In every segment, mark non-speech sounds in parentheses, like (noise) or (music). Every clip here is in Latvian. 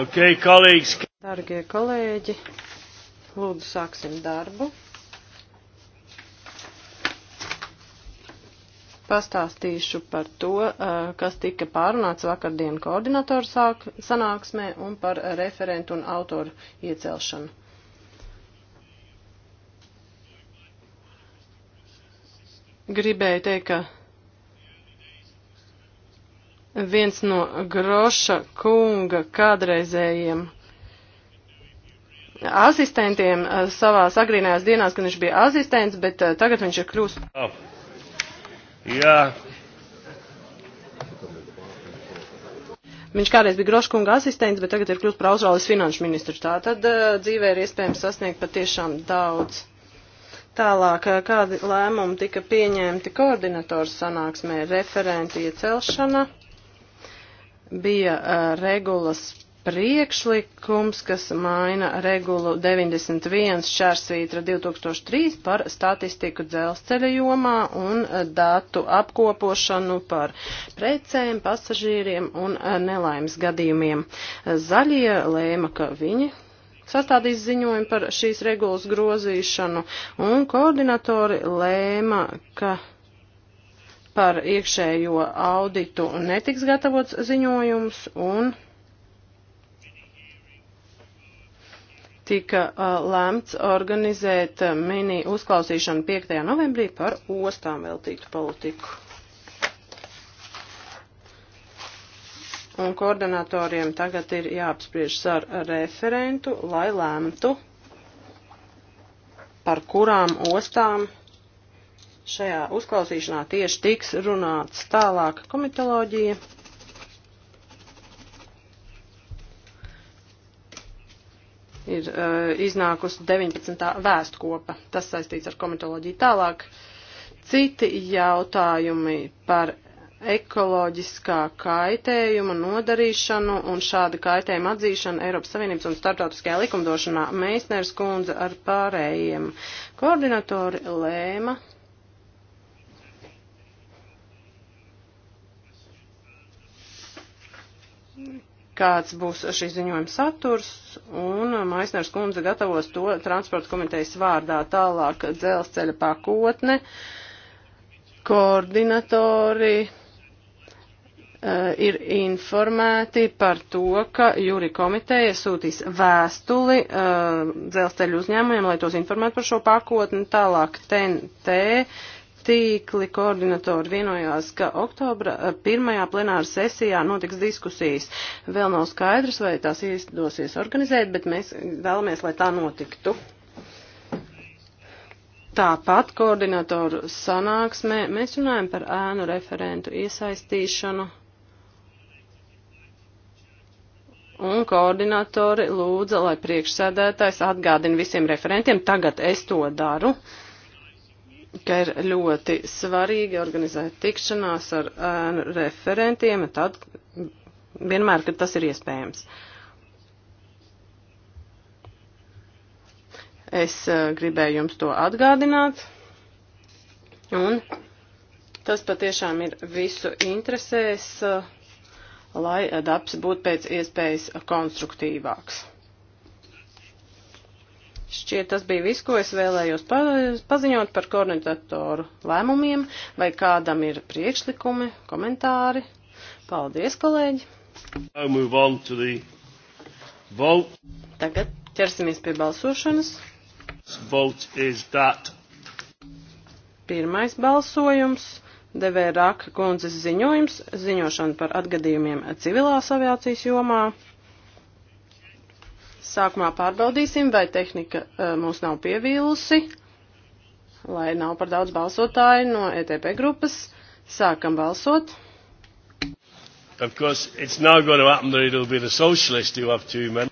Okay, kolēģis. Dargie kolēģi, lūdzu sāksim darbu. Pastāstīšu par to, eh, kas tika pārunāts vakardien koordinatoru sāk, sanāksmē un par referentu un autoru iecelšanu. Gribēju teikt, ka viens no Groša kunga kādreizējiem asistentiem eh, savās agrīnajās dienās, kad viņš bija asistents, bet eh, tagad viņš ir kļūst. Oh. Jā. Viņš kādreiz bija Groškunga asistents, bet tagad ir kļūst par Austrālijas finanšu ministru. Tā tad eh, dzīvē ir iespējams sasniegt patiešām daudz. Tālāk, kādi lēmumi tika pieņemti koordinatoru sanāksmē, referenti iecelšana. Ja bija uh, regulas priekšlikums, kas maina regulu 91 šārsvītra 2003 par statistiku dzelzceļa jomā un datu apkopošanu par precēm, pasažīriem un nelaimes gadījumiem. Zaļie lēma, ka viņi sastādīs ziņojumu par šīs regulas grozīšanu un koordinatori lēma, ka par iekšējo auditu netiks gatavots ziņojums un tika lēmts organizēt mini uzklausīšanu 5. novembrī par ostām veltītu politiku. Un koordinatoriem tagad ir jāapspriežas ar referentu, lai lēmtu, par kurām ostām Šajā uzklausīšanā tieši tiks runāts tālāk komitoloģija. Ir uh, iznākusi 19. vēstkopa. Tas saistīts ar komitoloģiju tālāk. Citi jautājumi par ekoloģiskā kaitējuma nodarīšanu un šāda kaitējuma atzīšanu Eiropas Savienības un starptautiskajā likumdošanā Meisners kundze ar pārējiem koordinatori lēma kāds būs šī ziņojuma saturs, un Maisners kundze gatavos to transporta komitejas vārdā tālāk dzelzceļa pakotne, koordinatori e, ir informēti par to, ka jūri komiteja sūtīs vēstuli uh, dzelzceļu uzņēmumiem, lai tos informētu par šo pakotni. Tālāk TNT tīkli koordinatori vienojās, ka oktobra eh, pirmajā plenāra sesijā notiks diskusijas. Vēl nav skaidrs, vai tās izdosies organizēt, bet mēs vēlamies, lai tā notiktu. Tāpat koordinatoru sanāksmē mēs runājam par ēnu referentu iesaistīšanu. Un koordinatori lūdza, lai priekšsēdētājs atgādina visiem referentiem, tagad es to daru. Uh, ka ir ļoti svarīgi organizēt tikšanās ar ēnu referentiem, tad vienmēr, kad tas ir iespējams. Es gribēju jums to atgādināt, un tas patiešām ir visu interesēs, lai darbs būtu pēc iespējas konstruktīvāks. Šķiet, tas bija viss, ko es vēlējos pa paziņot par koordinatoru lēmumiem, vai kādam ir priekšlikumi, komentāri. Paldies, kolēģi! Tagad ķersimies pie balsošanas. Pirmais balsojums - devē Rāka kundzes ziņojums - ziņošana par atgadījumiem civilās aviācijas jomā. Sākumā pārbaudīsim, vai tehnika eh, mūs nav pievīlusi, lai nav par daudz balsotāju no ETP grupas. Sākam balsot. Of course, it's now going to happen that it'll be the socialists who have two men.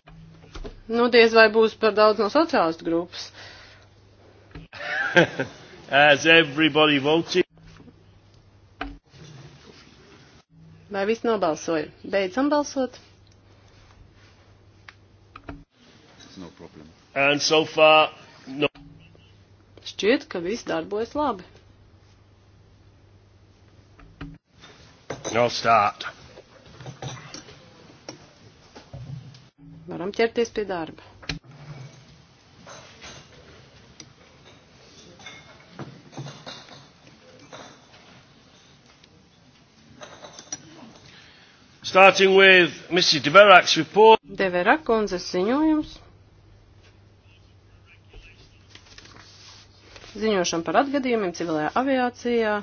Nu, diez vai būs par daudz no sociālistu grupas. (laughs) As everybody voted. Vai viss nobalsoja? Beidzam balsot. no problem. And so far, no. Šķiet, ka viss darbojas labi. No start. Varam ķerties pie darba. Starting with Mrs. Deverak's report. Deverak kundzes ziņojums. ziņošana par atgadījumiem civilajā aviācijā.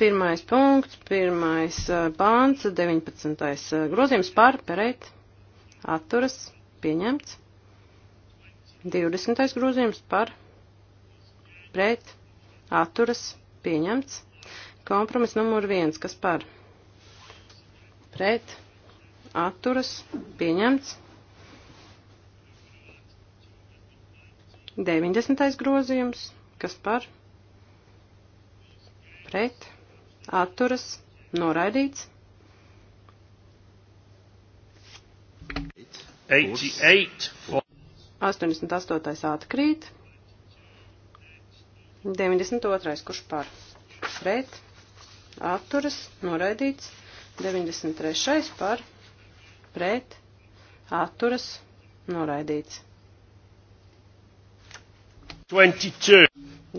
Pirmais punkts, pirmais pāns, 19. grozījums par, pret, atturas, pieņemts. 20. grozījums par, pret, atturas, pieņemts. Kompromis numur viens, kas par, pret, atturas, pieņemts. 90. grozījums kas par pret atturas noraidīts. 88. 88. atkrīt. 92. kurš par pret atturas noraidīts. 93. par pret atturas noraidīts. 22.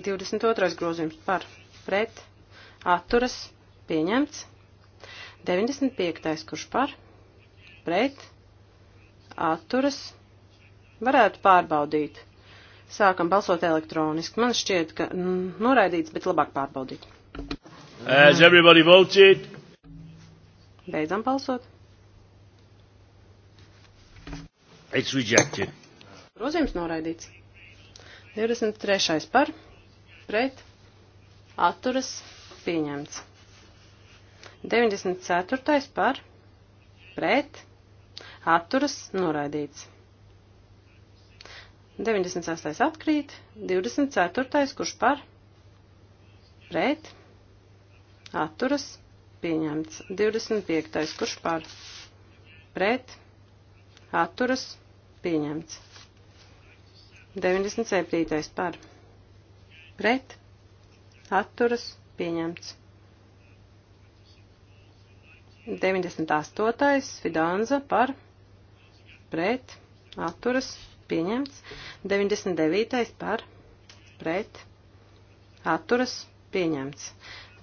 22. grozījums par pret atturas pieņemts. 95. kurš par pret atturas varētu pārbaudīt. Sākam balsot elektroniski. Man šķiet, ka noraidīts, bet labāk pārbaudīt. As everybody voted. Beidzam balsot. It's rejected. Grozījums noraidīts. 23. par pret, atturas, pieņemts. 94. par, pret, atturas, noraidīts. 96. atkrīt, 24. kurš par, pret, atturas, pieņemts. 25. kurš par, pret, atturas, pieņemts. 97. par, pret pret, atturas, pieņemts. 98. Fidanza par pret, atturas, pieņemts. 99. par pret, atturas, pieņemts.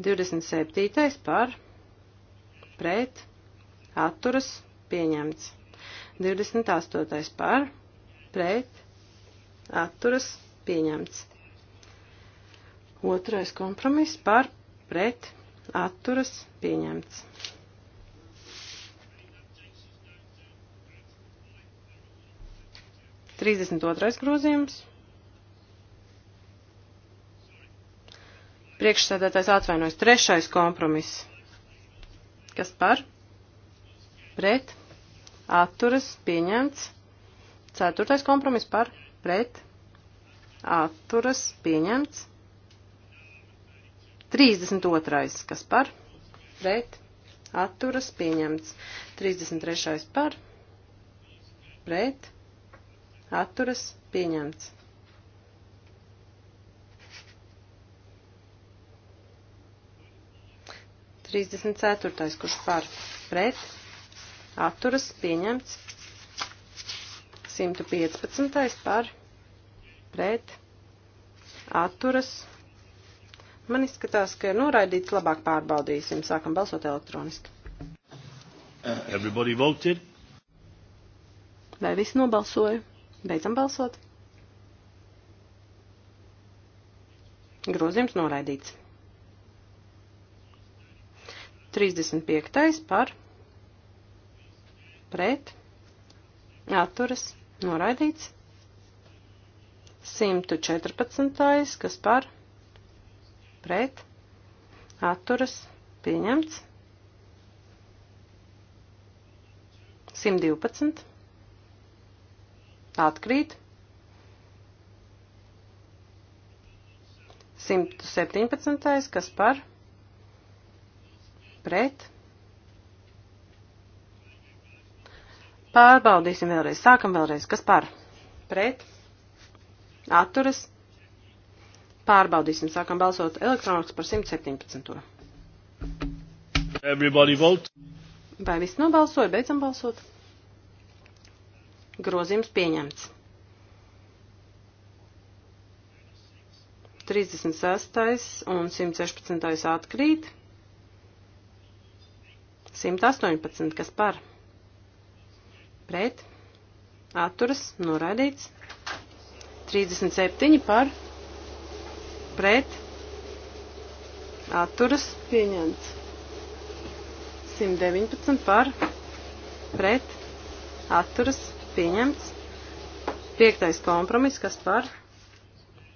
27. par pret, atturas, pieņemts. 28. par pret, atturas, pieņemts. Otrais kompromiss par pret atturas pieņemts. Trīsdesmit otrais grozījums. Priekšsēdētājs atvainojas. Trešais kompromiss. Kas par? Pret. Atturas. Pieņemts. Ceturtais kompromiss par. Pret. Atturas. Pieņemts. 32. kas par, pret, atturas pieņemts. 33. par, pret, atturas pieņemts. Trīsdesmit ceturtais, kurš par pret, atturas pieņemts. 115. par pret atturas pieņemts Man izskatās, ka ir noraidīts, labāk pārbaudīsim. Sākam balsot elektroniski. Uh, everybody voted. Vai visi nobalsoja? Beidzam balsot. Grozījums noraidīts. 35. par pret atturas noraidīts. 114. kas par pret pret, atturas, pieņemts. 112. Atkrīt. 117. Kas par? Pret. Pārbaudīsim vēlreiz. Sākam vēlreiz. Kas par? Pret. Atturas. Pārbaudīsim, sākam balsot elektroniski par 117. Everybody vote. Vai viss nobalsoja, beidzam balsot? Grozījums pieņemts. 36. un 116. atkrīt. 118. kas par? Pret. Atturas. Noraidīts. 37 par pret, atturas pieņemts. 119 par, pret, atturas pieņemts. Piektais kompromiss, kas par,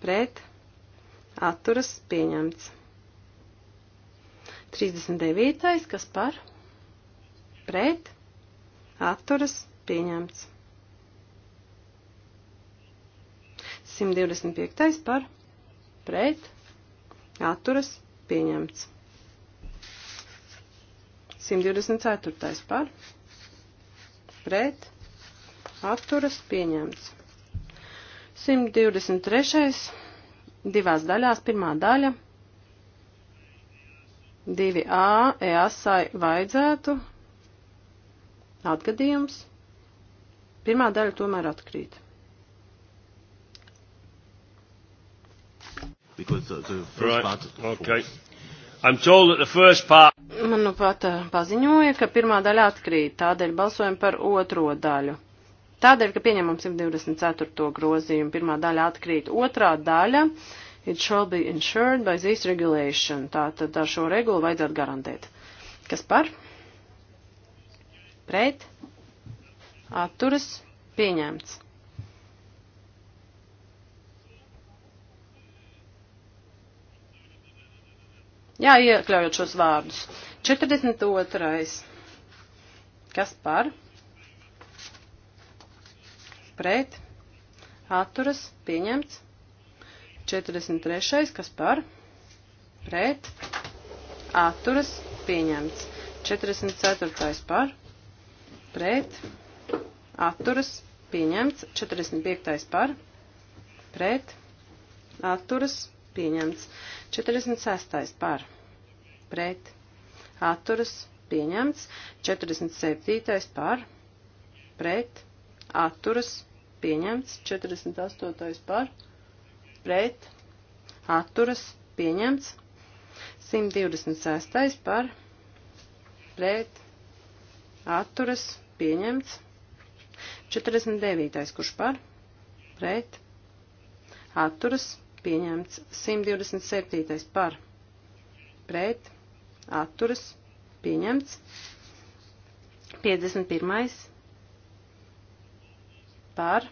pret, atturas pieņemts. 39. kas par, pret, atturas pieņemts. 125. par, pret pret, atturas, pieņemts. 124. par, pret, atturas, pieņemts. 123. divās daļās, pirmā daļa, 2A, EASai vajadzētu, atgadījums, pirmā daļa tomēr atkrīt. because the, the first right. part. Okay. I'm told that the first part. Man nu pat eh, paziņoja, ka pirmā daļa atkrīt, tādēļ balsojam par otro daļu. Tādēļ, ka pieņemam 124. grozījumu, pirmā daļa atkrīt, otrā daļa it shall be insured by this regulation. Tātad ar šo regulu vajadzētu garantēt. Kas par? Pret? Atturas? Pieņemts. Jā, iekļaujot šos vārdus. 42. Kas par? Pret. Atturas. Pieņemts. 43. Kas par? Pret. Atturas. Pieņemts. 44. par? Pret. Atturas. Pieņemts. 45. par? Pret. Atturas pieņemts. 46. par pret atturas pieņemts. 47. par pret atturas pieņemts. 48. par pret atturas pieņemts. 126. par pret atturas pieņemts. 49. kurš par pret atturas pieņemts pieņemts 127. par pret atturas pieņemts 51. par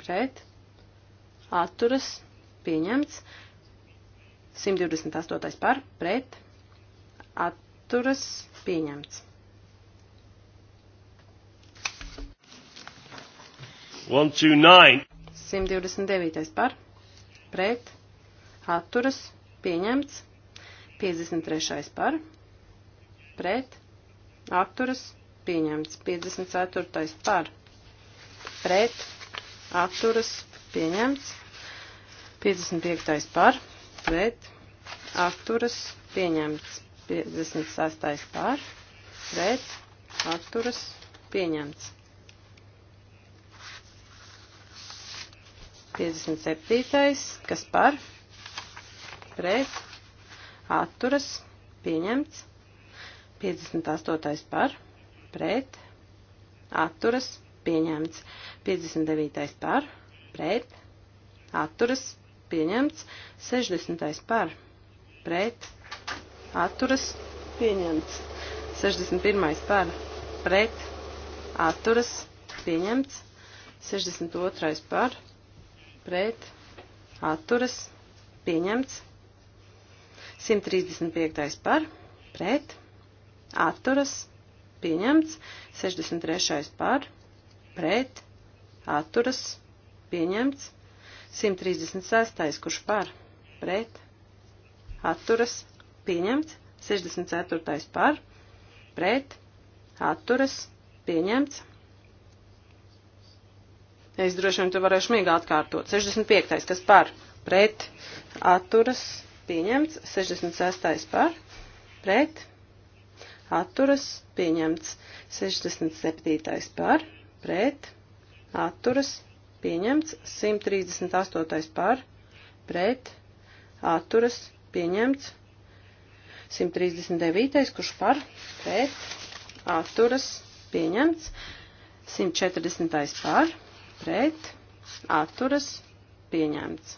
pret atturas pieņemts 128. par pret atturas pieņemts. 129. par pret pret, atturas, pieņemts. 53. par, pret, atturas, pieņemts. 54. par, pret, atturas, pieņemts. 55. par, pret, atturas, pieņemts. 56. par, pret, atturas, pieņemts. 57. kas par pret atturas pieņemts. 58. par pret atturas pieņemts. 59. par pret atturas pieņemts. 60. par pret atturas pieņemts. 61. par pret atturas pieņemts. 62. par pret pret, atturas, pieņemts. 135. par, pret, atturas, pieņemts. 63. par, pret, atturas, pieņemts. 136. kurš par, pret, atturas, pieņemts. 64. par, pret, atturas, pieņemts. Es droši vien to varēšu mīgā atkārtot. 65. kas par, pret, atturas, pieņemts. 66. par, pret, atturas, pieņemts. 67. par, pret, atturas, pieņemts. 138. par, pret, atturas, pieņemts. 139. kurš par, pret, atturas, pieņemts. 140. par, pret pret, atturas, pieņemts.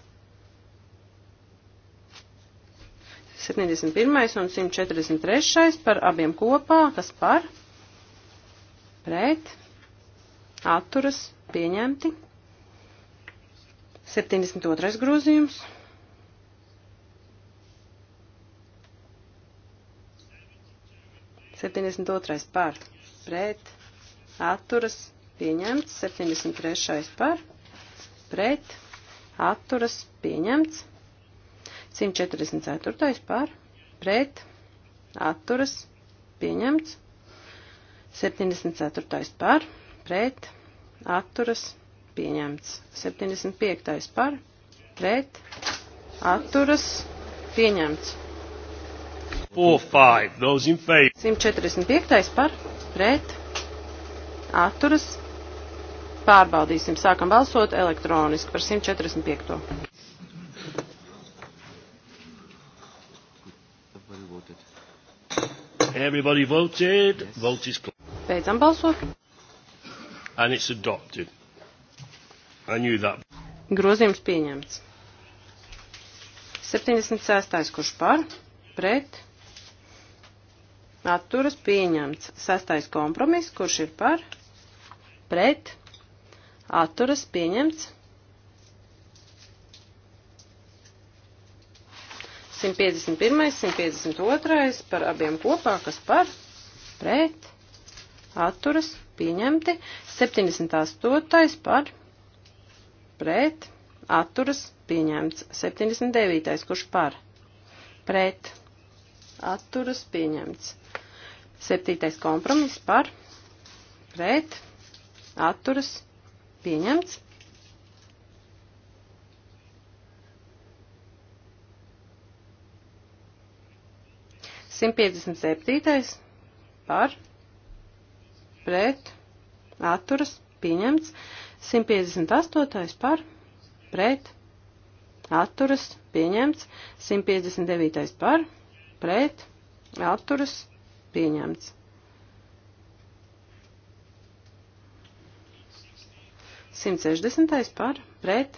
71. un 143. par abiem kopā, kas par, pret, atturas, pieņemti. 72. grozījums. Septiņdesmit otrais par, pret, atturas, pieņemts, 73. par, pret, atturas, pieņemts, 144. par, pret, atturas, pieņemts, 74. par, pret, atturas, pieņemts, 75. par, pret, atturas, pieņemts. 145. par, pret, atturas, pārbaudīsim. Sākam balsot elektroniski par 145. Everybody voted. Yes. Vote is closed. Beidzam balsot. And it's adopted. I knew that. Grozījums pieņemts. 76. kurš par, pret, atturas pieņemts. 6. kompromiss, kurš ir par, pret, atturas pieņemts. 151, 152 par abiem kopā, kas par, pret, atturas, pieņemti, 78 par, pret, atturas, pieņemts, 79, kurš par, pret, atturas, pieņemts, 7. kompromiss par, pret, atturas, pieņemts Pieņemts. Simt piecdesmit septītais par pret atturas pieņemts. 158. par, pret, atturas, pieņemts, 159. par, pret, atturas, pieņemts. 160. par pret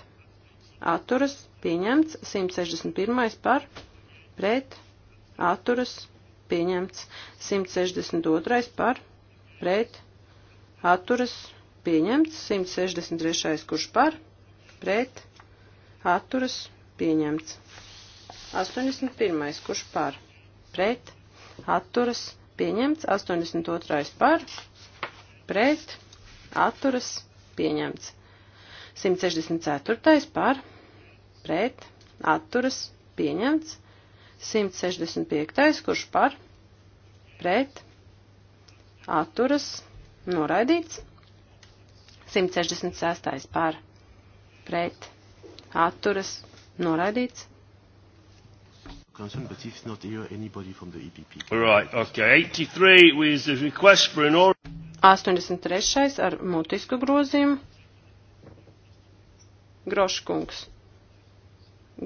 atturas pieņemts, 161. par pret atturas pieņemts, 162. par pret atturas pieņemts, 163. kurš par pret atturas pieņemts, 81. kurš par pret atturas pieņemts, 82. par pret atturas pieņemts pieņemts. 164. par pret atturas pieņemts. 165. kurš par pret atturas noraidīts. 166. par pret atturas noraidīts. Concern, but if not here, anybody from the EPP. All right, okay. 83 was a request for an oral. 83. ar mutisku grozījumu. Groškungs.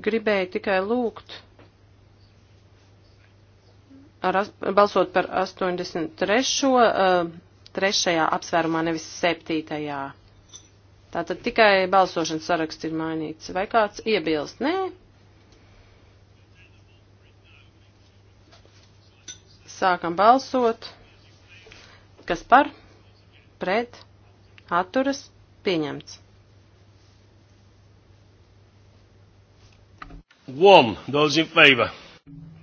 Gribēju tikai lūgt. Ar, balsot par 83. Uh, eh, trešajā apsvērumā, nevis septītajā. Tātad tikai balsošanas saraksts ir mainīts. Vai kāds iebilst? Nē, Sākam balsot. Kas par? pret, atturas, pieņemts. One, those in favor.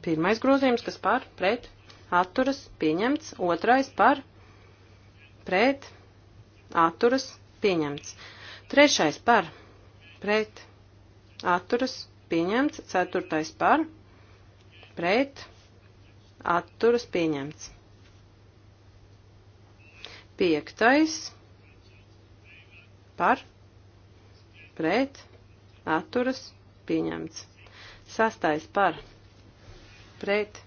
Pirmais grozījums, kas par, pret, atturas, pieņemts. Otrais par, pret, atturas, pieņemts. Trešais par, pret, atturas, pieņemts. Ceturtais par, pret, atturas, pieņemts. Piektais par, pret, atturas, pieņemts. Sastais par, pret,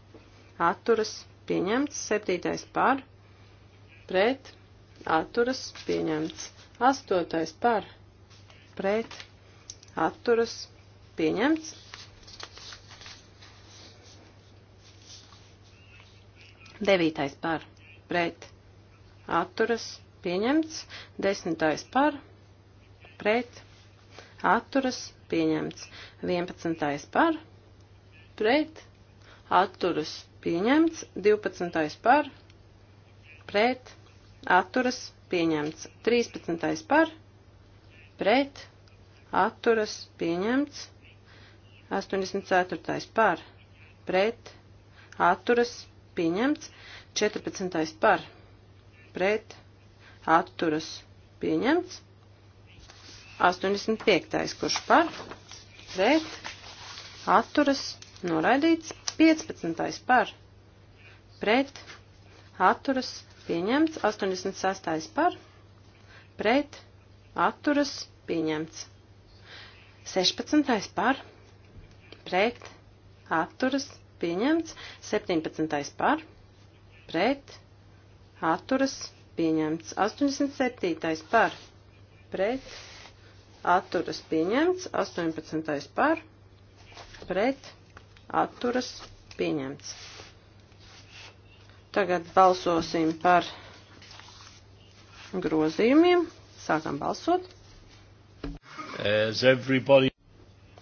atturas, pieņemts. Septītais par, pret, atturas, pieņemts. Astotais par, pret, atturas, pieņemts. Devītais par, pret, atturas, pieņemts. Desmitais par, pret, atturas, pieņemts. Vienpadsmitais par, pret, atturas, pieņemts. Divpadsmitais par, pret, atturas, pieņemts. Trīspadsmitais par, pret, atturas, pieņemts. 84. par, pret, atturas, pieņemts, 14. par, pret atturas pieņemts. 85. kurš par pret atturas noraidīts. 15. par pret atturas pieņemts. 86. par pret atturas pieņemts. 16. par pret atturas pieņemts. 17. par pret atturas pieņemts. 87. par pret atturas pieņemts. 18. par pret atturas pieņemts. Tagad balsosim par grozījumiem. Sākam balsot. As everybody...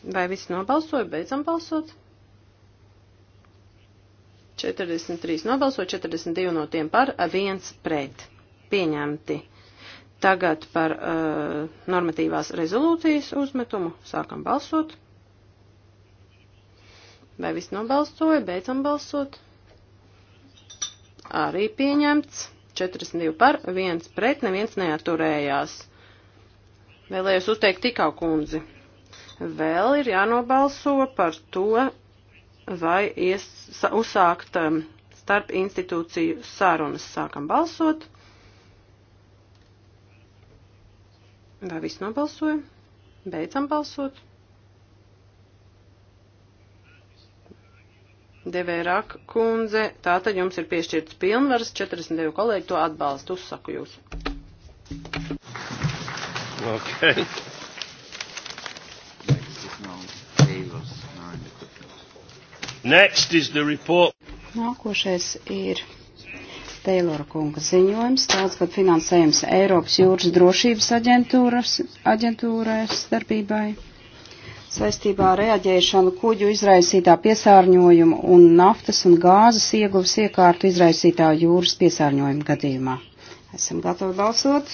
Vai visi nobalsoja? Beidzam balsot. 43 nobalso, 42 no tiem par, 1 pret. Pieņemti. Tagad par uh, normatīvās rezolūcijas uzmetumu sākam balsot. Vai viss nobalsoja? Beidzam balsot. Arī pieņemts. 42 par, 1 pret, neviens neaturējās. Vēlējos uzteikt tikau kundzi. Vēl ir jānobalso par to, vai ies, uzsākt um, starp institūciju sārunas. Sākam balsot. Vai viss nobalsoja? Beidzam balsot. Devērāk kundze, tātad jums ir piešķirts pilnvaras, 42 kolēģi to atbalsta, uzsaku jūs. Okay. Nākošais ir Teilora kunga ziņojums, tāds, kad finansējums Eiropas jūras drošības aģentūras, aģentūrai starpībai saistībā ar reaģēšanu kuģu izraisītā piesārņojuma un naftas un gāzes ieguvas iekārtu izraisītā jūras piesārņojuma gadījumā. Esam gatavi balsot.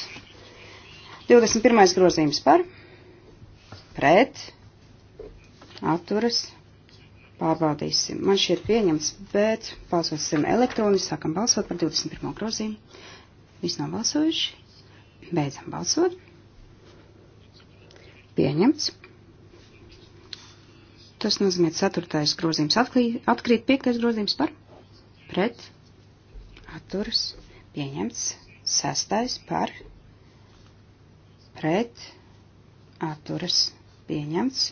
21. grozījums par, pret, atturas, Pārbaudīsim. Man šķiet pieņemts, bet balsosim elektroniski. Sākam balsot par 21. grozījumu. Visi nav balsojuši. Beidzam balsot. Pieņemts. Tas nozīmē, ka ceturtais grozījums atkrīt, atkrīt piektais grozījums par pret, atturas, pieņemts, sestais par pret, atturas, pieņemts,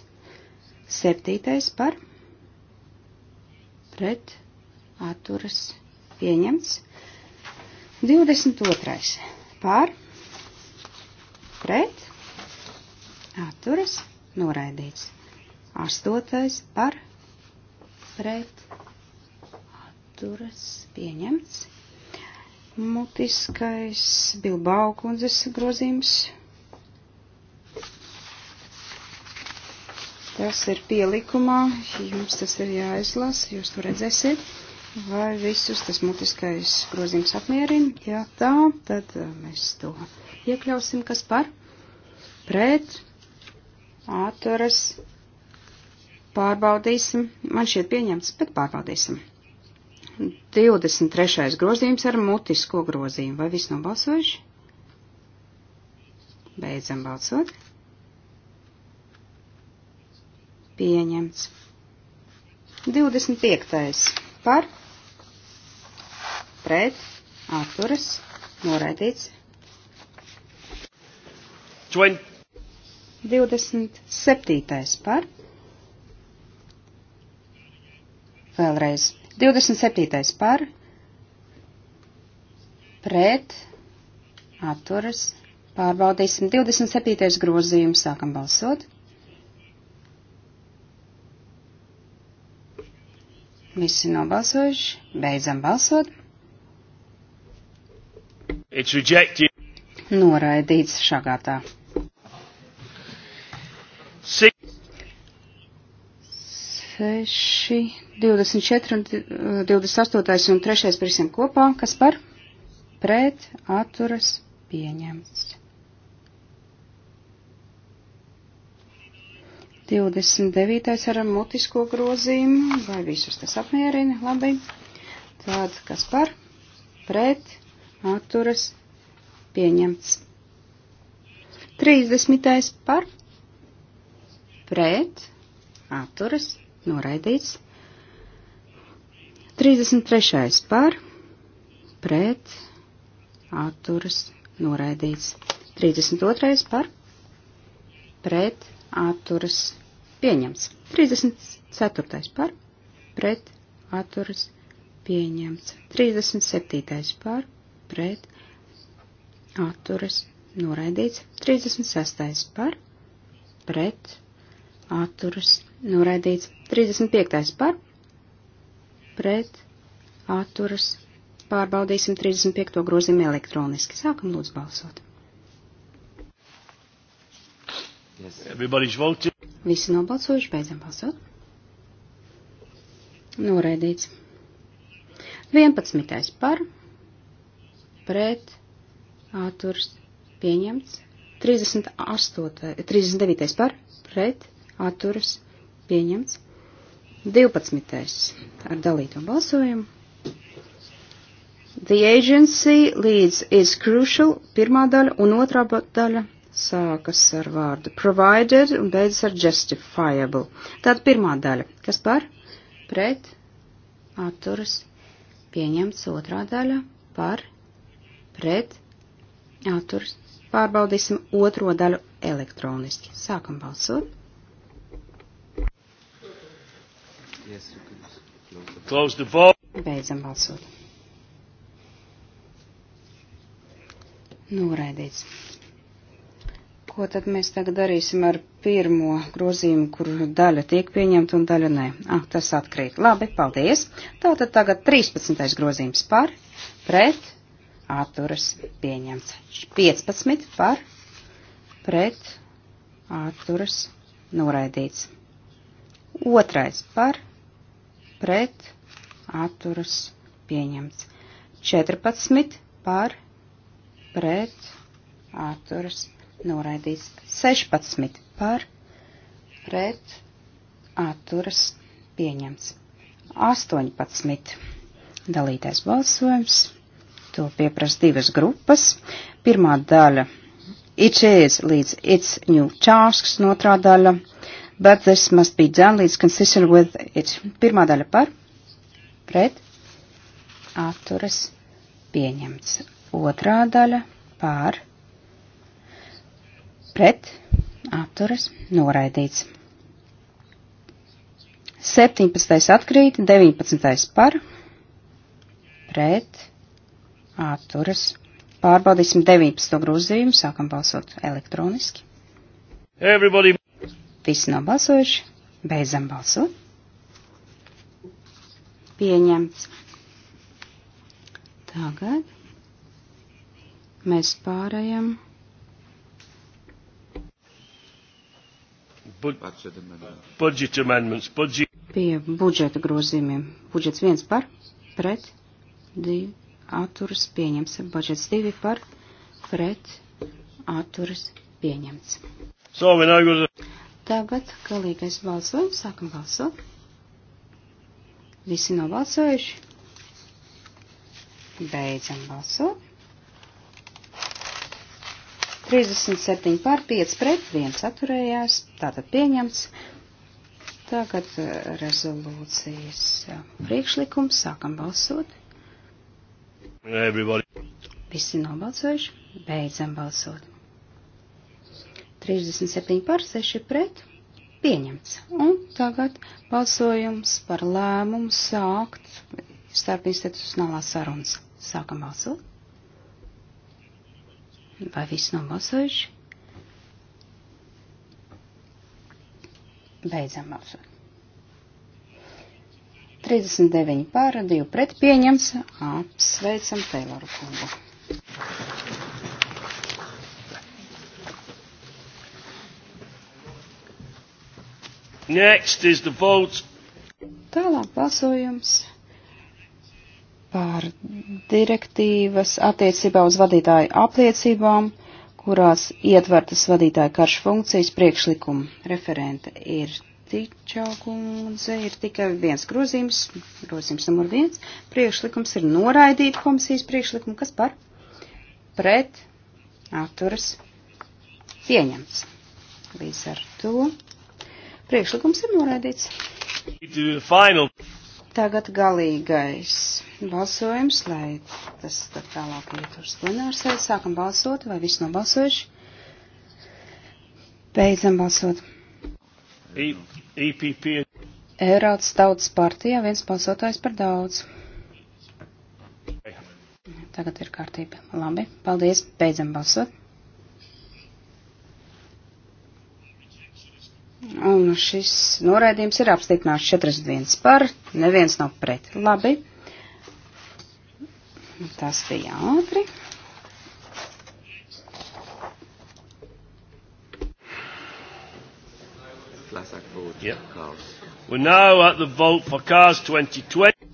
septītais par pret pret atturas pieņemts. 22. pār pret atturas noraidīts. 8. par pret atturas pieņemts. Mutiskais Bilbao kundzes grozījums Tas ir pielikumā, jums tas ir jāizlas, jūs to redzēsiet. Vai visus tas mutiskais grozījums apmierina? Jā, tā, tad uh, mēs to iekļausim, kas par pret atturas pārbaudīsim. Man šķiet pieņemts, bet pārbaudīsim. 23. grozījums ar mutisko grozījumu. Vai viss nobalsojuši? Beidzam balsot. pieņemts. 25. par pret atturas noraidīts. 27. par vēlreiz. 27. par pret atturas pārbaudīsim. 27. grozījums sākam balsot. Visi nobalsojuši. Beidzam balsot. Noraidīts šagātā. Seši, 24, 28 un 3 par visiem kopā, kas par pret atturas pieņemts. 29. ar mutisko grozījumu, vai visus tas apmierina, labi. Tād, kas par, pret, atturas, pieņemts. 30. par, pret, atturas, noraidīts. 33. par, pret, atturas, noraidīts. 32. par, pret, atturas, Pieņemts. 34. par pret atturas pieņemts. 37. par pret atturas noraidīts. 36. par pret atturas noraidīts. 35. par pret atturas pārbaudīsim 35. grozījumu elektroniski. Sākam lūdzu balsot. Yes. Everybody's voting. Visi nobalsojuši, beidzam balsot. Noraidīts. 11. par, pret, atturs, pieņemts. 38, 39. par, pret, atturs, pieņemts. 12. ar dalīto balsojumu. The agency leads is crucial, pirmā daļa un otrā daļa sākas ar vārdu provided un beidzas ar justifiable. Tāda pirmā daļa, kas par pret atturas pieņemts, otrā daļa par pret atturas. Pārbaudīsim otro daļu elektroniski. Sākam balsot. Beidzam balsot. Noraidīts. Ko tad mēs tagad darīsim ar pirmo grozījumu, kur daļa tiek pieņemta un daļa nē? Ah, tas atkrīt. Labi, paldies. Tātad tagad 13. grozījums par, pret, atturas pieņemts. 15 par, pret, atturas noraidīts. Otrais par, pret, atturas pieņemts. 14 par, pret, atturas pieņemts noraidīts 16 par pret atturas pieņemts. 18 dalītais balsojums. To pieprasa divas grupas. Pirmā daļa It's is līdz It's new tasks un otrā daļa But this must be done līdz consistent with it. Pirmā daļa par pret atturas pieņemts. Otrā daļa par pret pret atturas noraidīts. 17. atkrīt, 19. par pret atturas. Pārbaudīsim 19. grozījumu, sākam balsot elektroniski. Everybody. Visi nobalsojuši, beidzam balsot. Pieņemts. Tagad mēs pārējām Bu budget amendments. Budget. Pie budžeta grozījumiem. Budžets viens par, pret, divi, atturas pieņems. Budžets divi par, pret, atturas pieņemts. So, Tagad galīgais balsojums. Sākam balsot. Visi nobalsojuši. Beidzam balsot. 37 pār 5 pret, 1 atturējās, tātad pieņemts. Tagad eh, rezolūcijas eh, priekšlikums, sākam balsot. Everybody. Visi nobalsojuši, beidzam balsot. 37 par 6 pret, pieņemts. Un tagad balsojums par lēmumu sākt starp institucionālās sarunas. Sākam balsot. Vai viss nobalsojuši? Beidzam balsot. 39 pāra, 2 pret pieņems. Apsveicam Teiloru kundu. Next is the vote. Tālāk balsojums par direktīvas attiecībā uz vadītāju apliecībām, kurās ietvertas vadītāja karš funkcijas priekšlikuma. Referente ir Tičaukundze, ir tikai viens grozījums, grozījums numur viens. Priekšlikums ir noraidīt komisijas priekšlikumu, kas par pret atturas pieņemts. Līdz ar to priekšlikums ir noraidīts. Final. Tagad galīgais balsojums, lai tas tad tālāk iet uz plenārsēdi. Sākam balsot, vai viss nobalsojuši? Beidzam balsot. EPP. E Eirāts tautas partijā viens balsotājs par daudz. Tagad ir kārtība. Labi, paldies, beidzam balsot. Un šis noraidījums ir apstiprināts 41 par, neviens nav pret. Labi. Tas bija ātri.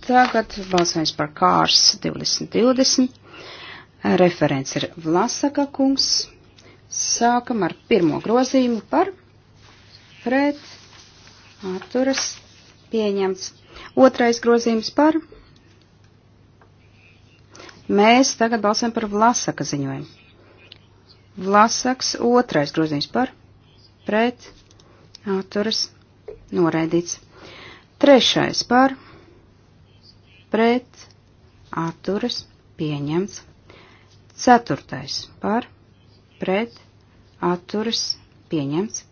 Tagad balsojums par kārs 2020. Referents ir Vlasaka kungs. Sākam ar pirmo grozījumu par pret, atturas, pieņemts. Otrais grozījums par. Mēs tagad balsam par Vlasaka ziņojumu. Vlasaks otrais grozījums par, pret, atturas, noraidīts. Trešais par, pret, atturas, pieņemts. Ceturtais par, pret, atturas, pieņemts.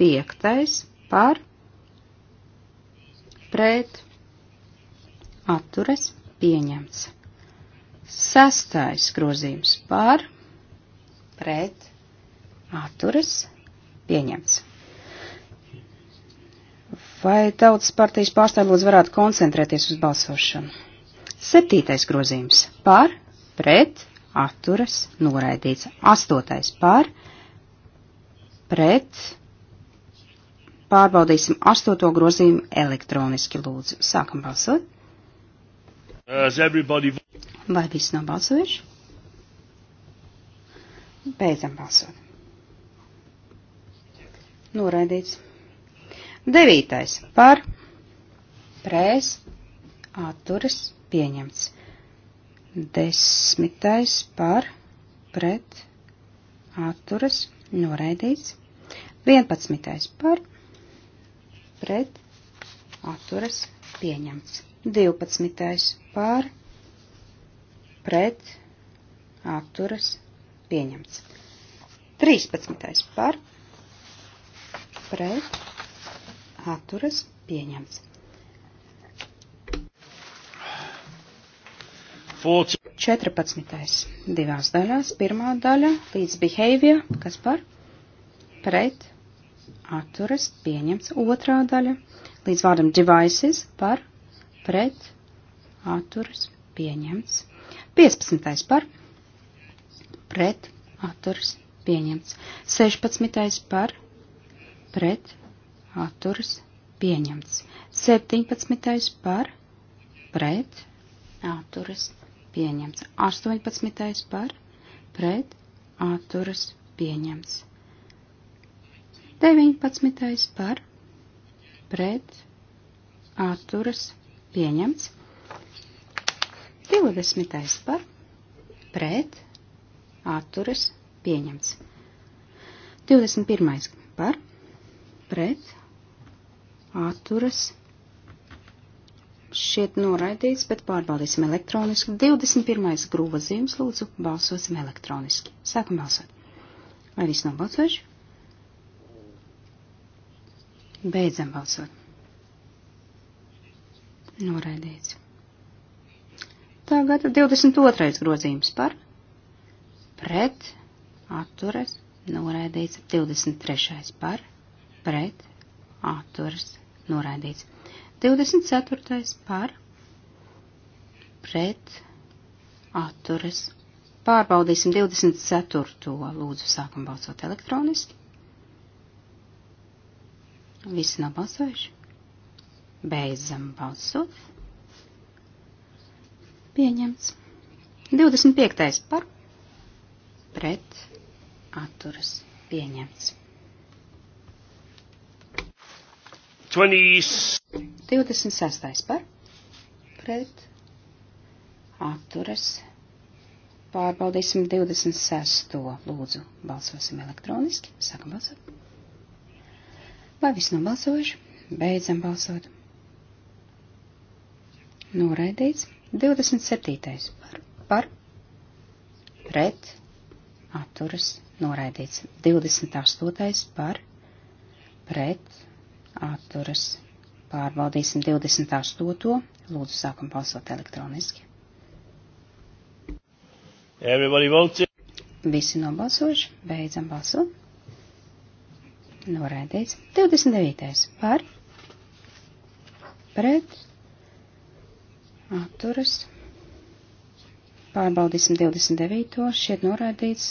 Piektais par pret atturas pieņemts. Sastais grozījums par pret atturas pieņemts. Vai tautas partijas pārstāvji lūdzu varētu koncentrēties uz balsošanu? Septītais grozījums par pret atturas noraidīts. Astotais par pret Pārbaudīsim astoto grozījumu elektroniski lūdzu. Sākam balsot. Everybody... Vai viss nav balsojuši? Beidzam balsot. Noraidīts. Devītais par prēs atturas pieņemts. Desmitais par pret atturas noraidīts. Vienpadsmitais par pret atturas pieņemts. 12. pār pret atturas pieņemts. 13. pār pret atturas pieņemts. 14. divās daļās, pirmā daļa līdz behavior, kas par pret atturas pieņemts otrā daļa līdz vārdam devices par pret atturas pieņemts. 15. par pret atturas pieņemts. 16. par pret atturas pieņemts. 17. par pret atturas pieņemts. 18. par pret atturas pieņemts. 19. par pret atturas pieņemts. 20. par pret atturas pieņemts. 21. par pret atturas šķiet noraidīts, bet pārbaudīsim elektroniski. 21. grozījums lūdzu balsosim elektroniski. Sākam balsot. Vai viss nobalsojuši? Beidzam balsot. Noraidīts. Tagad 22. grozījums par pret atturas noraidīts. 23. par pret atturas noraidīts. 24. par pret atturas. Pārbaudīsim 24. lūdzu sākam balsot elektroniski. Visi nav balsojuši. Beidzam balsot. Pieņemts. 25. par pret atturas pieņemts. 20. 26. par pret atturas. Pārbaudīsim 26. lūdzu. Balsosim elektroniski. Sākam balsot. Vai viss nobalsojuši? Beidzam balsot. Noraidīts. 27. par, par pret atturas noraidīts. 28. par pret atturas. Pārbaudīsim 28. Lūdzu, sākam balsot elektroniski. Visi nobalsojuši, beidzam balsot. Noraidīts. 29. par. Pret. Atturas. Pārbaudīsim 29. Šeit noraidīts.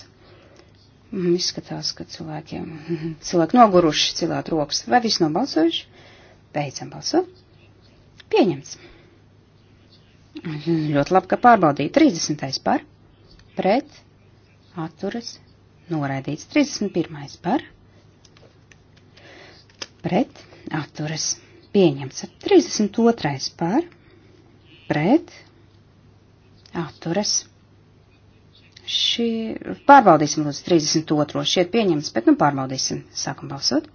Izskatās, ka cilvēkiem, (laughs) cilvēki noguruši cilāt rokas. Vai viss nobalsojuši? Beidzam balsot. Pieņemts. Ļoti labi, ka pārbaudīja. 30. par. Pret. Atturas. Noraidīts. 31. par pret, atturas, pieņemts. 32. par, pret, atturas. Šī, pārbaudīsim lūdzu 32. šeit pieņemts, bet nu pārbaudīsim. Sākam balsot.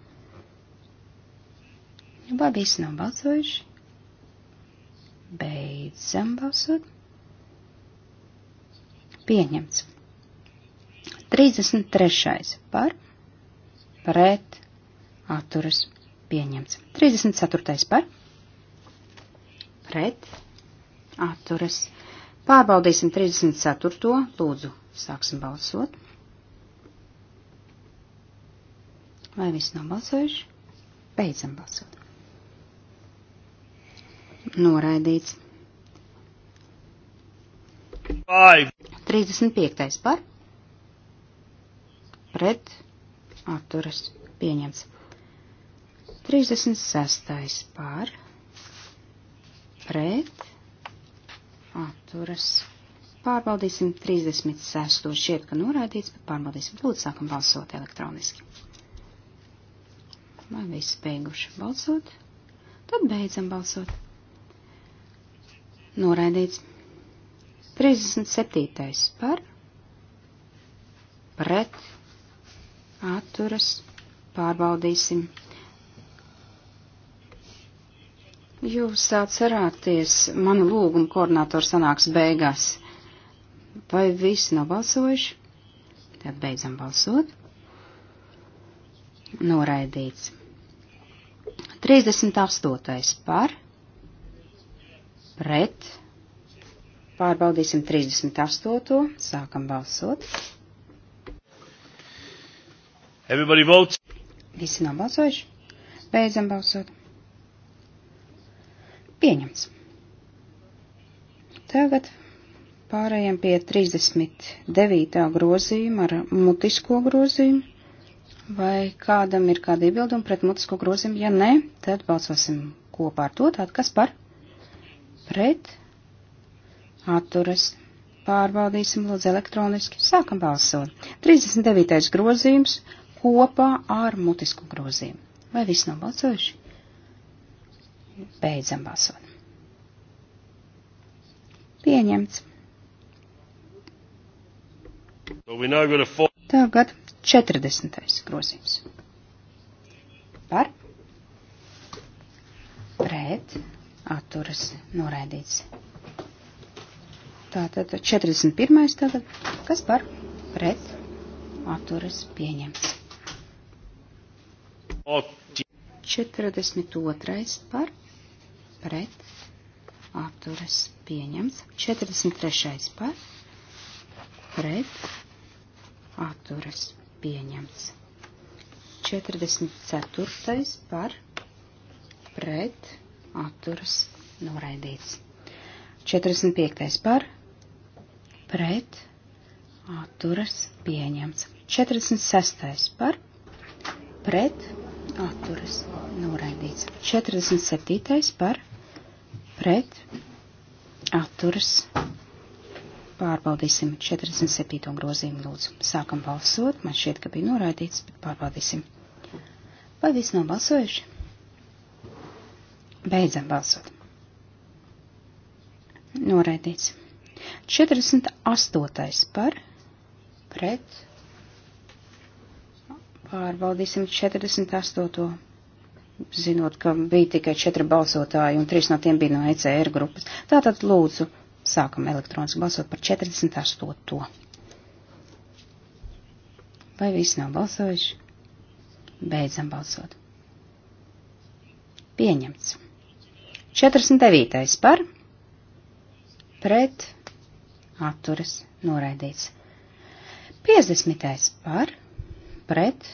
Nu, vai visi nav balsojuši? Beidzam balsot. Pieņemts. 33. par, pret, atturas pieņemts. 34. par pret atturas. Pārbaudīsim 34. lūdzu, sāksim balsot. Vai viss nav balsojuši? Beidzam balsot. Noraidīts. Ai. 35. par pret atturas pieņemts. 36. pār pret atturas. Pārbaudīsim 36. šķiet, ka norādīts, bet pārbaudīsim. Lūdzu, sākam balsot elektroniski. Lai visi beiguši balsot, tad beidzam balsot. Noraidīts. 37. par pret atturas pārbaudīsim Jūs atcerāties manu lūgumu koordinātoru sanāks beigās. Vai visi nav balsojuši? Tad beidzam balsot. Noraidīts. 38. par. Pret. Pārbaudīsim 38. Sākam balsot. Everybody votes. Visi nobalsojuši. Beidzam balsot. Pieņemts. Tagad pārējiem pie 39. grozījuma ar mutisko grozījumu. Vai kādam ir kāda iebilduma pret mutisko grozījumu? Ja nē, tad balsosim kopā ar to. Tātad kas par? Pret? Atturas. Pārbaudīsim lūdzu elektroniski. Sākam balsot. 39. grozījums kopā ar mutisku grozījumu. Vai viss nav balsojuši? Beidzam balsot. Pieņemts. Tagad 40. grozījums. Par, pret, atturas, noraidīts. Tātad 41. tagad, kas par, pret, atturas, pieņemts. 42. par, pret apturas pieņemts. 43. par pret apturas pieņemts. 44. par pret apturas noraidīts. 45. par pret atturas pieņemts. 46. par pret atturas noraidīts. 47. par pret pret, atturas, pārbaudīsim 47. grozījumu lūdzu. Sākam balsot, man šķiet, ka bija noraidīts, bet pārbaudīsim. Vai viss nav balsojuši? Beidzam balsot. Noraidīts. 48. par pret. Pārbaudīsim 48 zinot, ka bija tikai četri balsotāji un trīs no tiem bija no ECR grupas. Tātad lūdzu, sākam elektroniski balsot par 48. To. Vai visi nav balsojuši? Beidzam balsot. Pieņemts. 49. par pret atturas noraidīts. 50. par pret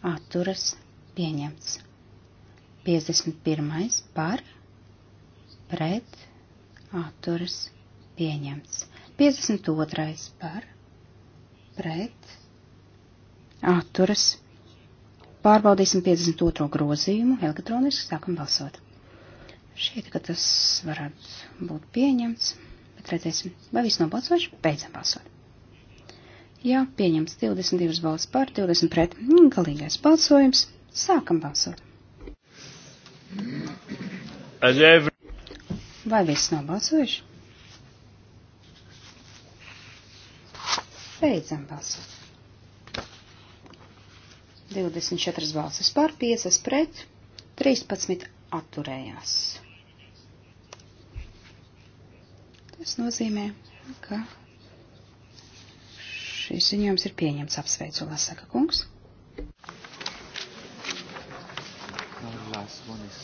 atturas pieņemts. 51. par pret atturas pieņemts. 52. par pret atturas. Pārbaudīsim 52. grozījumu elektroniski, sākam balsot. Šeit, ka tas varētu būt pieņemts, bet redzēsim, vai viss nobalsojuši, beidzam balsot. Jā, pieņemts 22 balsts par, 20 pret, galīgais balsojums, sākam balsot. Vai viss nav balsojuši? Beidzam balsot. 24 balsis par, 5 pret, 13 atturējās. Tas nozīmē, ka šis ziņojums ir pieņemts apsveicu Lasaka kungs. last one is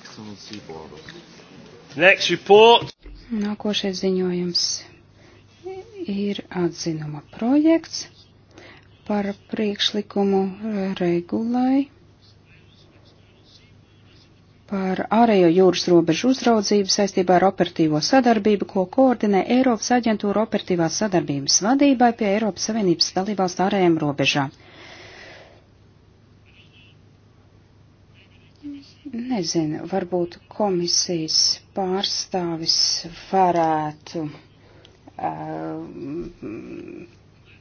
external sea border. Next report. Nākošais ziņojums ir atzinuma projekts par priekšlikumu regulai par ārējo jūras robežu uzraudzību saistībā ar operatīvo sadarbību, ko koordinē Eiropas aģentūra operatīvās sadarbības vadībai pie Eiropas Savienības dalībvalstu ārējiem robežām. Nezinu, varbūt komisijas pārstāvis varētu uh,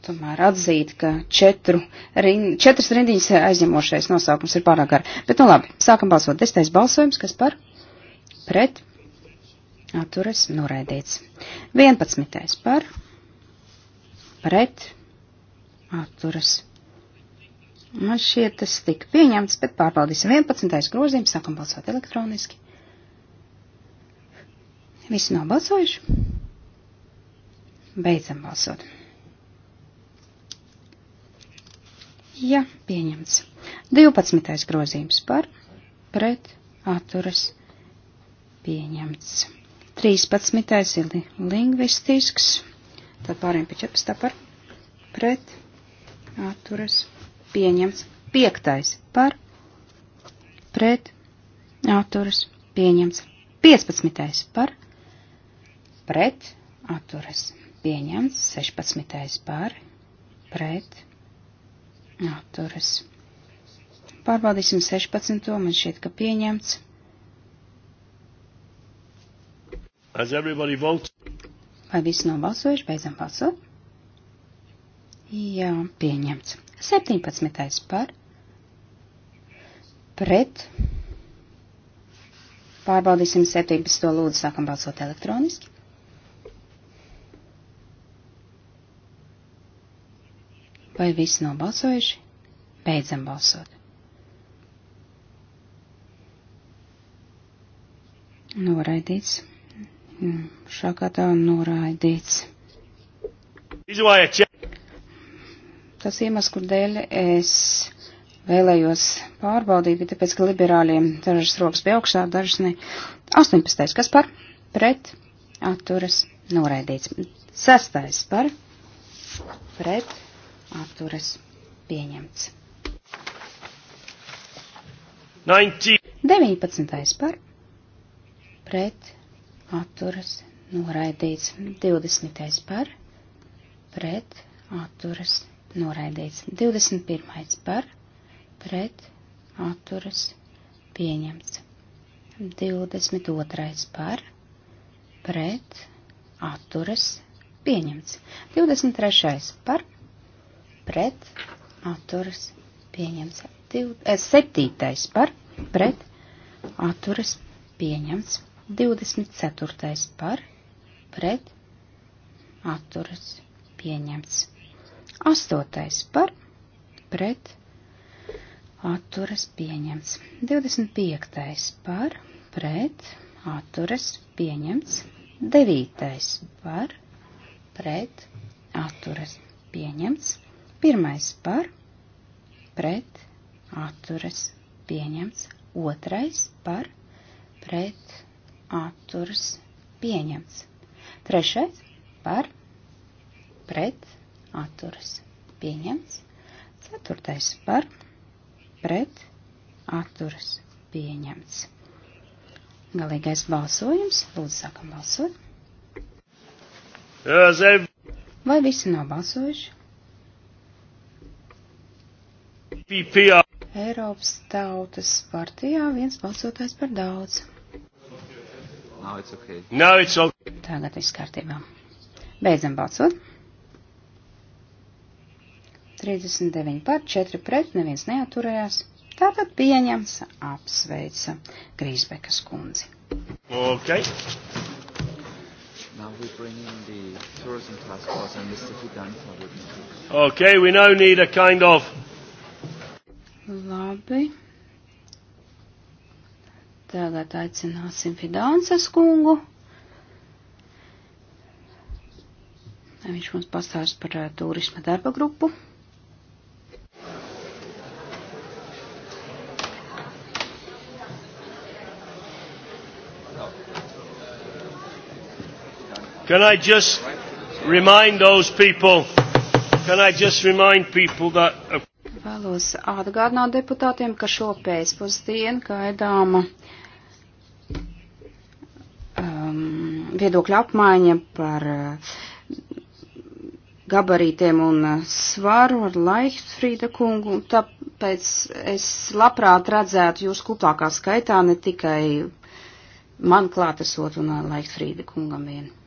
tomēr atzīt, ka četru, rind, četras rindiņas aizņemošais nosaukums ir pārāk gara. Bet nu labi, sākam balsot. Desmitais balsojums, kas par pret atturas noraidīts. Vienpadsmitais par pret atturas noraidīts Man šķiet, tas tika pieņemts, bet pārbaudīsim 11. grozījumu, sākam balsot elektroniski. Visi nav balsojuši. Beidzam balsot. Ja pieņemts. 12. grozījums par pret atturas pieņemts. 13. ir li lingvistisks, tad pārējiem pie 14. par pret atturas pieņemts pieņemts. Piektais par pret atturas pieņemts. 15. par pret atturas pieņemts. 16. par pret atturas. Pārbaudīsim 16. man šķiet, ka pieņemts. Vai visi nobalsojuši? Beidzam balsot. Jā, pieņemts. 17. par pret. Pārbaudīsim 17. lūdzu, sākam balsot elektroniski. Vai visi nobalsojuši? Beidzam balsot. Noraidīts. Mm, Šā kā tā noraidīts. Izvāja čē. Tas iemesls, kur dēļ es vēlējos pārbaudīt, bija tāpēc, ka liberāļiem dažas rokas bija augšā, dažas ne. 18. kas par? Pret. Atturas. Noraidīts. 6. par? Pret. Atturas. Pieņemts. 19. 19. par? Pret. Atturas. Noraidīts. 20. par? Pret. Atturas. Pieņemts noraidīts. 21. par pret atturas pieņemts. 22. par pret atturas pieņemts. 23. par pret atturas pieņemts. 7. Eh, par pret atturas pieņemts. 24. par pret atturas pieņemts. Astotais par pret atturas pieņemts. 25. par pret atturas pieņemts. 9. par pret atturas pieņemts. 1. par pret atturas pieņemts. 2. par pret atturas pieņemts. 3. par pret atturas pieņemts atturas pieņemts. Ceturtais par pret atturas pieņemts. Galīgais balsojums. Lūdzu, sākam balsot. Vai visi nobalsojuši? PPA. Eiropas tautas partijā viens balsotājs par daudz. Now it's okay. Now it's okay. Tagad viss kārtībā. Beidzam balsot. 39 par 4 pret, neviens neaturējās. Tātad pieņems apsveica Grīsbekas kundzi. Okay. Now we bring in the tourism task force and Mr. Fidanza with me. Okay, we now need a kind of... Labi. Tagad aicināsim Fidanzas kungu. Viņš mums pastāst par uh, turisma darba grupu. Can I just remind those people? Can I just remind people that? Uh, Vēlos atgādināt deputātiem, ka šo pēcpusdienu gaidāma um, viedokļa apmaiņa par uh, gabarītiem un uh, svaru ar Laichtfrīda kungu, tāpēc es labprāt redzētu jūs kuplākā skaitā ne tikai man klātesot un uh, Laichtfrīda kungam vienu.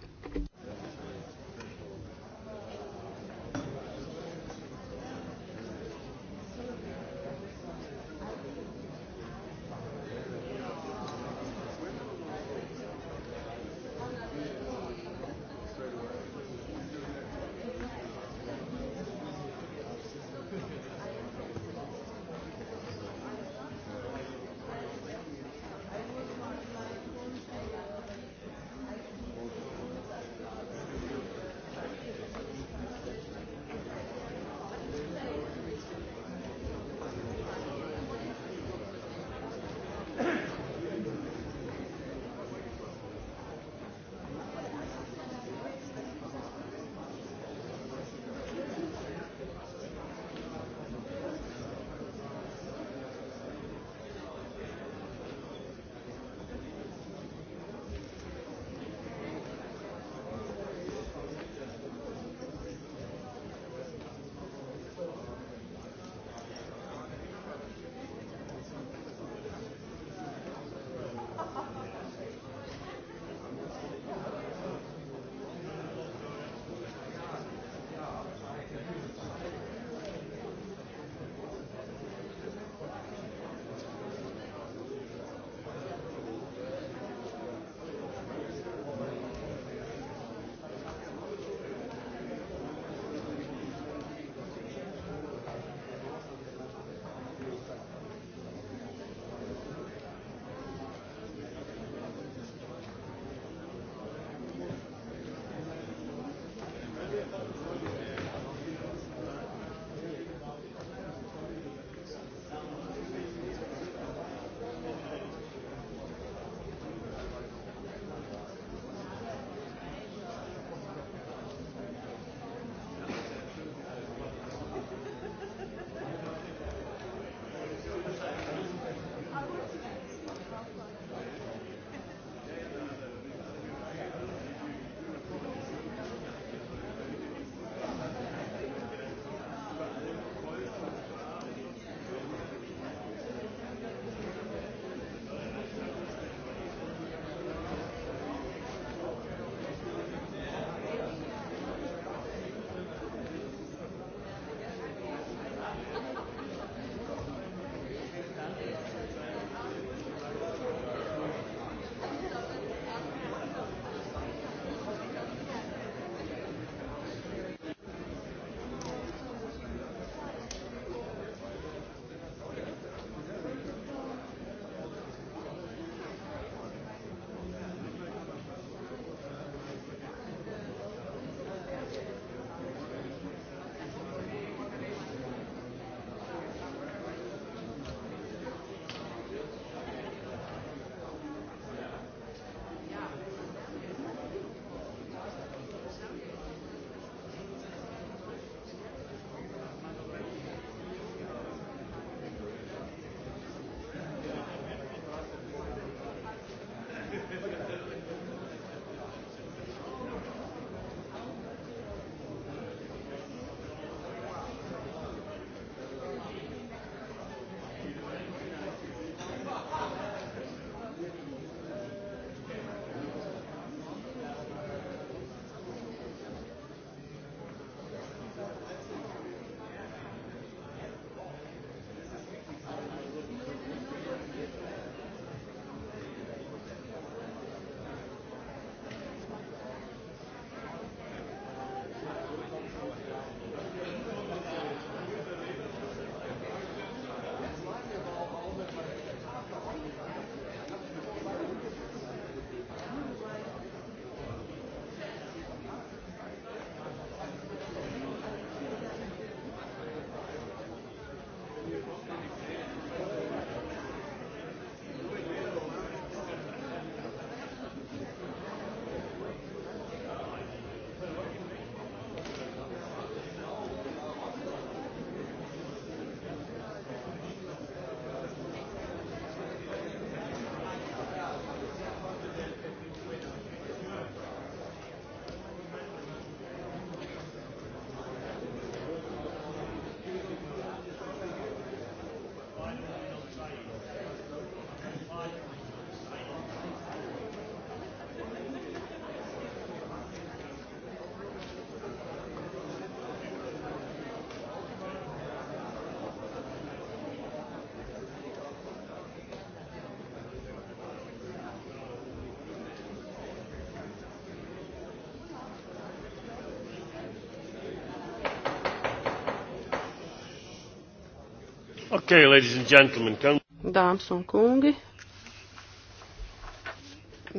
Okay, ladies and gentlemen, come. Dāmas un kungi,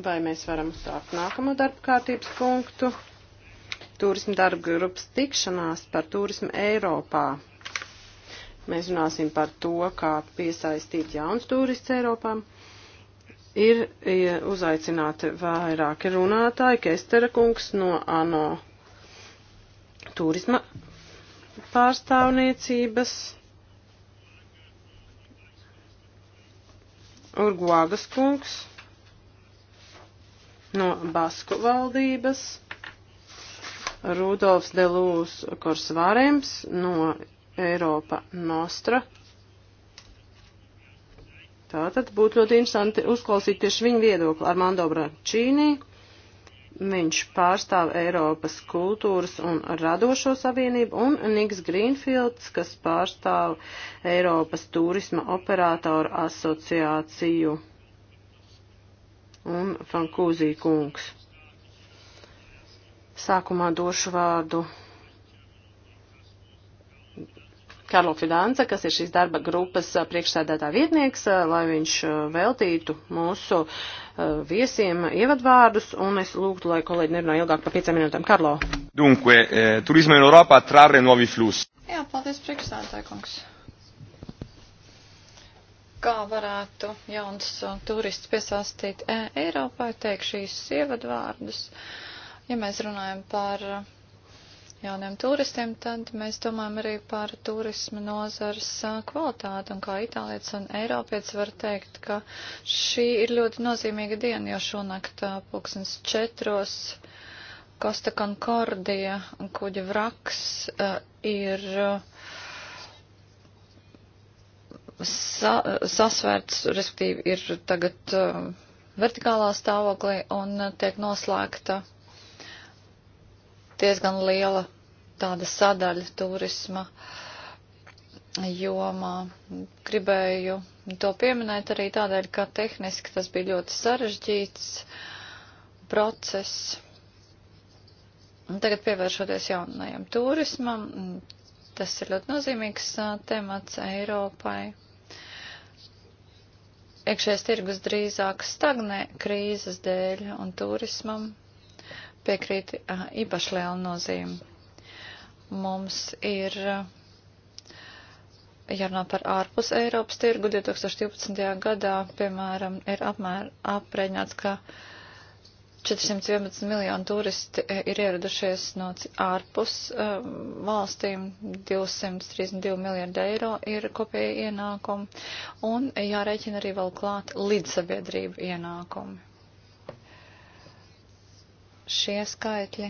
vai mēs varam uzsākt nākamo darba kārtības punktu? Turisma darba grupas tikšanās par turismu Eiropā. Mēs runāsim par to, kā piesaistīt jauns turists Eiropā. Ir ja uzaicināti vairāki runātāji, Kestera kungs no ANO turisma pārstāvniecības. Urguāgas kungs no Basku valdības, Rudolfs Delūs Korsvārems no Eiropa Nostra. Tātad būtu ļoti interesanti uzklausīt tieši viņu viedokli ar Mando Bračīnī Viņš pārstāv Eiropas kultūras un radošo savienību un Niks Greenfields, kas pārstāv Eiropas turisma operātoru asociāciju un Frankūzī kungs. Sākumā došu vārdu Karlo Fidanca, kas ir šīs darba grupas priekšsēdētā vietnieks, lai viņš veltītu mūsu viesiem ievadvārdus, un es lūgtu, lai kolēģi nerunā ilgāk par piecām minūtēm. Karlo. Dunque, eh, turismo in Europa trarre nuovi flussi. Jā, paldies priekšsēdētāj, kungs. Kā varētu jauns turists piesaistīt e Eiropai, teikšu šīs ievadvārdus, ja mēs runājam par jauniem turistiem, tad mēs domājam arī par turisma nozars kvalitāti. Un kā itālietis un eiropietis var teikt, ka šī ir ļoti nozīmīga diena, jo šonakt pulksnes četros Kosta Concordia un kuģa vraks ir sa sasvērts, respektīvi ir tagad vertikālā stāvoklī un tiek noslēgta diezgan liela tāda sadaļa turisma jomā. Gribēju to pieminēt arī tādēļ, ka tehniski tas bija ļoti sarežģīts process. Tagad pievēršoties jaunajam turismam, tas ir ļoti nozīmīgs temats Eiropai. Iekšējais tirgus drīzāk stagnē krīzes dēļ un turismam piekrīt īpaši liela nozīme. Mums ir eh, jārunā par ārpus Eiropas tirgu. 2012. gadā, piemēram, ir apmēr, aprēķināts, ka 411 miljoni turisti eh, ir ieradušies no ārpus um, valstīm, 232 miljardi eiro ir kopēji ienākumi, un jārēķina arī vēl klāt līdzsabiedrību ienākumi šie skaitļi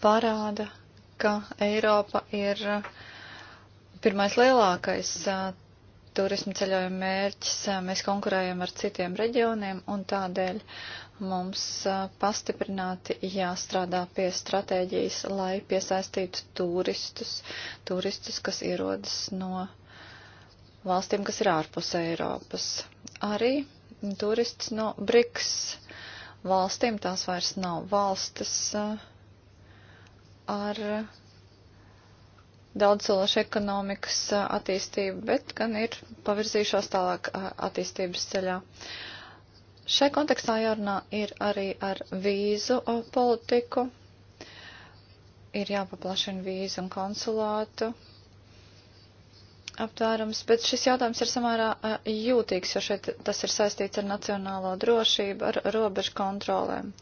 parāda, ka Eiropa ir uh, pirmais lielākais uh, turismu ceļojuma mērķis. Uh, mēs konkurējam ar citiem reģioniem un tādēļ mums pastiprināti jāstrādā pie stratēģijas, lai piesaistītu turistus, turistus, kas ierodas no valstīm, kas ir ārpus Eiropas. Arī turists no BRICS valstīm. Tās vairs nav valstis eh, ar daudzsološu ekonomikas eh, attīstību, bet gan ir pavirzījušās tālāk eh, attīstības ceļā. Šai kontekstā jārunā ir arī ar vīzu politiku. Ir jāpaplašina vīzu un konsulātu aptvērums, bet šis jautājums ir samērā jūtīgs, jo šeit tas ir saistīts ar nacionālo drošību, ar robežu kontrolēm.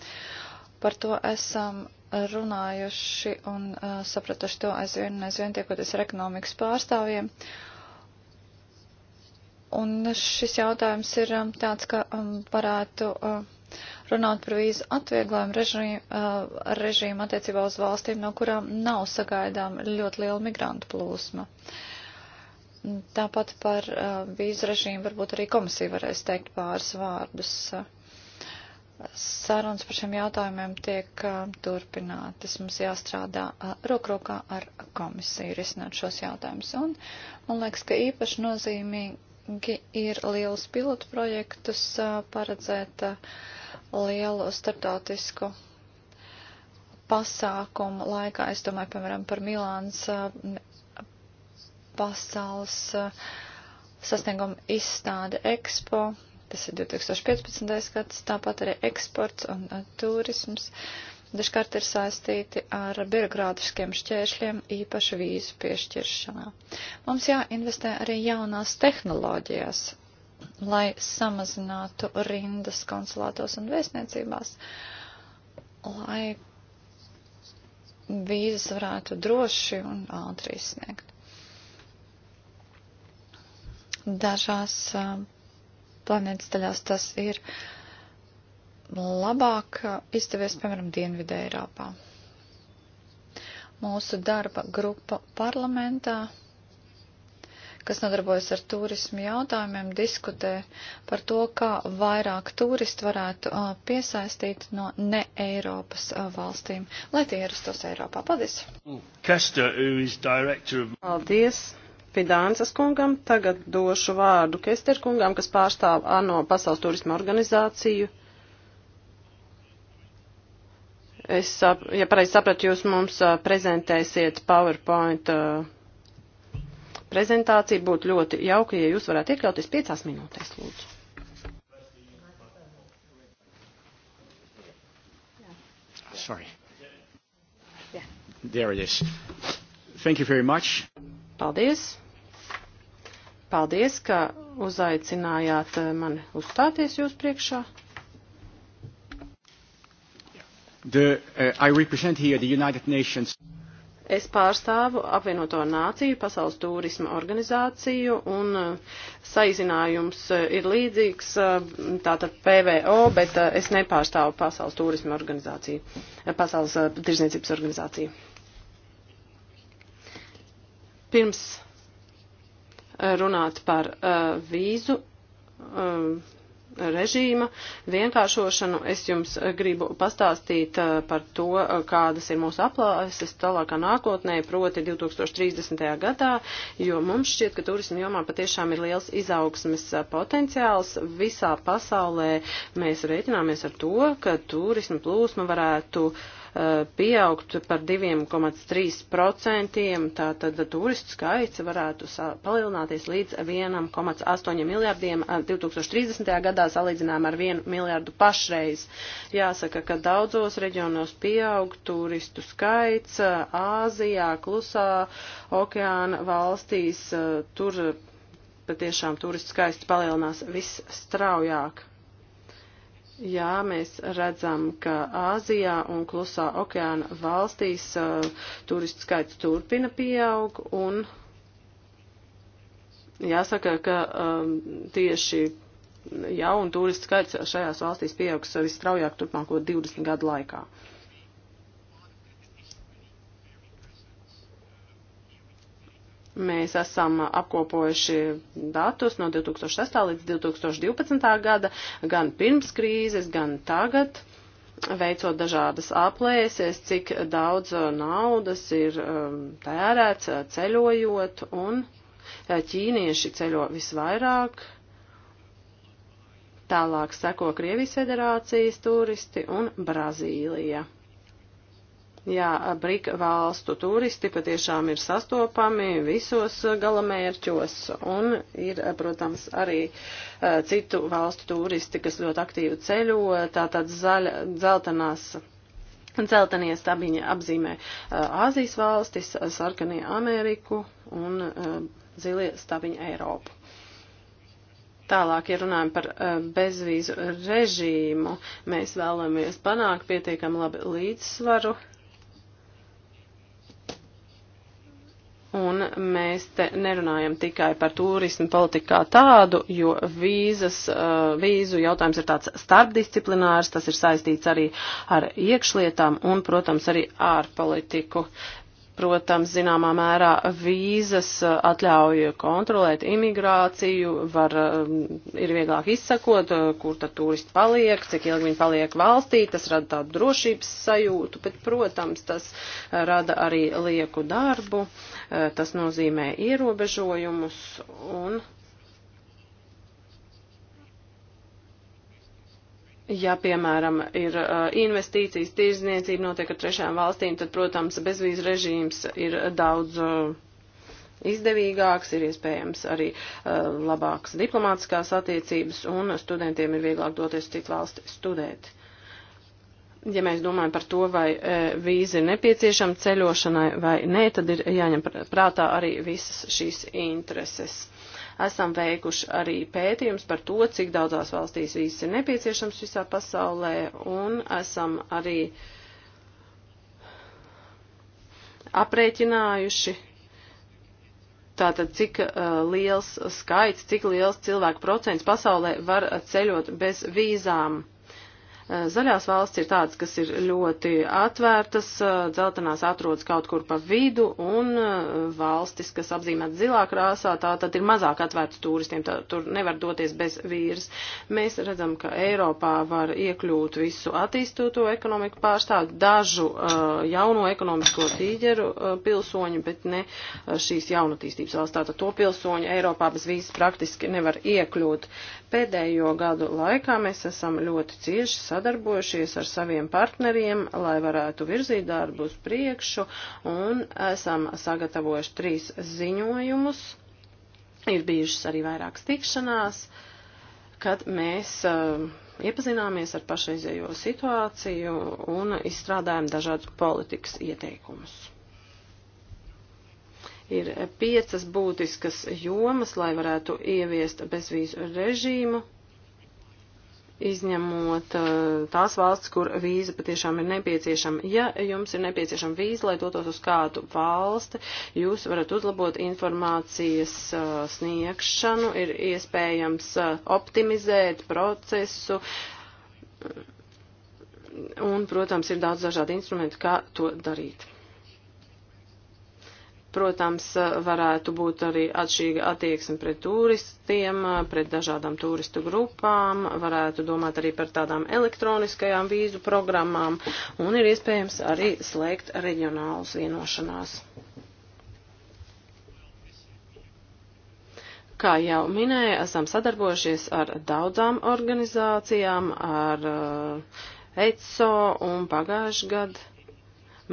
Par to esam runājuši un uh, sapratuši to aizvien un aizvien tiekoties ar ekonomikas pārstāvjiem. Un šis jautājums ir um, tāds, ka um, varētu. Uh, runāt par vīzu atvieglojumu režīmu, režīmu attiecībā uz valstīm, no kurām nav sagaidām ļoti liela migrantu plūsma. Uh, Tāpat par uh, vīzu režīmu varbūt arī komisija varēs teikt pāris vārdus. Sarunas par šiem jautājumiem tiek uh, turpinātas. Mums jāstrādā uh, rokrokā ar komisiju risināt šos jautājumus. Un man liekas, ka īpaši nozīmīgi ir lielus pilotu projektus paredzēt lielu starptautisku pasākumu laikā. Es domāju, piemēram, par Milāns pasaules eh, sasnieguma izstāde Expo, tas ir 2015. gads, tāpat arī eksports un eh, turisms. Dažkārt ir saistīti ar birokrātiskiem šķēršļiem, īpaši vīzu piešķiršanā. Mums jāinvestē arī jaunās tehnoloģijās, lai samazinātu rindas konsulātos un vēstniecībās, lai vīzas varētu droši un ātri izsniegt. Dažās planētas daļās tas ir labāk izdevies, piemēram, Dienvidē Eiropā. Mūsu darba grupa parlamentā, kas nodarbojas ar turismu jautājumiem, diskutē par to, kā vairāk turistu varētu piesaistīt no ne Eiropas valstīm, lai tie ierastos Eiropā. Paldies! Kester, Paldies! Fidānsas kungam, tagad došu vārdu Kester kungam, kas pārstāv ANO pasaules turisma organizāciju. Es, ja pareizi sapratu, jūs mums prezentēsiet PowerPoint prezentāciju. Būtu ļoti jauki, ja jūs varētu iekļauties piecās minūtēs, lūdzu. Sorry. There it is. Thank you very much. Paldies. Paldies, ka uzaicinājāt eh, mani uzstāties jūs priekšā. The, uh, Es pārstāvu apvienoto nāciju, pasaules turisma organizāciju, un eh, saizinājums ir līdzīgs tātad PVO, bet es nepārstāvu pasaules turisma organizāciju, pasaules tirzniecības organizāciju. Pirms runāt par uh, vīzu. Um, režīma vienkāršošanu. Es jums gribu pastāstīt uh, par to, uh, kādas ir mūsu aplāses tālākā nākotnē, proti 2030. gadā, jo mums šķiet, ka turismu jomā patiešām ir liels izaugsmes uh, potenciāls. Visā pasaulē mēs reiķināmies ar to, ka turismu plūsma varētu uh, Eh, pieaugt par 2,3%, tātad turistu skaits varētu palielināties līdz 1,8 miljardiem 2030. Eh, gadā salīdzinām ar 1 miljardu pašreiz. Jāsaka, ka daudzos reģionos pieaug turistu skaits eh, Āzijā, Klusā, Okeāna valstīs, tur patiešām turistu skaits palielinās visstraujāk. Jā, mēs redzam, ka Āzijā un Klusā okeāna valstīs uh, turistu skaits turpina pieaug un jāsaka, ka um, tieši jaunu turistu skaits šajās valstīs pieaugs visstraujāk turpmāko 20 gadu laikā. Uh, Mēs esam apkopojuši datus no 2006. līdz 2012. gada, gan pirms krīzes, gan tagad, veicot dažādas aplēsies, cik daudz naudas ir um, tērēts ceļojot, un uh, ķīnieši ceļo visvairāk, tālāk seko Krievijas federācijas turisti un Brazīlija. Jā, brīk valstu turisti patiešām ir sastopami visos galamērķos un ir, protams, arī citu valstu turisti, kas ļoti aktīvi ceļo, tātad zaļa, dzeltenās. Dzeltenie stabiņi apzīmē Āzijas valstis, sarkanie Ameriku un zilie stabiņi Eiropu. Tālāk, ja runājam par bezvīzu režīmu, mēs vēlamies panākt pietiekam labi līdzsvaru Un mēs te nerunājam tikai par turismu politiku kā tādu, jo vīzas, uh, vīzu jautājums ir tāds starpdisciplinārs, tas ir saistīts arī ar iekšlietām un, protams, arī ārpolitiku. Ar Protams, zināmā mērā vīzas uh, atļauj kontrolēt imigrāciju, var, um, ir vieglāk izsakot, uh, kur tad turisti paliek, cik ilgi viņi paliek valstī, tas rada tādu drošības sajūtu, bet, protams, tas uh, rada arī lieku darbu, tas nozīmē ierobežojumus un Ja, piemēram, ir investīcijas, tirzniecība notiek ar trešām valstīm, tad, protams, bezvīzu režīms ir daudz izdevīgāks, ir iespējams arī labāks diplomātiskās attiecības, un studentiem ir vieglāk doties citu valstu studēt. Ja mēs domājam par to, vai vīzi ir nepieciešama ceļošanai vai nē, tad ir jāņem prātā arī visas šīs intereses. Esam veikuši arī pētījums par to, cik daudzās valstīs vīzes ir nepieciešams visā pasaulē, un esam arī aprēķinājuši Tātad, cik uh, liels skaits, cik liels cilvēku procents pasaulē var ceļot bez vīzām. Eh, zaļās valsts ir tādas, kas ir ļoti atvērtas, eh, dzeltenās atrodas kaut kur pa vidu, un eh, valstis, kas apzīmēta zilā krāsā, tā tad ir mazāk atvērta turistiem, tā, tur nevar doties bez vīras. Mēs redzam, ka Eiropā var iekļūt visu attīstīto ekonomiku pārstāvju, dažu jauno ekonomisko tīģeru pilsoņu, bet ne šīs jaunatīstības valsts, tātad to pilsoņu Eiropā bez vīzes praktiski nevar iekļūt. Pēdējo gadu laikā mēs esam ļoti cieši sadarbojušies ar saviem partneriem, lai varētu virzīt darbu uz priekšu, un esam sagatavojuši trīs ziņojumus. Ir bijušas arī vairākas tikšanās, kad mēs uh, iepazināmies ar pašreizējo situāciju un izstrādājam dažādus politikas ieteikumus. Ir piecas būtiskas jomas, lai varētu ieviest bezvīzu režīmu, izņemot eh, tās valsts, kur vīza patiešām ir nepieciešama. Ja jums ir nepieciešama vīza, lai dotos uz kādu valsti, jūs varat uzlabot informācijas eh, sniegšanu, ir iespējams eh, optimizēt procesu. Un, protams, ir daudz dažādu instrumentu, kā to darīt. Protams, varētu būt arī atšķirīga attieksme pret turistiem, pret dažādām turistu grupām, varētu domāt arī par tādām elektroniskajām vīzu programmām un ir iespējams arī slēgt reģionālus vienošanās. kā jau minēju, esam sadarbojušies ar daudzām organizācijām, ar uh, ECO un pagājuši gadu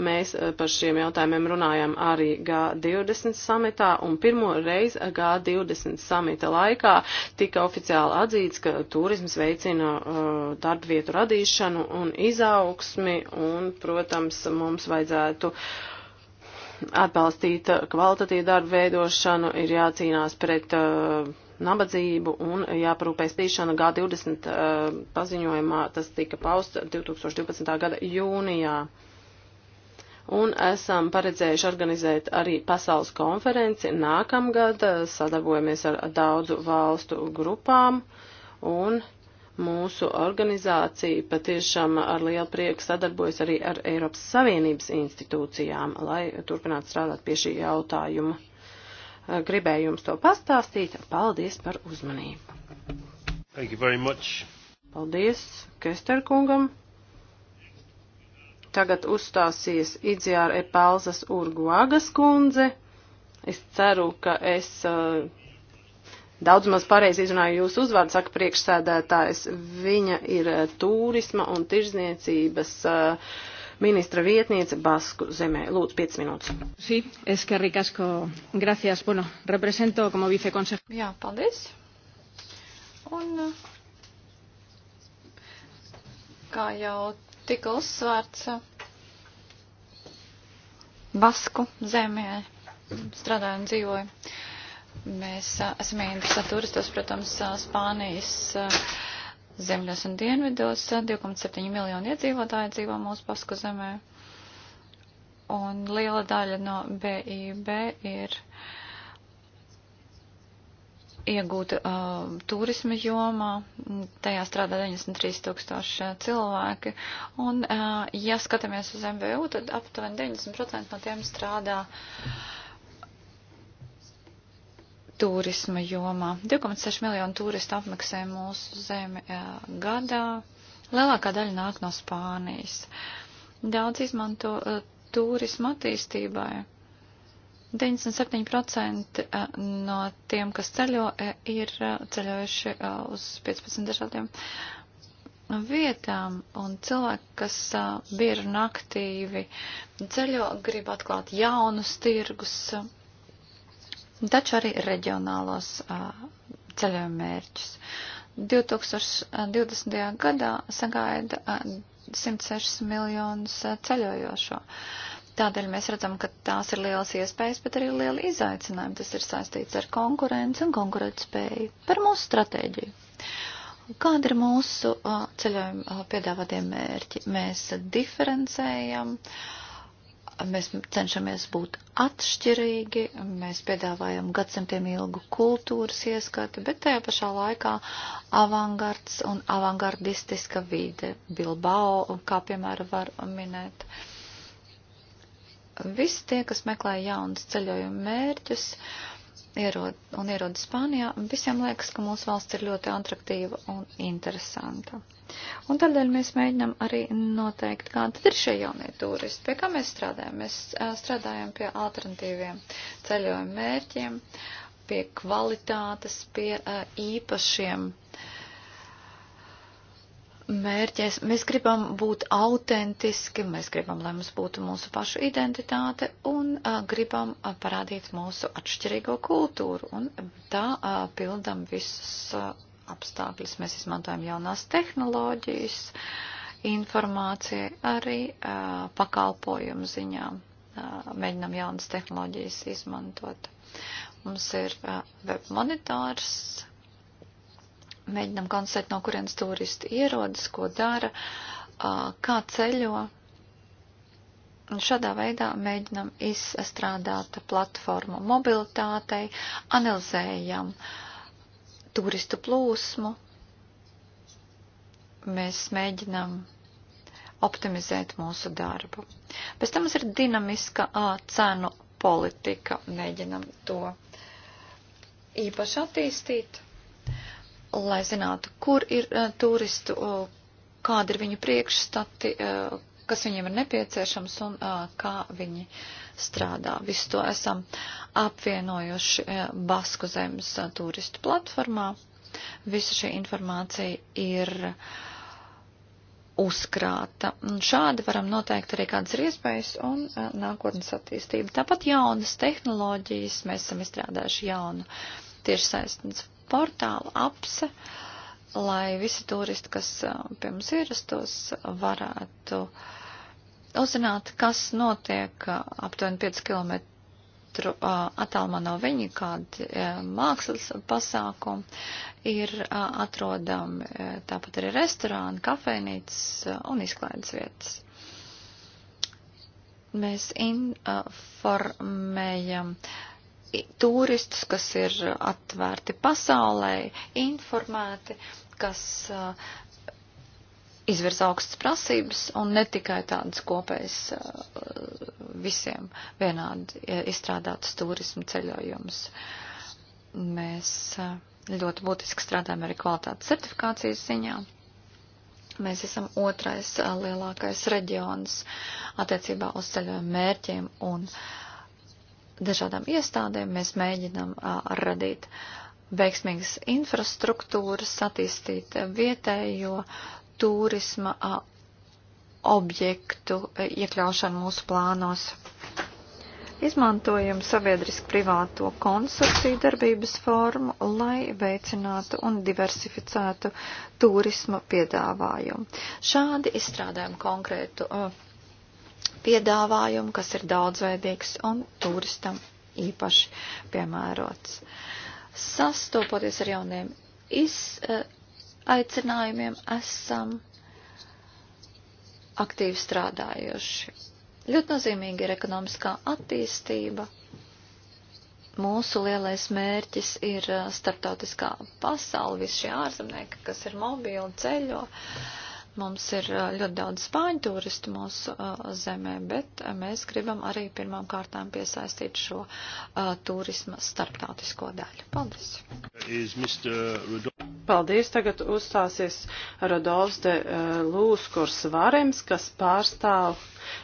Mēs eh, par šiem jautājumiem runājam arī G20 samitā, un pirmo reizi G20 samita laikā tika oficiāli atzīts, ka turisms veicina uh, eh, darba vietu radīšanu un izaugsmi, un, protams, mums vajadzētu atbalstīt kvalitatīvu darbu veidošanu, ir jācīnās pret uh, nabadzību un jāparūpēs tīšana G20 uh, paziņojumā, tas tika pausts 2012. gada jūnijā un esam paredzējuši organizēt arī pasaules konferenci nākamgad, eh, sadarbojamies ar daudzu valstu grupām un mūsu organizācija patiešām ar lielu prieku sadarbojas arī ar Eiropas Savienības institūcijām, lai turpinātu strādāt pie šī jautājuma. Eh, gribēju jums to pastāstīt. Paldies par uzmanību. Paldies Kesterkungam. Tagad uzstāsies Idzjāra Epalzas Urguagas kundze. Es ceru, ka es uh, daudz maz pareizi izrunāju jūsu uzvārdu, saka priekšsēdētājs. Viņa ir uh, turisma un tirzniecības uh, ministra vietniece Basku zemē. Lūdzu, 5 minūtes. Sí, es que rikasko. Gracias. Bueno, represento como viceconsejero. Jā, paldies. Un, kā jau tika uzsvērts eh, Basku zemē strādāju un dzīvoju. Mēs eh, esam interesēti turistos, protams, eh, Spānijas zemļos un dienvidos. 2,7 miljoni iedzīvotāji dzīvo mūsu Basku zemē. Un liela daļa no BIB ir uh, iegūti uh, turisma jomā, tajā strādā 93 tūkstoši uh, cilvēki, un uh, ja skatāmies uz MVU, tad aptuveni 90% no tiem strādā turisma jomā. 2,6 miljonu turistu apmeklē mūsu zemi uh, gadā, lielākā daļa nāk no Spānijas. Daudz izmanto uh, turismu attīstībai 97% eh, no tiem, kas ceļo, eh, ir eh, ceļojuši uz 15 dažādiem vietām, un cilvēki, kas bieži un aktīvi ceļo, grib atklāt jaunus tirgus, taču arī reģionālos ceļojuma mērķus. 2020. gadā sagaida 106 miljonus ceļojošo. Tādēļ mēs redzam, ka tās ir lielas iespējas, bet arī liela izaicinājuma. Tas ir saistīts ar konkurenci un konkurētspēju par mūsu stratēģiju. Kāda ir mūsu ceļojuma piedāvātie mērķi? Mēs diferencējam, mēs cenšamies būt atšķirīgi, mēs piedāvājam gadsimtiem ilgu kultūras ieskatu, bet tajā pašā laikā avangards un avangardistiska vide, Bilbao, kā piemēram var minēt. Uh, visi tie, kas meklē jaunas ceļojuma mērķus ierod, un ierod Spānijā, visiem liekas, ka mūsu valsts ir ļoti atraktīva un interesanta. Un tādēļ mēs mēģinām arī noteikt, kādi ir šie jaunie turisti, pie kā mēs strādājam. Mēs strādājam pie alternatīviem ceļojuma mērķiem, pie kvalitātes, pie īpašiem mērķēs. Mēs gribam būt autentiski, mēs gribam, lai mums būtu mūsu pašu identitāte un uh, gribam uh, parādīt mūsu atšķirīgo kultūru. Un tā uh, pildam visus uh, apstākļus. Mēs izmantojam jaunās tehnoloģijas, informāciju, arī uh, pakalpojumu ziņā. Uh, mēģinam jaunas tehnoloģijas izmantot. Mums ir uh, web monitors, mēģinam konstatēt, no kurienes turisti ierodas, ko dara, kā ceļo. Un šādā veidā mēģinam izstrādāt platformu mobilitātei, analizējam turistu plūsmu, mēs mēģinam optimizēt mūsu darbu. Pēc tam mums ir dinamiska a, cenu politika, mēģinam to īpaši attīstīt lai zinātu, kur ir uh, turistu, uh, eh, kādi ir viņu priekšstati, uh, kas viņiem ir nepieciešams un uh, kā viņi strādā. Visu to esam apvienojuši uh, Basku zemes uh, turistu platformā. Visa šī informācija ir uzkrāta. Un šādi varam noteikt arī kādas ir iespējas un uh, nākotnes attīstība. Tāpat jaunas tehnoloģijas, mēs esam izstrādājuši jaunu tiešsaistnes portālu apse, lai visi turisti, kas pie mums ierastos, varētu uzzināt, kas notiek aptuveni 5 km attālumā no viņa, kādi mākslas pasākumi ir atrodami, tāpat arī restorāni, kafejnīcas un izklaides vietas. Mēs informējam uh, turistus, kas ir atvērti pasaulē, informēti, kas uh, izvirza augstas prasības un ne tikai tādas kopējas uh, visiem vienādi izstrādātas turismu ceļojumus. Mēs uh, ļoti būtiski strādājam arī kvalitātes certifikācijas ziņā. Mēs esam otrais uh, lielākais reģions attiecībā uz ceļojumu mērķiem un uh, dažādām iestādēm mēs mēģinam radīt veiksmīgas infrastruktūras, attīstīt vietējo turisma objektu iekļaušanu mūsu plānos. Izmantojam sabiedriski-privāto konsorciju darbības formu, lai veicinātu un diversificētu turisma piedāvājumu. Šādi izstrādājam konkrētu uh, piedāvājumu, kas ir daudzveidīgs un turistam īpaši piemērots. Sastopoties ar jauniem izaicinājumiem, esam aktīvi strādājuši. Ļoti nozīmīgi ir ekonomiskā attīstība. Mūsu lielais mērķis ir uh, starptautiskā pasaule, visi šie ārzemnieki, kas ir mobili, ceļo. Uh, Mums ir ļoti daudz spāņu turistu mūsu zemē, bet mēs gribam arī pirmām kārtām piesaistīt šo uh, turisma starptautisko daļu. Paldies! Paldies! Tagad uzstāsies Rodolfs de Lūskurs Varems, kas pārstāv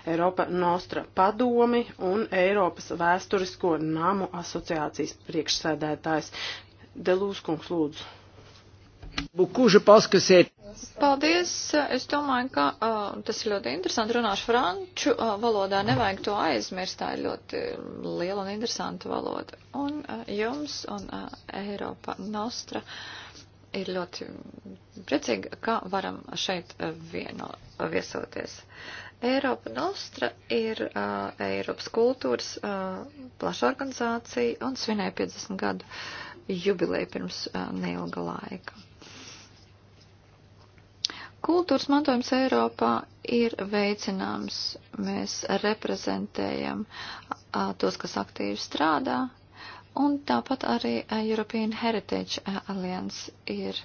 Eiropa Nostra padomi un Eiropas vēsturisko namu asociācijas priekšsēdētājs. Delūskungs, lūdzu. Beaucoup, je pense que c'est Paldies. Es domāju, ka uh, tas ir ļoti interesanti. Runāšu franču uh, valodā. Nevajag to aizmirst. Tā ir ļoti liela un interesanta valoda. Un uh, jums un uh, Eiropa Nostra ir ļoti priecīga, ka varam šeit uh, vieno viesoties. Eiropa Nostra ir uh, Eiropas kultūras uh, plaša organizācija un svinēja 50 gadu jubileju pirms uh, neilga laika. Kultūras mantojums Eiropā ir veicināms. Mēs reprezentējam a, tos, kas aktīvi strādā, un tāpat arī European Heritage Alliance ir,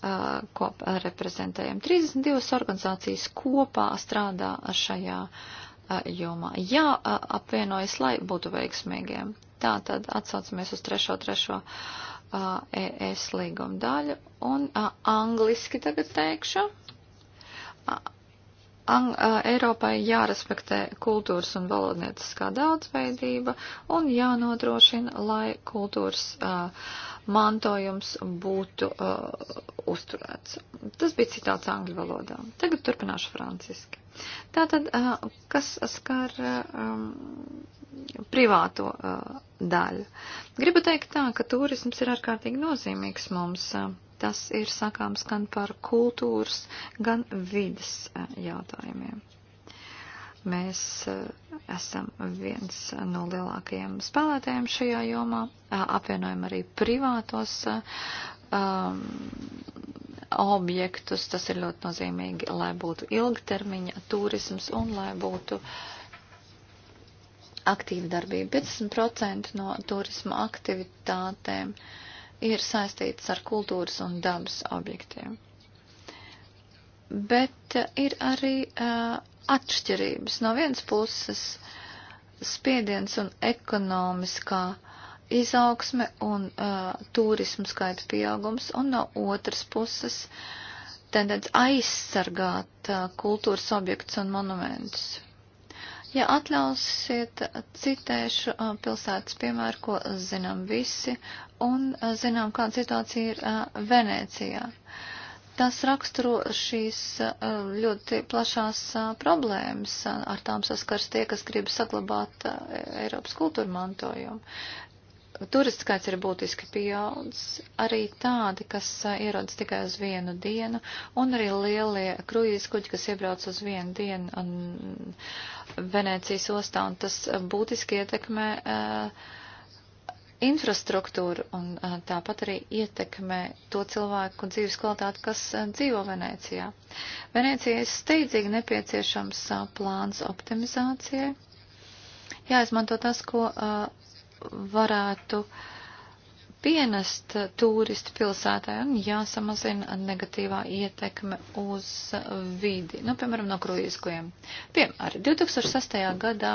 a, ko reprezentējam. 32 organizācijas kopā strādā šajā a, jomā. Jā, apvienojas, lai būtu veiksmīgiem. Tā tad atsaucamies uz trešo, trešo uh, ES līguma daļu, un angliski tagad teikšu. Ang, uh, Eiropai jārespektē kultūras un valodnieciskā daudzveidība un jānodrošina, lai kultūras uh, mantojums būtu uh, uzturēts. Tas bija citāts angļu valodā. Tagad turpināšu franciski. Tātad, uh, kas skar um, privāto uh, daļu? Gribu teikt tā, ka turisms ir ārkārtīgi nozīmīgs mums. Uh, Tas ir sakāms gan par kultūras, gan vidas eh, jautājumiem. Mēs eh, esam viens no lielākajiem spēlētājiem šajā jomā, eh, apvienojam arī privātos um, objektus. Tas ir ļoti nozīmīgi, lai būtu ilgtermiņa turisms un lai būtu aktīva darbība. 50% no turisma aktivitātēm uh, ir saistītas ar kultūras un dabas objektiem. Bet eh, ir arī uh, atšķirības. No vienas puses spiediens un ekonomiskā izaugsme un uh, turismu skaita pieaugums, un no otras puses tendence aizsargāt uh, kultūras objektus un monumentus. Ja atļausiet, citēšu pilsētas piemēru, ko zinām visi, un zinām, kāda situācija ir Venēcijā. Tas raksturo šīs ļoti plašās problēmas, ar tām saskars tie, kas grib saglabāt Eiropas kultūra mantojumu turistu skaits ir būtiski pieaudzis, arī tādi, kas ierodas tikai uz vienu dienu, un arī lielie kruīzes kuģi, kas iebrauc uz vienu dienu un Venēcijas ostā, un tas būtiski ietekmē uh, infrastruktūru, un uh, tāpat arī ietekmē to cilvēku dzīves kvalitāti, kas uh, dzīvo Venēcijā. Venēcijai ir steidzīgi nepieciešams plāns optimizācijai jāizmanto tas, ko uh, varētu pienest turisti pilsētā un jāsamazina negatīvā ietekme uz vidi, nu, piemēram, no kruīzkojiem. Piemēram, 2006. gadā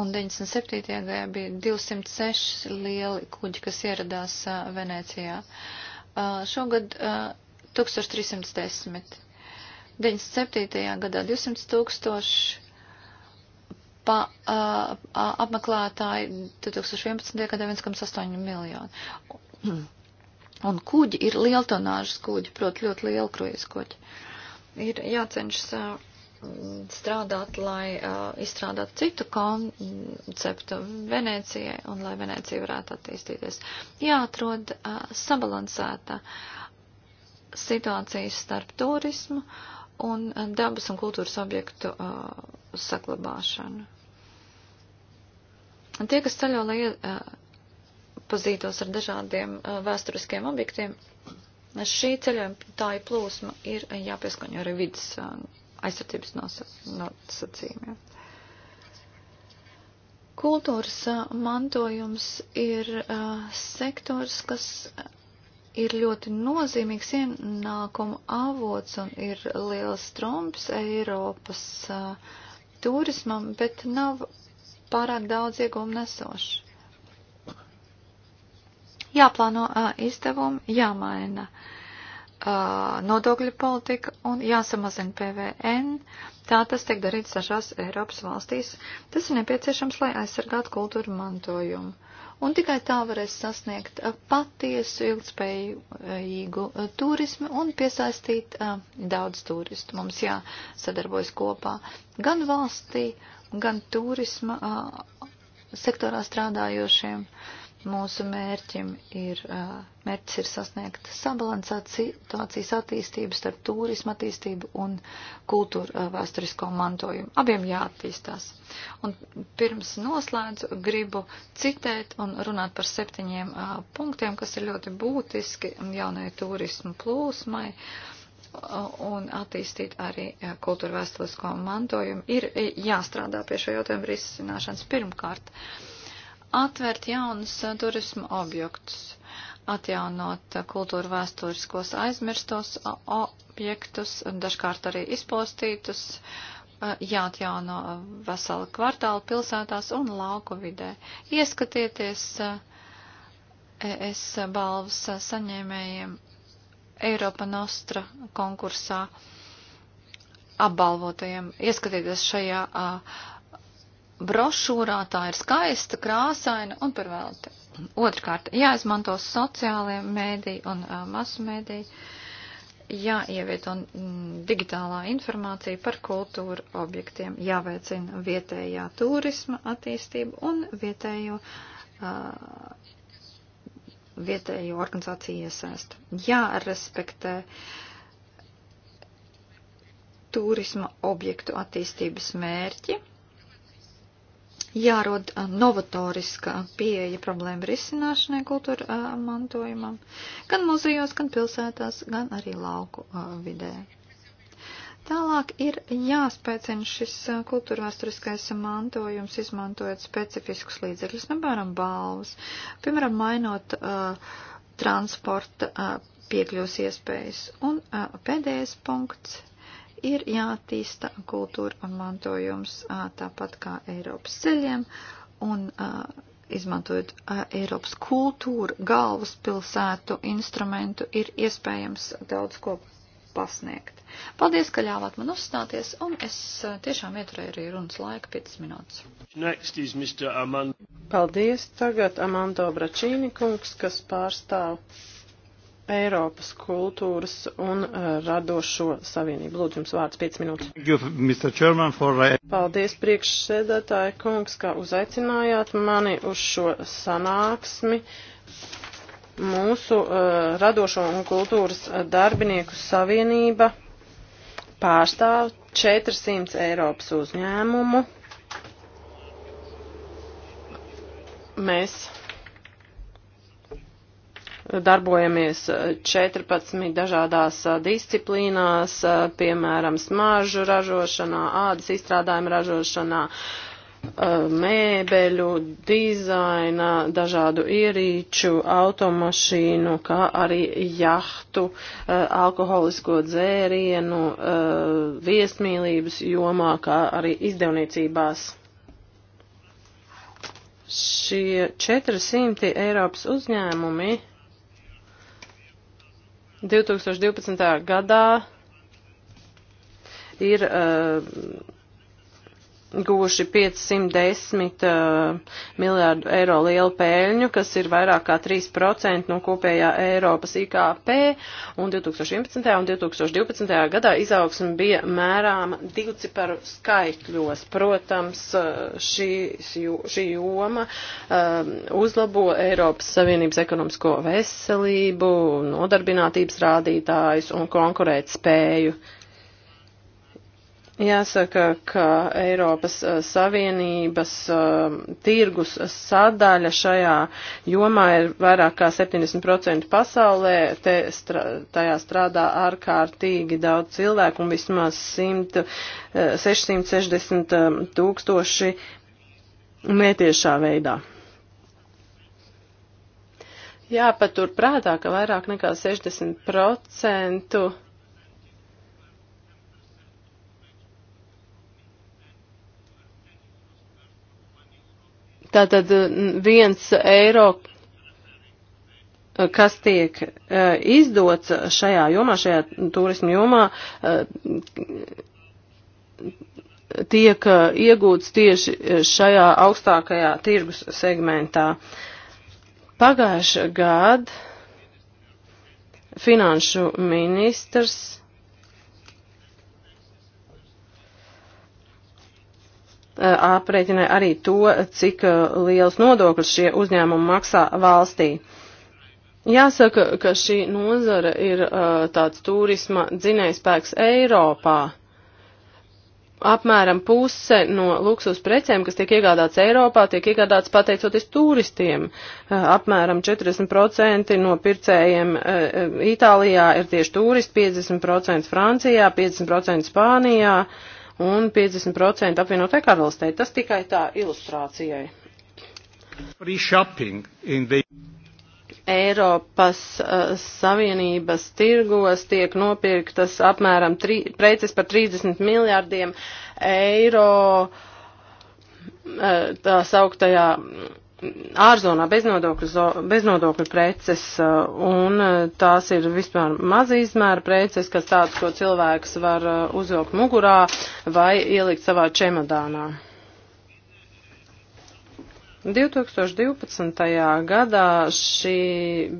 un 97. gadā bija 206 lieli kuģi, kas ieradās Venecijā. Šogad 1310. 97. gadā 200 tūkstoši pa, uh, apmeklētāji 2011. gadā 1,8 miljonu. Un kuģi ir lieltonāžas kuģi, proti ļoti liela kruīz kuģi. Ir jācenšas uh, strādāt, lai uh, izstrādātu citu konceptu Venecijai un lai Venecija varētu attīstīties. Jāatrod uh, sabalansēta situācija starp turismu un dabas un kultūras objektu uh, uz saglabāšanu. Un tie, kas ceļo, lai iepazītos eh, ar dažādiem eh, vēsturiskiem objektiem, šī ceļojuma tā ir plūsma, ir jāpieskaņo arī vidas eh, aizsardzības nosacījumiem. Ja kultūras mantojums ir uh, sektors, kas ir ļoti nozīmīgs ienākuma avots un ir liels trumps Eiropas uh, turismam, bet nav pārāk daudz ieguvumu nesošu. Jāplāno uh, izdevumi, jāmaina uh, nodokļu politika un jāsamazina PVN. Tā tas tiek darīts dažās Eiropas valstīs. Tas ir nepieciešams, lai aizsargātu kultūru mantojumu. Uh, un tikai tā varēs sasniegt uh, patiesu ilgspējīgu uh, turismu un piesaistīt uh, daudz turistu. Mums jāsadarbojas kopā gan valstī, gan turisma sektorā strādājošiem. Uh, Mūsu mērķim ir, mērķis ir sasniegt sabalansēt situācijas attīstību starp turismu attīstību un kultūru vēsturisko mantojumu. Abiem jāattīstās. Un pirms noslēdzu, gribu citēt un runāt par septiņiem punktiem, kas ir ļoti būtiski jaunai turismu plūsmai un attīstīt arī kultūru vēsturisko mantojumu. Ir jāstrādā pie šo jautājumu risināšanas pirmkārt. Uh, atvērt jaunus eh, turismu objektus, atjaunot eh, kultūru vēsturiskos aizmirstos objektus, dažkārt arī izpostītus, eh, jāatjauno vesela kvartāla pilsētās un lauku vidē. Ieskatieties ES balvas saņēmējiem Eiropa Nostra konkursā apbalvotajiem, ieskatieties šajā uh, brošūrā tā ir skaista, krāsaina un par velti. Otrkārt, jāizmanto sociālie mēdī un uh, masu mēdī, jāievieto mm, digitālā informācija par kultūru objektiem, jāveicina vietējā turisma attīstība un vietējo. Uh, vietējo organizāciju iesaista. Jārespektē turisma objektu attīstības mērķi, jārod novatoriska pieeja problēma risināšanai kultūra mantojumam, gan muzejos, gan pilsētās, gan arī lauku vidē. Tālāk ir jāspēcina šis kultūrvēsturiskais mantojums, izmantojot specifiskus līdzekļus, piemēram, balvas, piemēram, mainot uh, transporta uh, piekļūs iespējas. Un uh, pēdējais punkts ir jātīsta kultūra un mantojums tāpat kā Eiropas ceļiem un izmantojot Eiropas kultūru, galvaspilsētu instrumentu, ir iespējams daudz ko pasniegt. Paldies, ka ļāvāt man uzstāties, un es tiešām ieturēju arī runas laiku 5 minūtes. Next is Mr. Amand. Paldies, tagad Amando Bračīni kungs, kas pārstāv Eiropas kultūras un uh, radošo savienību. Lūdzu, jums vārds 5 minūtes. You, Chairman, for... Paldies, priekšsēdētāji kungs, ka uzaicinājāt mani uz šo sanāksmi. Mūsu uh, radošo un kultūras uh, darbinieku savienība pārstāv 400 Eiropas uzņēmumu. Mēs darbojamies 14 eh, dažādās eh, disciplīnās, eh, piemēram, smaržu ražošanā, ādas izstrādājuma ražošanā, mēbeļu, dizaina, dažādu ierīču, automašīnu, kā arī jahtu, alkoholisko dzērienu, viesmīlības jomā, kā arī izdevniecībās. Šie 400 Eiropas uzņēmumi 2012. gadā ir uh, guvuši 510 uh, miljārdu eiro lielu pēļņu, kas ir vairāk kā 3% no kopējā Eiropas IKP, un 2011. un 2012. gadā izaugsme bija mērām divciparu skaitļos. Protams, uh, šī, šī joma uh, uzlabo Eiropas Savienības ekonomisko veselību, nodarbinātības rādītājus un konkurēt spēju. Jāsaka, ka Eiropas eh, Savienības eh, tirgus sadaļa šajā jomā ir vairāk kā 70% pasaulē. Te stra tajā strādā ārkārtīgi daudz cilvēku un vismaz 100, 660 eh, tūkstoši netiešā veidā. Jāpatur prātā, ka vairāk nekā 60% Tātad viens eiro, e, kas tiek e, izdots šajā jomā, šajā turismu jomā, e, tiek iegūts tieši šajā augstākajā tirgus segmentā. Pagājušā gada finanšu ministrs aprēķinē arī to, cik liels nodoklis šie uzņēmumi maksā valstī. Jāsaka, ka šī nozara ir tāds turisma dzinējspēks Eiropā. Apmēram puse no luksus precēm, kas tiek iegādāts Eiropā, tiek iegādāts pateicoties turistiem. Apmēram 40% no pircējiem Itālijā ir tieši turisti, 50% Francijā, 50% Spānijā. Uh, un 50% apvienotē karalistē. Tas tikai tā ilustrācijai. The... Eiropas uh, Savienības tirgos tiek nopirktas apmēram tri, preces par 30 miljārdiem eiro uh, tā sauktajā ārzonā beznodokļu, beznodokļu preces, uh, un uh, tās ir vispār maza izmēra preces, kas tāds, ko cilvēks var uh, uzvilkt mugurā vai ielikt savā čemodānā. 2012. gadā šī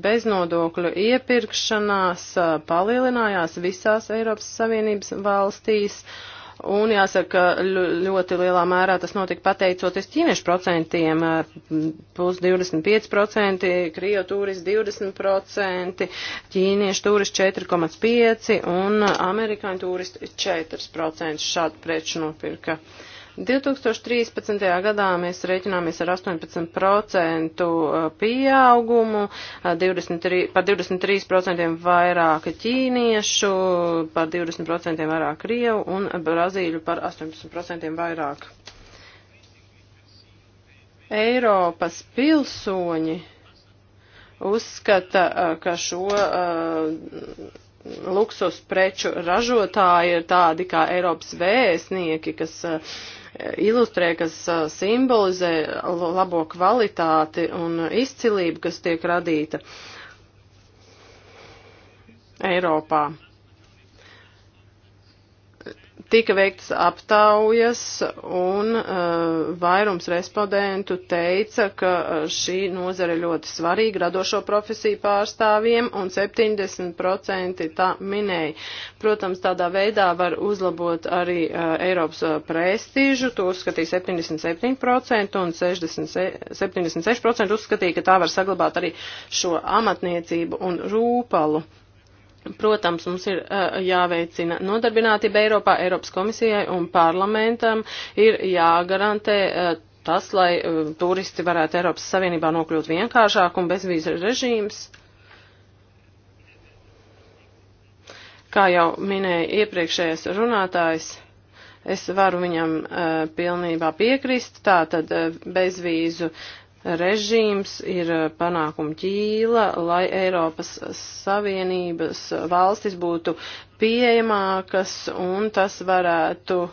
beznodokļu iepirkšanās palielinājās visās Eiropas Savienības valstīs, uh, Un jāsaka, ļoti lielā mērā tas notika pateicoties ķīniešu procentiem, plus 25%, krievu turisti 20%, ķīniešu turisti 4,5% un amerikāņu turisti 4% šādu preču nopirka. Uh, 2013. gadā mēs rēķināmies ar 18% uh, pieaugumu, 23, uh, par 23% vairāk ķīniešu, par 20% vairāk krievu un brazīļu par 18% vairāk. Eiropas pilsoņi uzskata, uh, ka šo uh, luksus preču ražotāji ir tādi kā Eiropas vēstnieki, kas uh, ilustrē, kas simbolizē labo kvalitāti un izcilību, kas tiek radīta Eiropā tika veiktas aptaujas un uh, vairums respondentu teica, ka uh, šī nozara ļoti svarīga radošo profesiju pārstāvjiem un 70% tā minēja. Protams, tādā veidā var uzlabot arī uh, Eiropas uh, prestīžu, to uzskatīja 77% un 60, 76% uzskatīja, ka tā var saglabāt arī šo amatniecību un rūpalu. Protams, mums ir uh, jāveicina nodarbinātība Eiropā, Eiropas komisijai un parlamentam ir jāgarantē uh, tas, lai uh, turisti varētu Eiropas Savienībā nokļūt vienkāršāk un bezvīza režīms. Kā jau minēja iepriekšējais runātājs, es varu viņam uh, pilnībā piekrist, tā tad uh, bezvīzu uh, režīms ir eh, panākuma ķīla, lai Eiropas Savienības valstis būtu pieejamākas un tas varētu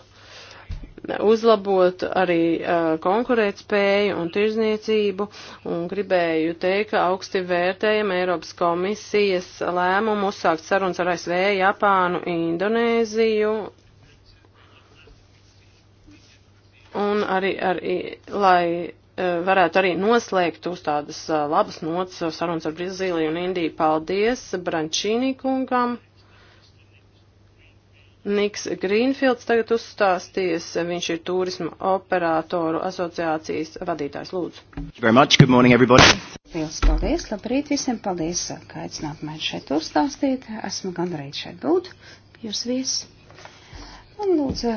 uzlabot arī uh, konkurētspēju un tirzniecību, un gribēju teikt, ka augsti vērtējam Eiropas komisijas lēmumu uzsākt sarunas ar ASV, Japānu, Indonēziju. Un arī, arī lai Eh, varētu arī noslēgt uz tādas eh, labas nots eh, sarunas ar Brazīliju un Indiju. Paldies Brančīnī kungam. Niks Grīnfields tagad uzstāsties, viņš ir turisma operātoru asociācijas vadītājs. Lūdzu. Lielas paldies, labrīt visiem, paldies, ka aicināt mani šeit uzstāstīt. Esmu gandrīz šeit būt, jūs viesi. Un lūdzu,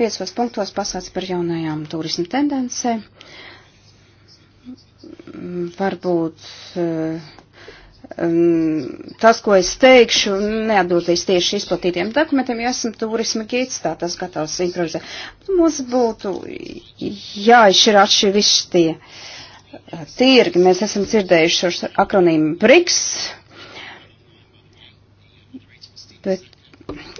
piecos punktos pasāc par jaunajām turisma tendencēm. Uh, varbūt eh, tas, ko es teikšu, neatbildīs tieši izplatītiem dokumentiem, jo esmu turisma gids, tā tas gatavs improvizēt. Nu, mums būtu jāizšķirās šie visi tie eh, tirgi. Mēs esam dzirdējuši šo akronīmu BRICS, bet,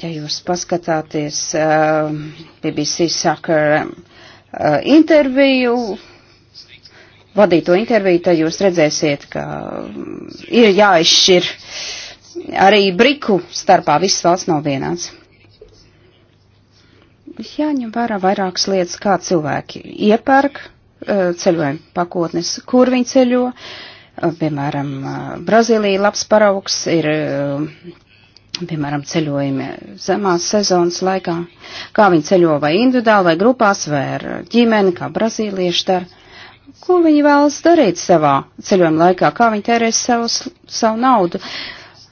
ja jūs paskatāties eh, BBC Soccer interviju, vadīto interviju, tad jūs redzēsiet, ka mm, ir jāizšķir arī briku starpā, viss valsts nav vienāds. Jāņem vērā vairākas lietas, kā cilvēki iepērk eh, ceļojuma pakotnes, kur viņi ceļo. Eh, piemēram, eh, Brazīlija labs paraugs ir, piemēram, ceļojumi zemās sezonas laikā. Kā viņi ceļo vai individuāli, vai grupās, vai ar ģimeni, kā brazīlieši dara ko viņi vēlas darīt savā ceļojuma laikā, kā viņi tērēs savus, savu naudu.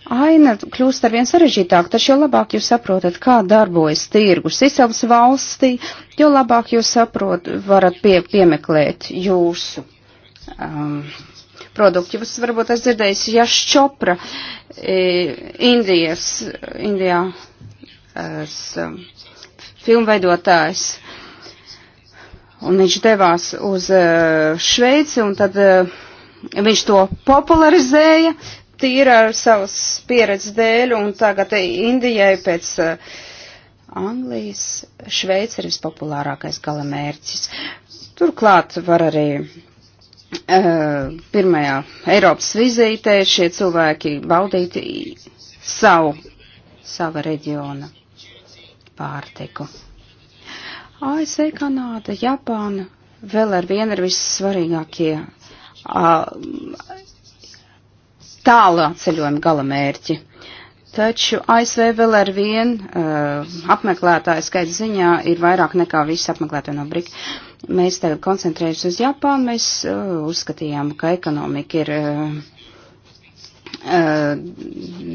Aina kļūst ar vien sarežģītāk, taču jo labāk jūs saprotat, kā darbojas tirgus izcelsmes valstī, jo labāk jūs saprot, varat pie, piemeklēt jūsu um, produktu. Jūs varbūt esat dzirdējis Jašķopra e, Indijas, Indijā es, um, filmveidotājs. Un viņš devās uz eh, Šveici, un tad eh, viņš to popularizēja tīri ar savas pieredzes dēļ, un tagad Indijai pēc eh, Anglijas Šveica ir vispopulārākais galamērķis. Turklāt var arī pirmajā Eiropas vizītē šie cilvēki baudīt savu, sava reģiona pārtiku. ASV, e, Kanāda, Japāna vēl ar vienu ir vissvarīgākie tālā ceļojuma galamērķi. Taču ASV e vēl ar vienu uh, apmeklētāju skaits ziņā ir vairāk nekā visi apmeklētāji no Brika. Mēs tagad koncentrējamies uz Japānu, mēs uh, uzskatījām, ka ekonomika ir uh, Eh,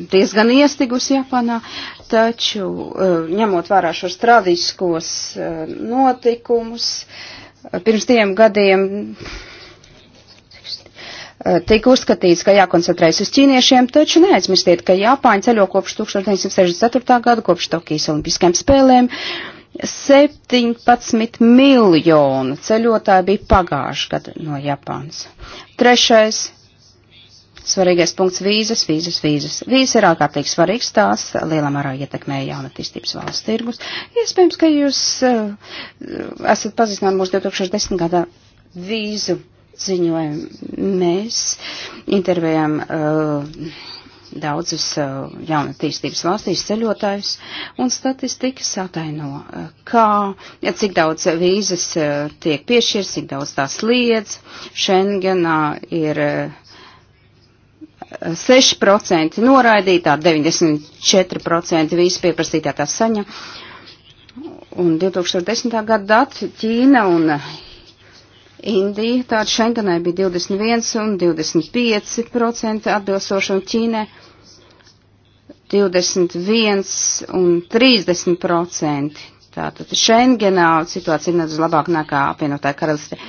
diezgan iestigusi Japānā, taču eh, ņemot vērā šos tradiskos eh, notikumus, pirms diviem gadiem tika uzskatīts, ka jākoncentrējas uz ķīniešiem, taču neaizmirstiet, ka Japāņa ceļo kopš 1964. gada, kopš Tokijas olimpiskajām spēlēm. 17 miljonu ceļotāju bija pagājuši gadu no Japānas. Trešais Svarīgais punkts - vīzas, vīzas, vīzas. Vīzas ir ārkārtīgi svarīgs tās, lielā mērā ietekmē jaunatīstības valsts tirgus. Iespējams, ka jūs uh, esat pazīstināti mūsu 2010. gada vīzu ziņojumu. Mēs intervējām uh, eh, daudzus uh, eh, jaunatīstības valstīs ceļotājus, un statistika sataino, uh, kā, ja cik daudz vīzas uh, tiek piešķirts, cik daudz tās liedz. Šengenā ir. Uh, 6% noraidītā, 94% visu pieprasītā tā saņa. Un 2010. gada dati Ķīna un Indija, tāda Šengenai bija 21 un 25% atbilstoši un Ķīnai 21 un 30%. Tātad Šengenā situācija ir nedaudz labāka nekā apvienotā karaliste.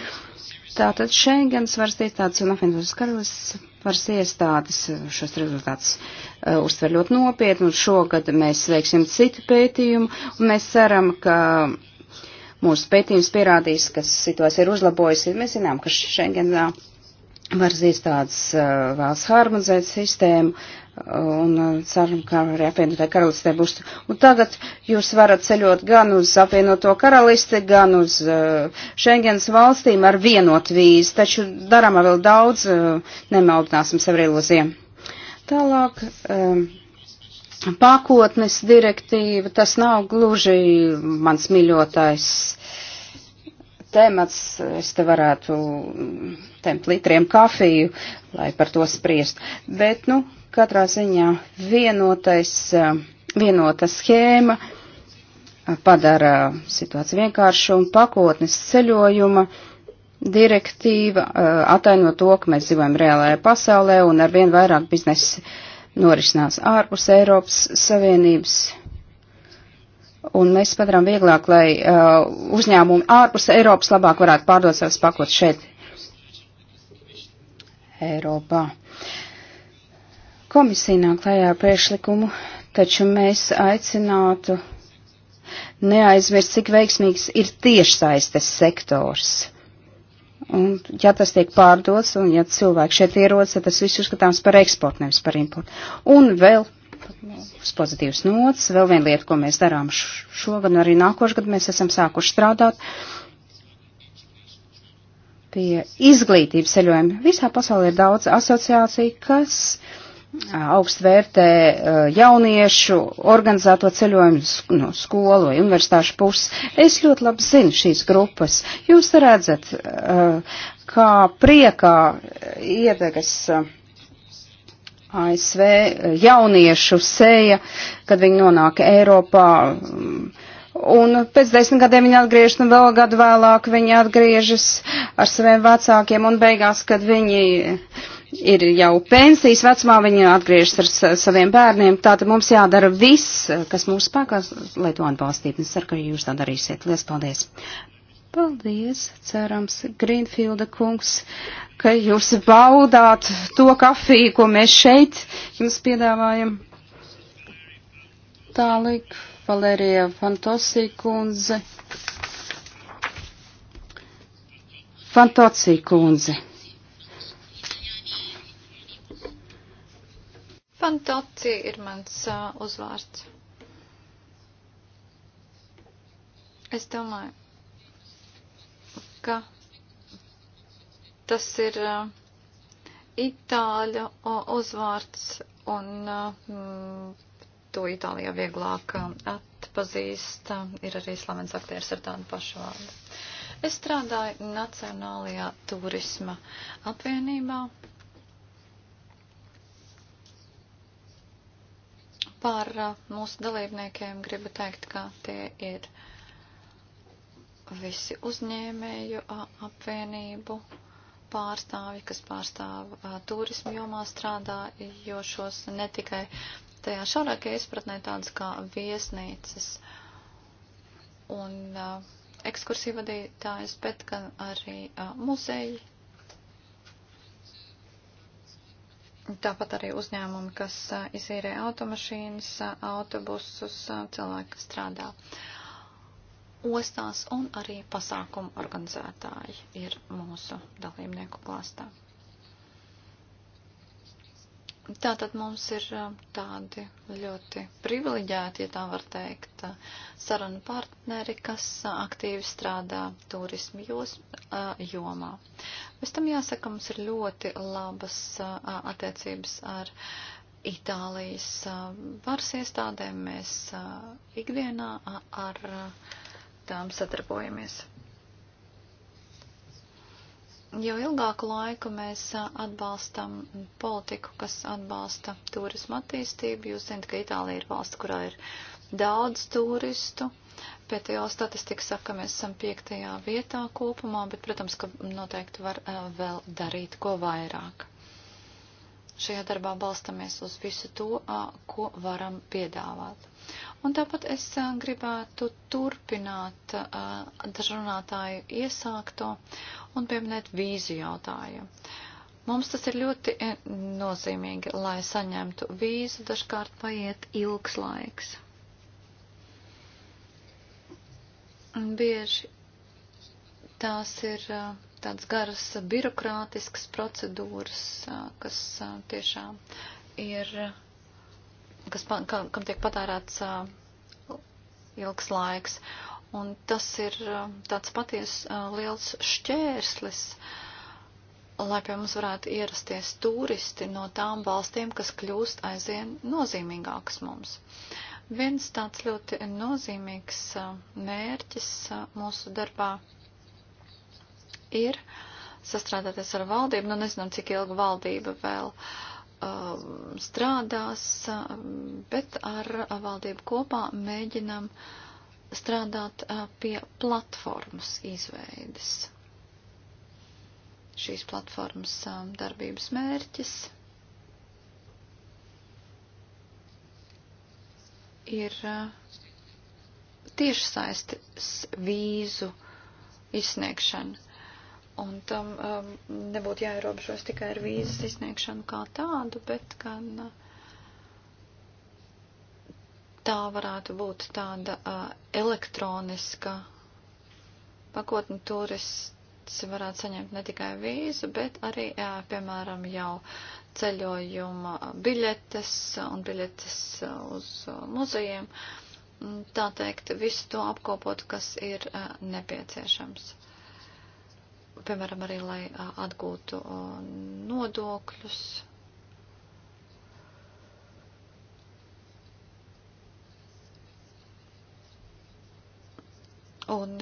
Tātad Šengens varas tiestāts un apvienotās karalistes varas iestādes šos rezultātus uh, uztver ļoti nopietni, un šogad mēs veiksim citu pētījumu, un mēs ceram, ka mūsu pētījums pierādīs, ka situācija ir uzlabojusi. Mēs zinām, ka Schengenā varas iestādes uh, vēlas harmonizēt sistēmu, un uh, ceram, ka arī apvienotā karalistē būs. Un tagad jūs varat ceļot gan uz apvienoto karalisti, gan uz uh, Schengens valstīm ar vienotu vīzu, taču darama vēl daudz, uh, nemaldināsim sev ilūzijām. Tālāk, um, pakotnes direktīva, tas nav gluži mans mīļotais temats, es te varētu um, temt litriem kafiju, lai par to spriest, bet, nu, Katrā ziņā vienotais, eh, vienota schēma eh, padara situāciju vienkāršu un pakotnes ceļojuma direktīva eh, ataino to, ka mēs dzīvojam reālajā pasaulē un arvien vairāk biznesa norisinās ārpus Eiropas Savienības. Un mēs padarām vieglāk, lai uh, uzņēmumi ārpus Eiropas labāk varētu pārdot savas pakotas šeit, Eiropā. Uh, Komisija nāk klajā priekšlikumu, taču mēs aicinātu neaizmirst, cik veiksmīgs ir tiešsaistes sektors. Un, ja tas tiek pārdots, un ja cilvēki šeit ierodas, tad tas viss uzskatāms par eksportu, nevis par importu. Un vēl uz pozitīvas nots, vēl viena lieta, ko mēs darām šogad un arī nākošgad, mēs esam sākuši strādāt pie izglītības ceļojuma. Visā pasaulē ir daudz asociāciju, kas augst vērtē eh, jauniešu organizēto ceļojumu no nu, skolu vai universitāšu puses. Es ļoti labi zinu šīs grupas. Jūs redzat, eh, kā priekā iedegas eh, ASV jauniešu seja, kad viņi nonāk Eiropā mm, Un pēc desmit gadiem viņa atgriežas, un nu vēl gadu vēlāk viņa atgriežas ar saviem vecākiem, un beigās, kad viņi ir jau pensijas vecumā, viņi atgriežas ar saviem bērniem. Tātad mums jādara viss, kas mūsu spēkās, lai to atbalstītu. Es ceru, ka jūs tā darīsiet. Lielas paldies! Paldies, cerams, Greenfielda kungs, ka jūs baudāt to kafiju, ko mēs šeit jums piedāvājam. Tālāk. Valērija Fantosī kundze. Fantosī kundze. Fantosī ir mans uh, uzvārds. Es domāju, ka tas ir uh, itāļu uh, uzvārds un uh, to Itālijā vieglāk um, atpazīst. Um, ir arī slavens aktieris ar tādu pašu vārdu. Es strādāju Nacionālajā turisma apvienībā. Par uh, mūsu dalībniekiem gribu teikt, ka tie ir visi uzņēmēju apvienību pārstāvi, kas pārstāv turismu jomā strādā, jo šos ne tikai tajā šaurākajā izpratnē tādas kā viesnīcas un uh, ekskursiju vadītājs, bet gan arī uh, muzeji. Tāpat arī uzņēmumi, kas uh, izīrē automašīnas, uh, autobusus, uh, cilvēki, kas strādā ostās un arī pasākumu organizētāji ir mūsu dalībnieku klāstā. Tātad mums ir um, tādi ļoti privileģēti, ja tā var teikt, uh, sarunu partneri, kas uh, aktīvi strādā turismu jūs, uh, jomā. Bez tam jāsaka, mums ir ļoti labas attiecības ar Itālijas varas iestādēm. Mēs ikdienā ar tām sadarbojamies. Jau ilgāku laiku mēs atbalstam politiku, kas atbalsta turismu attīstību. Jūs zināt, ka Itālija ir valsts, kurā ir daudz turistu. Pēdējā statistika saka, ka mēs esam piektajā vietā kopumā, bet, protams, ka noteikti var vēl darīt ko vairāk. Šajā darbā balstamies uz visu to, ko varam piedāvāt. Un tāpat es gribētu turpināt dažrunātāju iesākto un pieminēt vīzu jautājumu. Mums tas ir ļoti nozīmīgi, lai saņemtu vīzu, dažkārt paiet ilgs laiks. Un bieži tās ir tādas garas birokrātiskas procedūras, kas tiešām ir kas, kam, kam tiek patērēts ilgs laiks. Un tas ir tāds paties liels šķērslis, lai pie mums varētu ierasties turisti no tām valstīm, kas kļūst aizvien nozīmīgākas mums. Viens tāds ļoti nozīmīgs mērķis mūsu darbā ir sastrādāties ar valdību. Nu, nezinām, cik ilgi valdība vēl uh, Um, strādās, um, bet ar uh, valdību kopā mēģinam strādāt uh, pie platformas izveides. Šīs platformas um, darbības mērķis ir uh, tiešsaistes vīzu izsniegšana Un tam um, nebūtu jāierobežos tikai ar vīzas izsniegšanu kā tādu, bet gan uh, tā varētu būt tāda uh, elektroniska pakotne turists varētu saņemt ne tikai vīzu, bet arī, jā, uh, piemēram, jau ceļojuma biļetes un biļetes uh, uz muzejiem. Tā teikt, visu to apkopot, kas ir uh, nepieciešams piemēram, arī, lai atgūtu nodokļus. Un,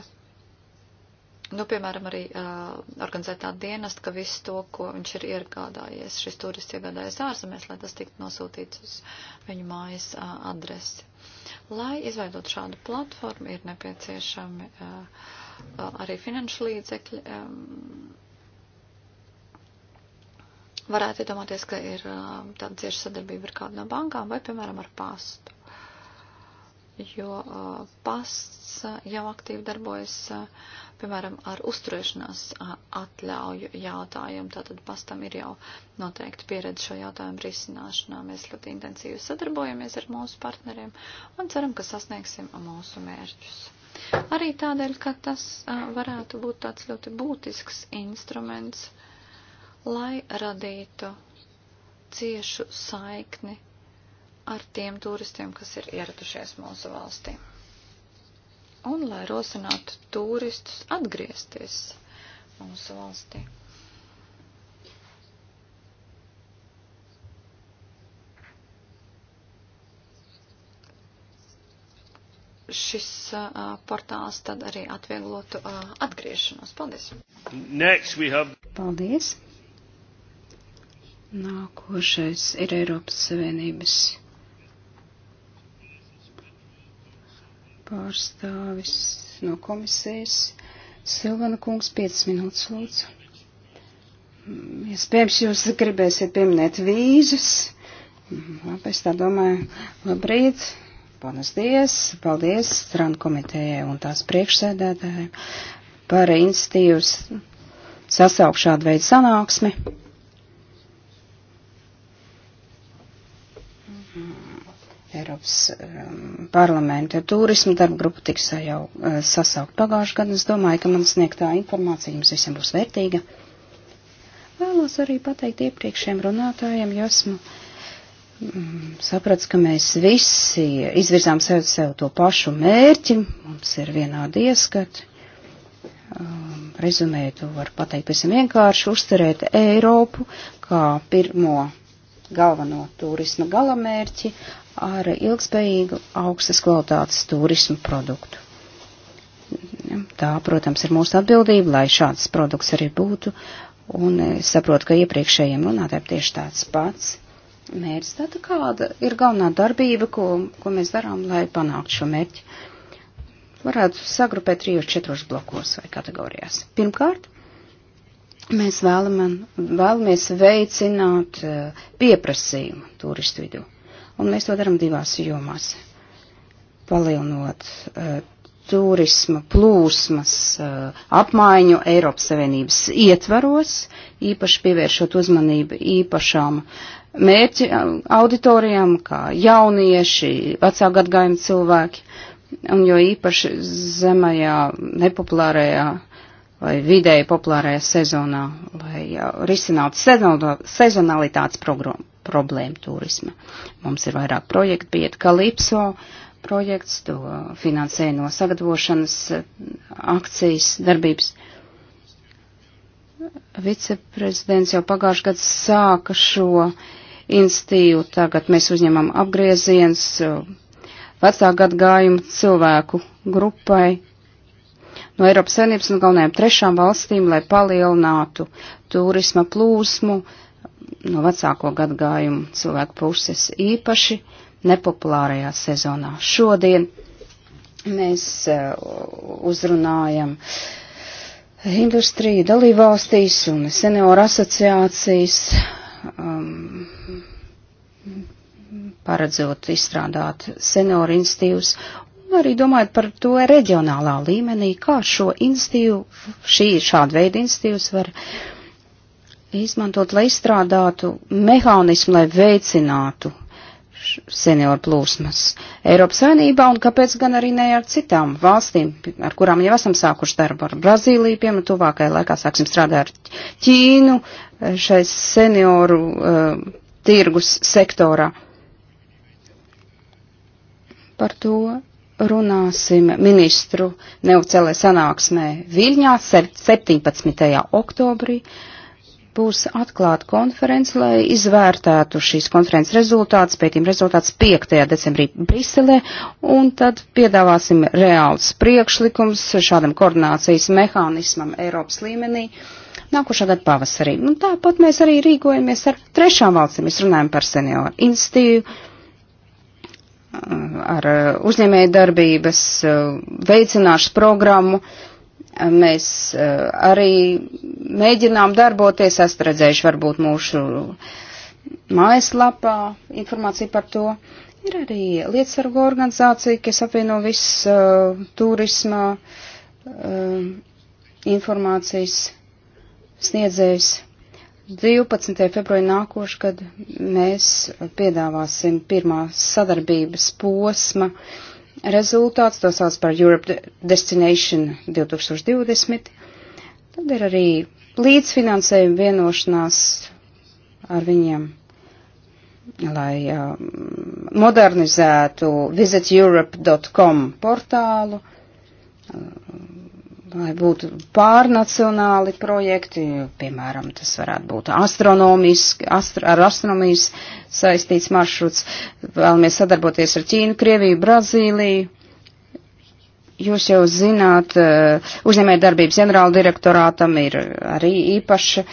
nu, piemēram, arī uh, organizēt tādu dienestu, ka viss to, ko viņš ir iegādājies, šis turists iegādājies ārzemēs, lai tas tiktu nosūtīts uz viņu mājas uh, adresi. Lai izveidot šādu platformu, ir nepieciešami uh, arī finanšu līdzekļi. Varētu iedomāties, ka ir tāda cieša sadarbība ar kādu no bankām vai, piemēram, ar pastu. Jo pasts jau aktīvi darbojas, piemēram, ar uzturēšanās atļauju jautājumu. Tātad pastam ir jau noteikti pieredze šo jautājumu risināšanā. Mēs ļoti intensīvi sadarbojamies ar mūsu partneriem un ceram, ka sasniegsim mūsu mērķus. Arī tādēļ, ka tas varētu būt tāds ļoti būtisks instruments, lai radītu ciešu saikni ar tiem turistiem, kas ir ieradušies mūsu valstī. Un lai rosinātu turistus atgriezties mūsu valstī. šis uh, portāls tad arī atvieglotu uh, atgriešanos. Paldies! Next we have... Paldies! Nākošais ir Eiropas Savienības pārstāvis no komisijas. Silvana kungs, 5 minūtes lūdzu. Iespējams, jūs gribēsiet pieminēt vīzas. Labi, es tā domāju. Labrīt! Buenos dies, paldies Strand komitejai un tās priekšsēdētājai par institīvas sasaukt šādu veidu sanāksmi. Mhm. Eiropas um, parlamenta turismu darba grupa tiks jau uh, sasaukt pagājušajā gadā. Es domāju, ka man sniegtā informācija jums visiem būs vērtīga. Vēlos arī pateikt iepriekšējiem runātājiem, jo esmu. Uh, saprats, ka mēs visi izvirzām sev, sev to pašu mērķi, mums ir vienādi ieskati. Um, rezumēt, to var pateikt pavisam vienkārši, uzturēt Eiropu kā pirmo galveno turisma galamērķi ar ilgspējīgu augstas kvalitātes turismu produktu. Tā, protams, ir mūsu atbildība, lai šāds produkts arī būtu, un es saprotu, ka iepriekšējiem runātājiem tieši tāds pats mērķis. Tātad kāda ir galvenā darbība, ko, ko mēs darām, lai panāktu šo mērķi? Varētu sagrupēt trijos, četros blokos vai kategorijās. Pirmkārt, mēs vēlam, vēlamies veicināt eh, pieprasījumu turistu vidū. Un mēs to darām divās jomās. Palielinot uh, turisma plūsmas uh, apmaiņu Eiropas Savienības ietvaros, īpaši pievēršot uzmanību īpašām uh, mērķi um, auditorijām, kā jaunieši, vecā gadgājuma cilvēki, un jo īpaši zemajā, nepopulārajā vai vidēji populārajā sezonā, lai risinātu sezonalitātes problēmu turisma. Mums ir vairāk projektu, bija Kalipso projekts, to finansēja no sagatavošanas eh, akcijas darbības. Viceprezidents jau pagājušajā gadā sāka šo uh, institīvu, tagad mēs uzņemam apgrieziens eh, vecā gadgājumu cilvēku grupai no Eiropas Savienības un galvenajām trešām valstīm, lai palielinātu turisma plūsmu no vecāko gadgājumu cilvēku puses īpaši nepopulārajā sezonā. Šodien mēs eh, uzrunājam industriju dalībvalstīs un senioru asociācijas um, paredzot izstrādāt senioru institīvus, un arī domājot par to reģionālā līmenī, kā šo institīvu, šī šāda veida institīvus var izmantot, lai izstrādātu mehānismu, lai veicinātu senioru plūsmas Eiropas Savienībā un kāpēc gan arī ne ar citām valstīm, ar kurām jau esam sākuši darbu, ar Brazīliju, piemēram, tuvākajā laikā sāksim strādāt ar Ķīnu eh, šai senioru uh, tirgus sektorā. Par to runāsim ministru neucelē sanāksmē Viļņā 17. oktobrī. Uh, būs atklāta konference, lai izvērtētu šīs konferences rezultātus, pētījuma rezultātus 5. decembrī Briselē, un tad piedāvāsim reāls priekšlikums šādam koordinācijas mehānismam Eiropas līmenī nākošā gada pavasarī. Un tāpat mēs arī rīkojamies ar trešām valstīm, mēs runājam par senioru institīvu, ar uzņēmēju darbības uh, veicināšanas programmu Mēs eh, arī mēģinām darboties, esat redzējuši varbūt mūsu mājaslapā informāciju par to. Ir arī lietasargu organizācija, kas apvieno viss uh, eh, turisma uh, informācijas sniedzējs. 12. februārī nākošgad mēs piedāvāsim pirmā sadarbības posma uh, rezultāts, to sauc par Europe Destination 2020. Tad ir arī līdzfinansējuma vienošanās ar viņiem, lai uh, modernizētu visiteurope.com portālu, uh, lai būtu pārnacionāli projekti, piemēram, tas varētu būt astro, ar astronomijas saistīts maršruts, vēlamies sadarboties ar Ķīnu, Krieviju, Brazīliju. Jūs jau zināt, eh, uzņēmē darbības ģenerāla direktorātam ir arī īpaša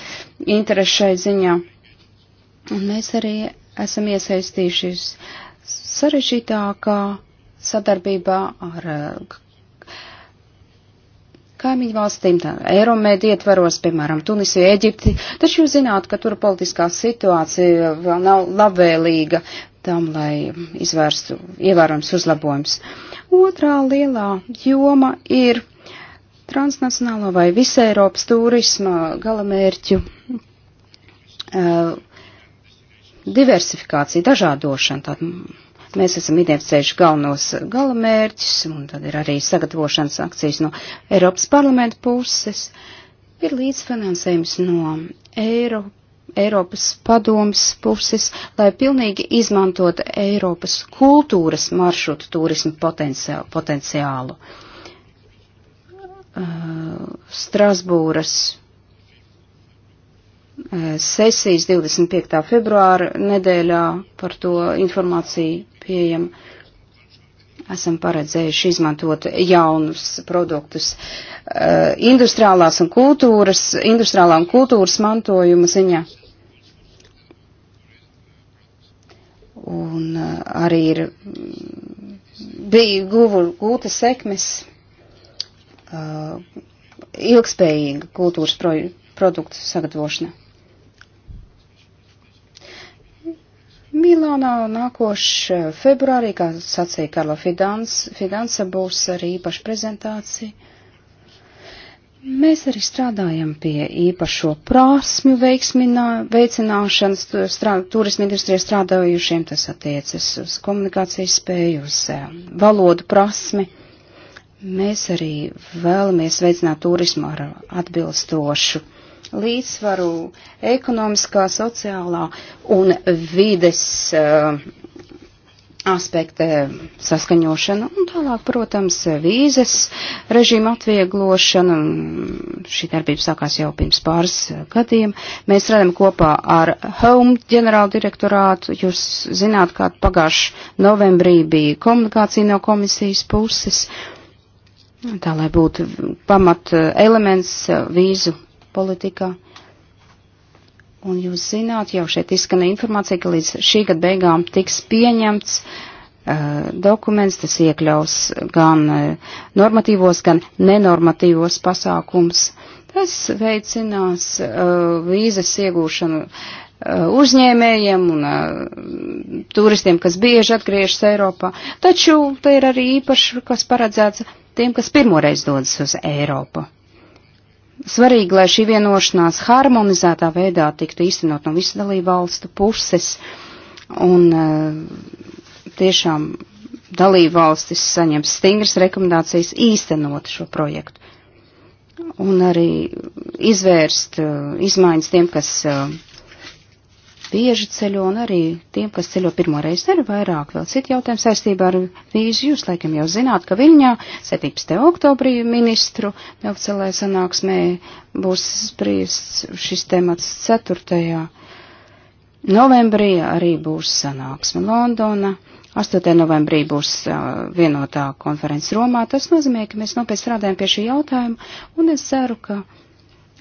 interese šai ziņā. Un mēs arī esam iesaistījušies sarežģītākā sadarbībā ar kaimiņu valstīm, tā Eiromed ietvaros, piemēram, Tunisiju, Eģipti, taču jūs zināt, ka tur politiskā situācija vēl nav labvēlīga tam, lai izvērstu ievērojams uzlabojums. Otrā lielā joma ir transnacionālo vai visai Eiropas turisma galamērķu uh, diversifikācija, dažādošana. Tātad Mēs esam identificējuši galvenos galamērķus, un tad ir arī sagatavošanas akcijas no Eiropas parlamenta puses. Ir līdzfinansējums no Eiro, Eiropas padomas puses, lai pilnīgi izmantot Eiropas kultūras maršrutu turismu potenciālu. potenciālu. Uh, Strasbūras sesijas 25. februāra nedēļā par to informāciju pieejam. Esam paredzējuši izmantot jaunus produktus eh, industriālās un kultūras, industriālā un kultūras mantojuma ziņā. Un eh, arī ir, mm, bija guvu, gūta sekmes eh, ilgspējīga kultūras pro, produktu sagatavošana. Milānā nākošais februārī, kā sacīja Karla Fidans, Fidansa, būs arī īpaša prezentācija. Mēs arī strādājam pie īpašo prasmju veicināšanas, strā, turismu industrijā strādājušiem tas attiecas uz komunikācijas spēju, uz eh, valodu prasmi. Mēs arī vēlamies veicināt turismu ar atbilstošu līdzsvaru ekonomiskā, sociālā un vides uh, aspekta saskaņošana un tālāk, protams, vīzes režīma atvieglošana. Šī darbība sākās jau pirms pāris gadiem. Mēs redzam kopā ar Home ģenerālu direktorātu. Jūs zināt, kā pagājuši novembrī bija komunikācija no komisijas puses. Tā lai būtu pamat eh, elements eh, vīzu politikā. Un jūs zināt, jau šeit izskan informācija, ka līdz šī gada beigām tiks pieņemts uh, dokuments, tas iekļaus gan uh, normatīvos, gan nenormatīvos pasākums. Tas veicinās uh, eh, vīzes iegūšanu uzņēmējiem un turistiem, kas bieži atgriežas Eiropā. Taču te ir arī īpaši, kas paredzēts tiem, kas pirmoreiz dodas uz Eiropu. Svarīgi, lai šī vienošanās harmonizētā veidā tiktu īstenot no visu dalību valstu puses un eh, tiešām dalību valstis saņems stingras rekomendācijas īstenot šo projektu. Un arī izvērst eh, izmaiņas tiem, kas eh, bieži ceļo un arī tiem, kas ceļo pirmo reizi, ir vairāk vēl citu jautājumu saistībā ar vīzu. Jūs laikam jau zināt, ka Viļņā 17. oktobrī ministru neoficiālajā sanāksmē būs spriests šis temats 4. novembrī arī būs sanāksme Londona. 8. novembrī būs uh, vienotā konferences Romā. Tas nozīmē, ka mēs nopietni strādājam pie šī jautājuma, un es ceru, ka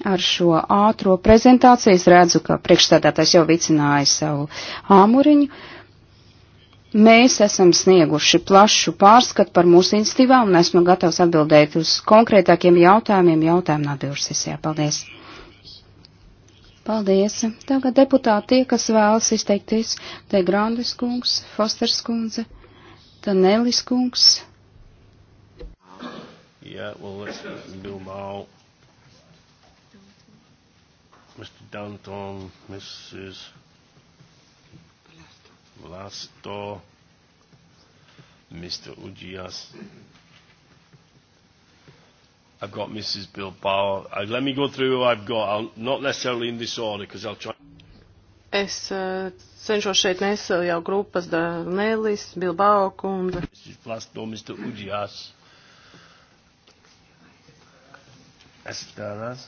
ar šo ātro prezentāciju. Es redzu, ka priekšstādātais jau vicināja savu āmuriņu. Mēs esam snieguši plašu pārskatu par mūsu institīvām un esmu gatavs atbildēt uz konkrētākiem jautājumiem jautājumu atbildes sesijā. Paldies! Paldies! Tagad deputāti tie, kas vēlas izteikties, te Grandes kungs, Fosters kundze, Tanelis kungs. Yeah, well, let's, let's Mr. Danton, Mrs. Vlasto, Mr. Ujias. I've got Mrs. Bilbao. I, uh, let me go through who I've got. I'll, not necessarily in this order, because I'll try. Es uh, cenšos šeit nesu jau grupas Danelis, Bilbao kundze. Mrs. Vlasto, Mr. Ujias. Estarás.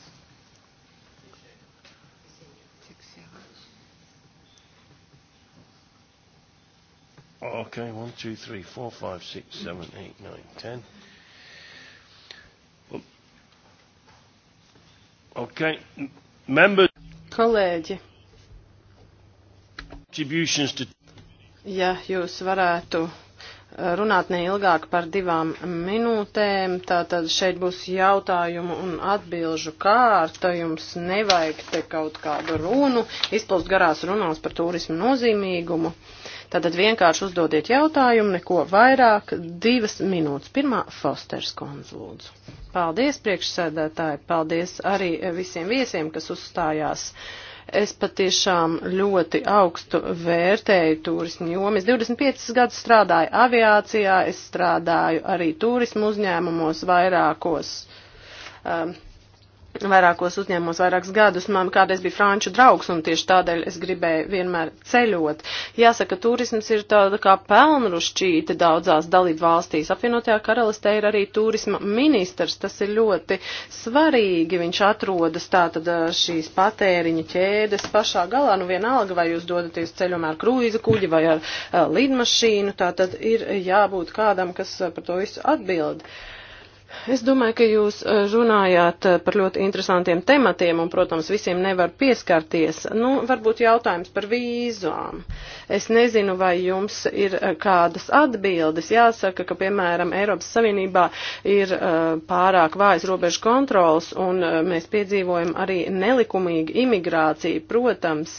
Okay, one, two, three, four, five, six, seven, eight, nine, ten. Okay, members. Kolēģi. Contributions to. Ja jūs varētu runāt neilgāk par divām minūtēm, tātad šeit būs jautājumu un atbilžu kārta, jums nevajag te kaut kādu runu, izplaust garās runās par turismu nozīmīgumu. Tātad vienkārši uzdodiet jautājumu, neko vairāk, divas minūtes. Pirmā Fosters konzlūdzu. Paldies priekšsēdētāji, paldies arī visiem viesiem, kas uzstājās. Uh, Es patiešām ļoti augstu vērtēju turismu jomu. Es 25 gadus strādāju aviācijā, es strādāju arī turismu uzņēmumos vairākos. Um, vairākos uzņēmumos vairākus gadus. Man kādreiz bija franču draugs, un tieši tādēļ es gribēju vienmēr ceļot. Jāsaka, turisms ir tāda kā pelnrušķīte daudzās dalību valstīs. Apvienotajā karalistē ir arī turisma ministrs. Tas ir ļoti svarīgi. Viņš atrodas tātad šīs patēriņa ķēdes pašā galā. Nu vienalga, vai jūs dodaties ceļojumā ar kruīza kuģi vai ar uh, lidmašīnu, tātad ir jābūt kādam, kas par to visu atbild. Uh, Es domāju, ka jūs eh, runājāt eh, par ļoti interesantiem tematiem un, protams, visiem nevar pieskarties. Nu, varbūt jautājums par vīzām. Es nezinu, vai jums ir eh, kādas atbildes. Jāsaka, ka, piemēram, Eiropas Savienībā ir pārāk vājas robežu kontrols un mēs piedzīvojam arī nelikumīgu imigrāciju, protams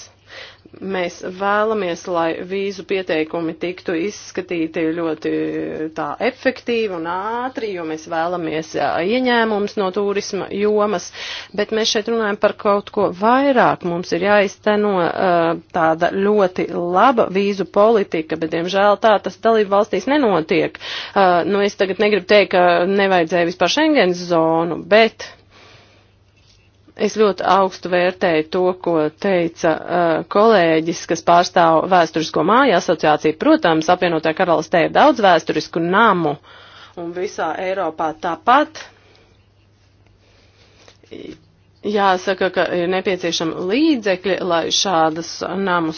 mēs vēlamies, lai vīzu pieteikumi tiktu izskatīti ļoti eh, tā efektīvi un ātri, jo mēs vēlamies jā, eh, ieņēmums no turisma jomas, bet mēs šeit runājam par kaut ko vairāk. Mums ir jāizteno uh, tāda ļoti laba vīzu politika, bet, diemžēl, tā tas dalību valstīs nenotiek. Uh, nu, es tagad negribu teikt, ka nevajadzēja vispār Schengens zonu, bet Es ļoti augstu vērtēju to, ko teica uh, kolēģis, kas pārstāv vēsturisko māju asociāciju. Protams, apvienotā karalistē ir daudz vēsturisku namu un visā Eiropā tāpat Jāsaka, ka ir nepieciešama līdzekļi, lai šādas namus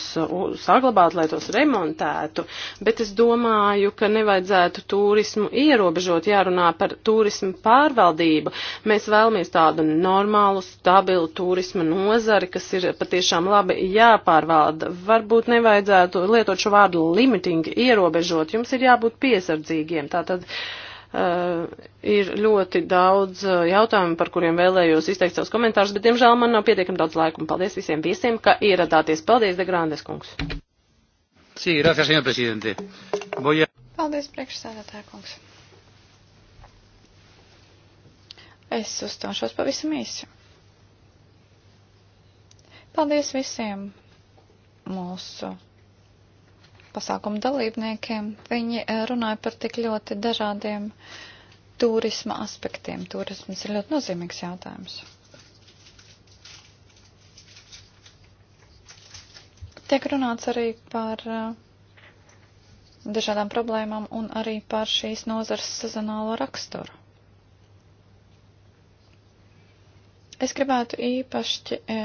saglabātu, lai tos remontētu, bet es domāju, ka nevajadzētu turismu ierobežot, jārunā par turismu pārvaldību. Mēs vēlamies tādu normālu, stabilu turismu nozari, kas ir patiešām labi jāpārvalda. Varbūt nevajadzētu lietot šo vārdu limiting, ierobežot, jums ir jābūt piesardzīgiem. Tātad, uh, Eh, ir ļoti daudz eh, jautājumu, par kuriem vēlējos izteikt savus komentārus, bet, diemžēl, man nav pietiekami daudz laika. Un paldies visiem viesiem, ka ieradāties. Paldies, Degrāndes kungs. Sí, gracias, señor presidente. Voy a... Paldies, priekšsēdētāja kungs. Es uzstāšos pavisam īsi. Paldies visiem mūsu pasākumu dalībniekiem, viņi eh, runāja par tik ļoti dažādiem turisma aspektiem. Turisms ir ļoti nozīmīgs jautājums. Tiek runāts arī par eh, dažādām problēmām un arī par šīs nozars sezonālo raksturu. Es gribētu īpašķi e,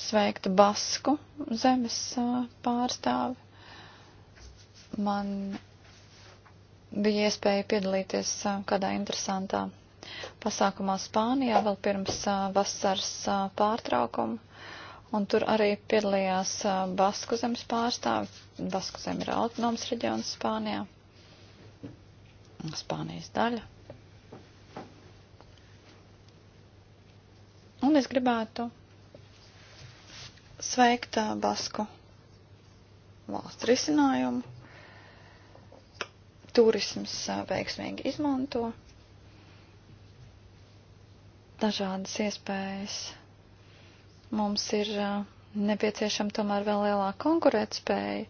sveikt Basku zemes pārstāvi man bija iespēja piedalīties kādā interesantā pasākumā Spānijā vēl pirms vasaras pārtraukuma. Un tur arī piedalījās Basku zemes pārstāvi. Basku zem ir autonoms reģions Spānijā. Spānijas daļa. Un es gribētu sveikt Basku valsts risinājumu turisms veiksmīgi izmanto dažādas iespējas. Mums ir nepieciešama tomēr vēl lielāka konkurētspēja.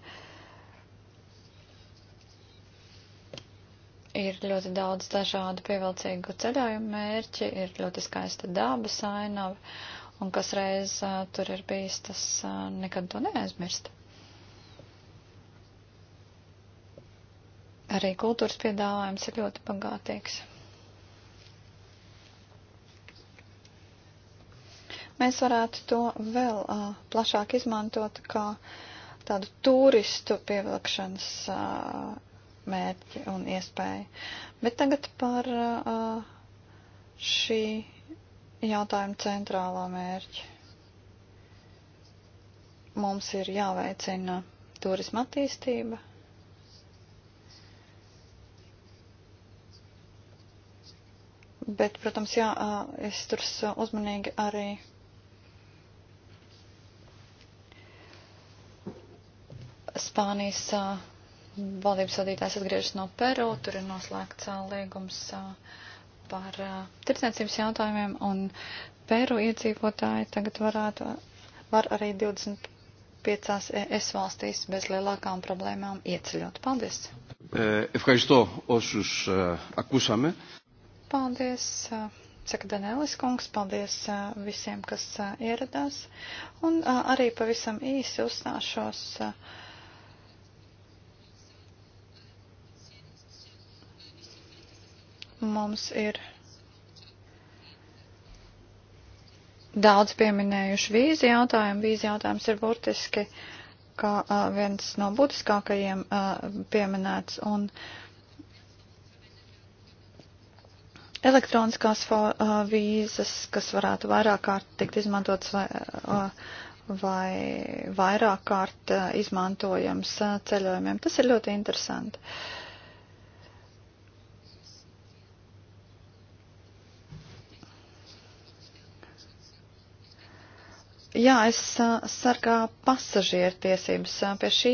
Ir ļoti daudz dažādu pievilcīgu ceļojumu mērķi, ir ļoti skaista daba sainava, un kas reiz tur ir bijis, tas nekad to neaizmirst. Arī kultūras piedāvājums ir ļoti bagātīgs. Mēs varētu to vēl uh, plašāk izmantot kā tādu turistu pievilkšanas uh, mērķi un iespēju. Bet tagad par uh, šī jautājuma centrālā mērķi. Mums ir jāveicina turisma attīstība, Bet, protams, jā, es tur uzmanīgi arī Spānijas valdības vadītājs atgriežas no Peru, tur ir noslēgts liegums par tirdzniecības jautājumiem, un Peru iedzīvotāji tagad varētu, var arī 25 ES valstīs bez lielākām problēmām ieceļot. Paldies! Ευχαριστώ όσους ακούσαμε. Paldies, saka Danēlis kungs, paldies visiem, kas ieradās. Un arī pavisam īsi uzstāšos. Mums ir daudz pieminējuši vīzi jautājumu. Vīzi jautājums ir burtiski kā viens no būtiskākajiem pieminēts. Un, uh, Elektroniskās uh, vīzas, kas varētu vairāk kārt tikt izmantotas vai, uh, vai vairāk kārt uh, izmantojams ceļojumiem, tas ir ļoti interesanti. Jā, es sargā pasažieru tiesības pie šī.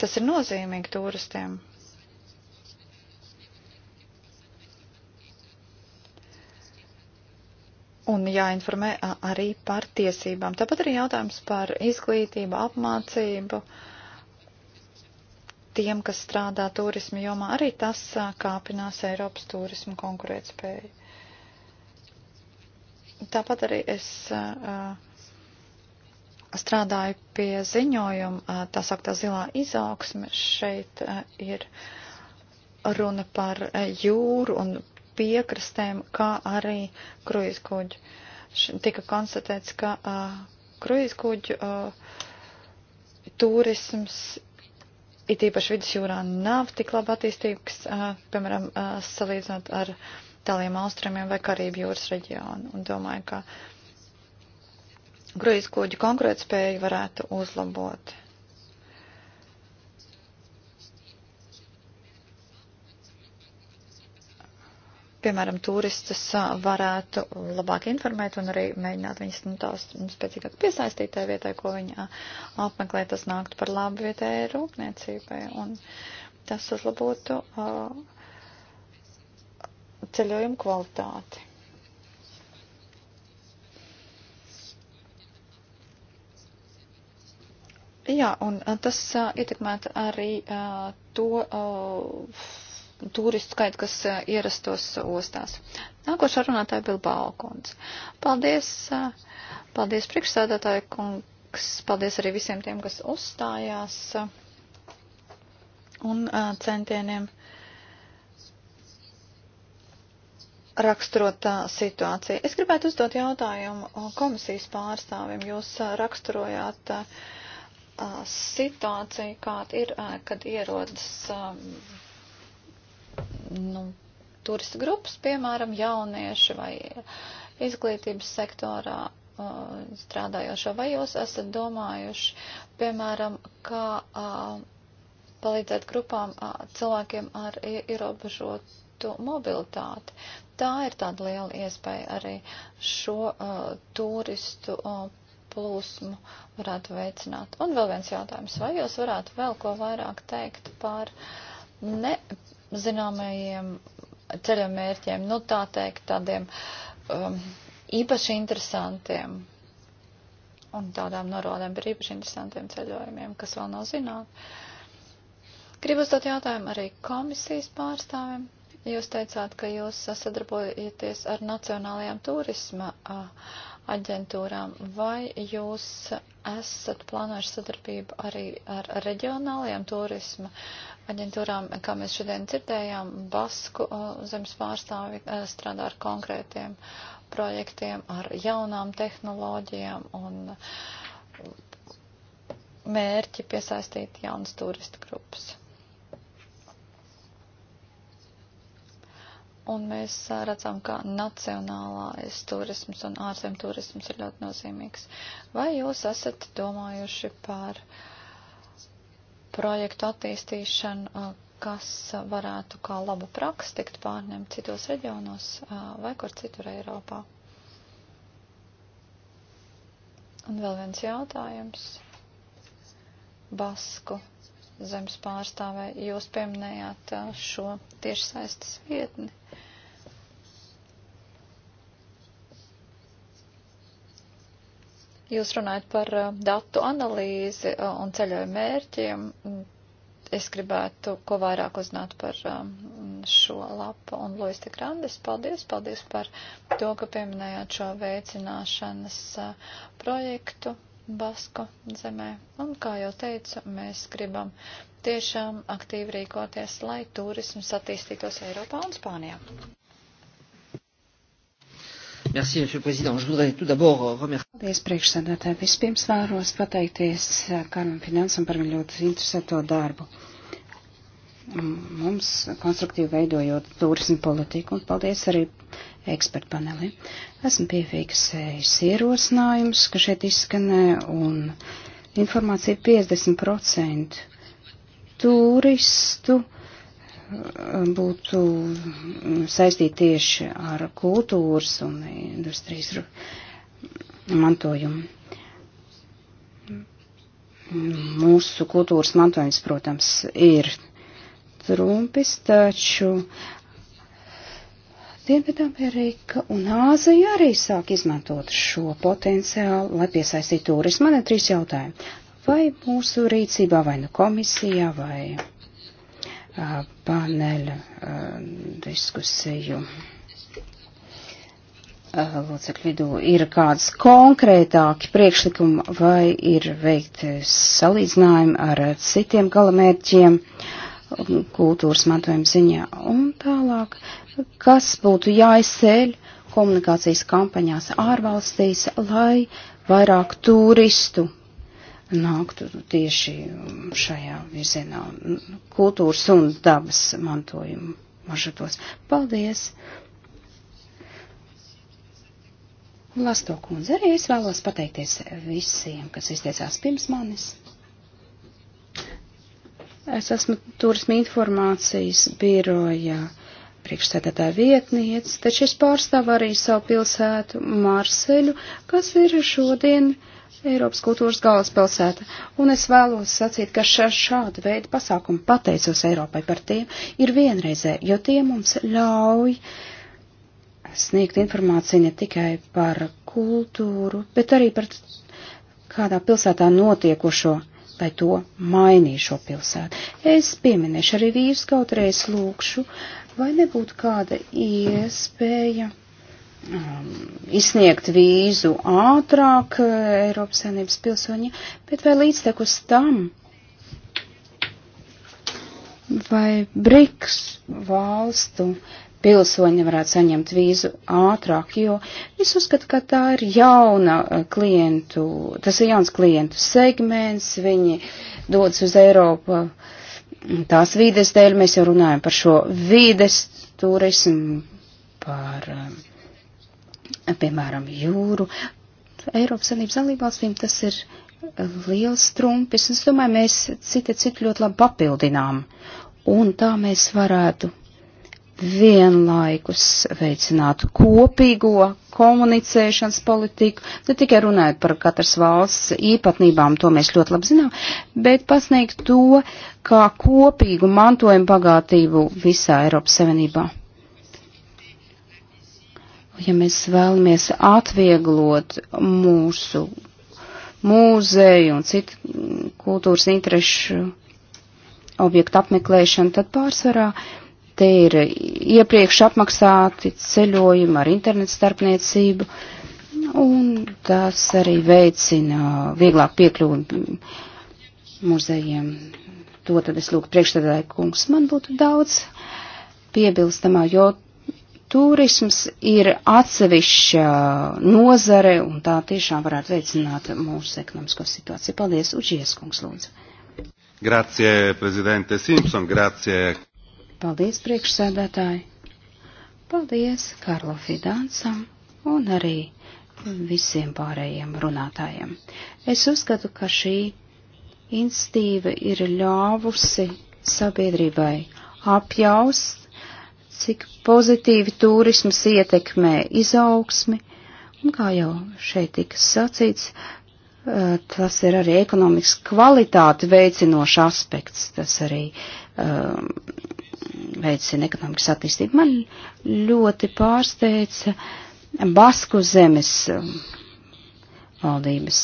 Tas ir nozīmīgi turistiem. un jāinformē arī par tiesībām. Tāpat arī jautājums par izglītību, apmācību tiem, kas strādā turismu jomā, arī tas kāpinās Eiropas turismu konkurētspēju. Tāpat arī es strādāju pie ziņojuma, tā sauktā zilā izaugsme šeit ir runa par jūru un piekrastēm, kā arī kruīzkuģi. Tika konstatēts, ka uh, kruīzkuģu uh, turisms it īpaši vidusjūrā nav tik labi attīstīts, uh, piemēram, uh, salīdzinot ar tāliem austrumiem vai Karību jūras reģionu. Un domāju, ka kruīzkuģu konkurētspēju varētu uzlabot. piemēram, turistus varētu labāk informēt un arī mēģināt viņus nu, tās spēcīgāk piesaistīt tajā vietai, ko viņi apmeklē, tas nāktu par labu vietējai rūpniecībai un tas uzlabotu uh, ceļojumu kvalitāti. Jā, un tas uh, ietekmētu arī uh, to. Uh, turistu skaitu, kas e, ierastos ostās. Nākošā runātāja Bilbao kundze. Paldies, e, paldies priekšsādātāja kungs, paldies arī visiem tiem, kas uzstājās e, un centieniem raksturot situāciju. Es gribētu uzdot jautājumu komisijas pārstāvim. Jūs raksturojāt situāciju, kāda ir, kad ierodas nu, turistu grupas, piemēram, jaunieši vai izglītības sektorā uh, strādājošo, vai jūs esat domājuši, piemēram, kā uh, palīdzēt grupām uh, cilvēkiem ar ierobežotu mobilitāti. Tā ir tāda liela iespēja arī šo turistu plūsmu varētu veicināt. Un vēl viens jautājums, vai jūs varētu vēl ko vairāk teikt par ne zināmajiem ceļamērķiem, nu tā teikt, tādiem um, īpaši interesantiem un tādām norādēm par īpaši interesantiem ceļojumiem, kas vēl nav zināt. Gribu uzdot jautājumu arī komisijas pārstāvim. Jūs teicāt, ka jūs sadarbojaties ar nacionālajām turisma uh, aģentūrām, vai jūs esat plānojuši sadarbību arī ar reģionālajām turisma aģentūrām, kā mēs šodien dzirdējām, Basku uh, zemes pārstāvi uh, strādā ar konkrētiem projektiem, ar jaunām tehnoloģijām un mērķi piesaistīt jaunas turistu grupas. Un mēs redzam, ka nacionālais turisms un ārzem turisms ir ļoti nozīmīgs. Vai jūs esat domājuši par projektu attīstīšanu, kas varētu kā laba praksa tikt pārņemt citos reģionos vai kur citur Eiropā? Un vēl viens jautājums. Basku zemes pārstāvē, jūs pieminējāt uh, šo tiešsaistes vietni. Jūs runājat par uh, datu analīzi uh, un ceļoju mērķiem. Es gribētu ko vairāk uzzināt par um, šo lapu un Loiste Grandes. Paldies, paldies par to, ka pieminējāt šo veicināšanas projektu Basku zemē. Un, kā jau teicu, mēs gribam tiešām aktīvi rīkoties, lai turisms attīstītos Eiropā un Spānijā. Merci, Monsieur le Président. Je voudrais tout d'abord remercier. Paldies, priekšsēdētāji. Vispirms vēros pateikties Karam Finansam par ļoti interesēto darbu mums konstruktīvi veidojot turismu politiku, un paldies arī ekspertu paneli. Esmu piefiksējis ierosinājums, ka šeit izskanē, un informācija ir 50% turistu uh, būtu saistīti tieši ar kultūras un industrijas mantojumu mūsu kultūras mantojums, protams, ir rumpis, taču Dienvidamerika un Āzija arī sāk izmantot šo potenciālu, lai piesaistītu turismu. Man ir trīs jautājumi. Vai mūsu rīcībā, vai nu komisijā, vai uh, paneļa uh, diskusiju uh, locekļu vidū ir kāds konkrētāki priekšlikumi, vai ir veikti salīdzinājumi ar citiem galamērķiem? Uh, kultūras mantojuma ziņā. Un tālāk, kas būtu jāizceļ komunikācijas kampaņās ārvalstīs, lai vairāk turistu nāktu tieši šajā virzienā kultūras un dabas mantojuma maršrutos. Paldies! Lasto kundze, arī es vēlos pateikties visiem, kas izteicās pirms manis. Es esmu turisma informācijas biroja priekšstādātāja vietniece, taču es pārstāvu arī savu pilsētu Marseļu, kas ir šodien Eiropas kultūras galvaspilsēta. Un es vēlos sacīt, ka šā, šāda veida pasākumi pateicos Eiropai par tiem ir vienreizē, jo tie mums ļauj sniegt informāciju ne tikai par kultūru, bet arī par kādā pilsētā notiekošo lai to mainītu šo pilsētu. Es pieminēšu arī vīrus, kaut reiz lūkšu, vai nebūtu kāda iespēja um, izsniegt vīzu ātrāk uh, Eiropas Savienības pilsoņiem, bet vai līdztekus tam, vai BRICS valstu uh, pilsoņi varētu saņemt vīzu ātrāk, jo es uzskatu, ka tā ir jauna eh, klientu, tas ir jauns klientu segments, viņi dodas uz Eiropu mm, tās vīdes dēļ, mēs jau runājam par šo vīdes turismu, par, eh, piemēram, jūru. Eiropas Sanības dalībvalstīm tas ir liels trumpis, un es domāju, mēs citi citu ļoti labi papildinām, un tā mēs varētu vienlaikus veicinātu kopīgo komunicēšanas politiku, ne tikai runājot par katras valsts īpatnībām, to mēs ļoti labi zinām, bet pasniegt to kā kopīgu mantojumu bagātību visā Eiropas Savienībā. Ja mēs vēlamies atvieglot mūsu mūzeju un citu kultūras interešu objektu apmeklēšanu, tad pārsvarā uh, Te ir iepriekš apmaksāti ceļojumi ar internetu starpniecību, un tas arī veicina vieglāk piekļuvi muzejiem. To tad es lūgtu priekšstādāju kungs. Man būtu daudz piebilstamā, jo turisms ir atsevišķa nozare, un tā tiešām varētu veicināt mūsu ekonomisko situāciju. Paldies, Uģies kungs, lūdzu. Grazie, prezidente Simpson, grazie. Paldies priekšsēdētāji. Paldies Karlo Fidansam un arī visiem pārējiem runātājiem. Es uzskatu, ka šī institīva ir ļāvusi sabiedrībai apjaust, cik pozitīvi turismas ietekmē izaugsmi, un kā jau šeit tika sacīts, eh, tas ir arī ekonomikas kvalitāti veicinošs aspekts, tas arī um, veicina ekonomikas attīstību. Man ļoti pārsteidza Basku zemes um, valdības,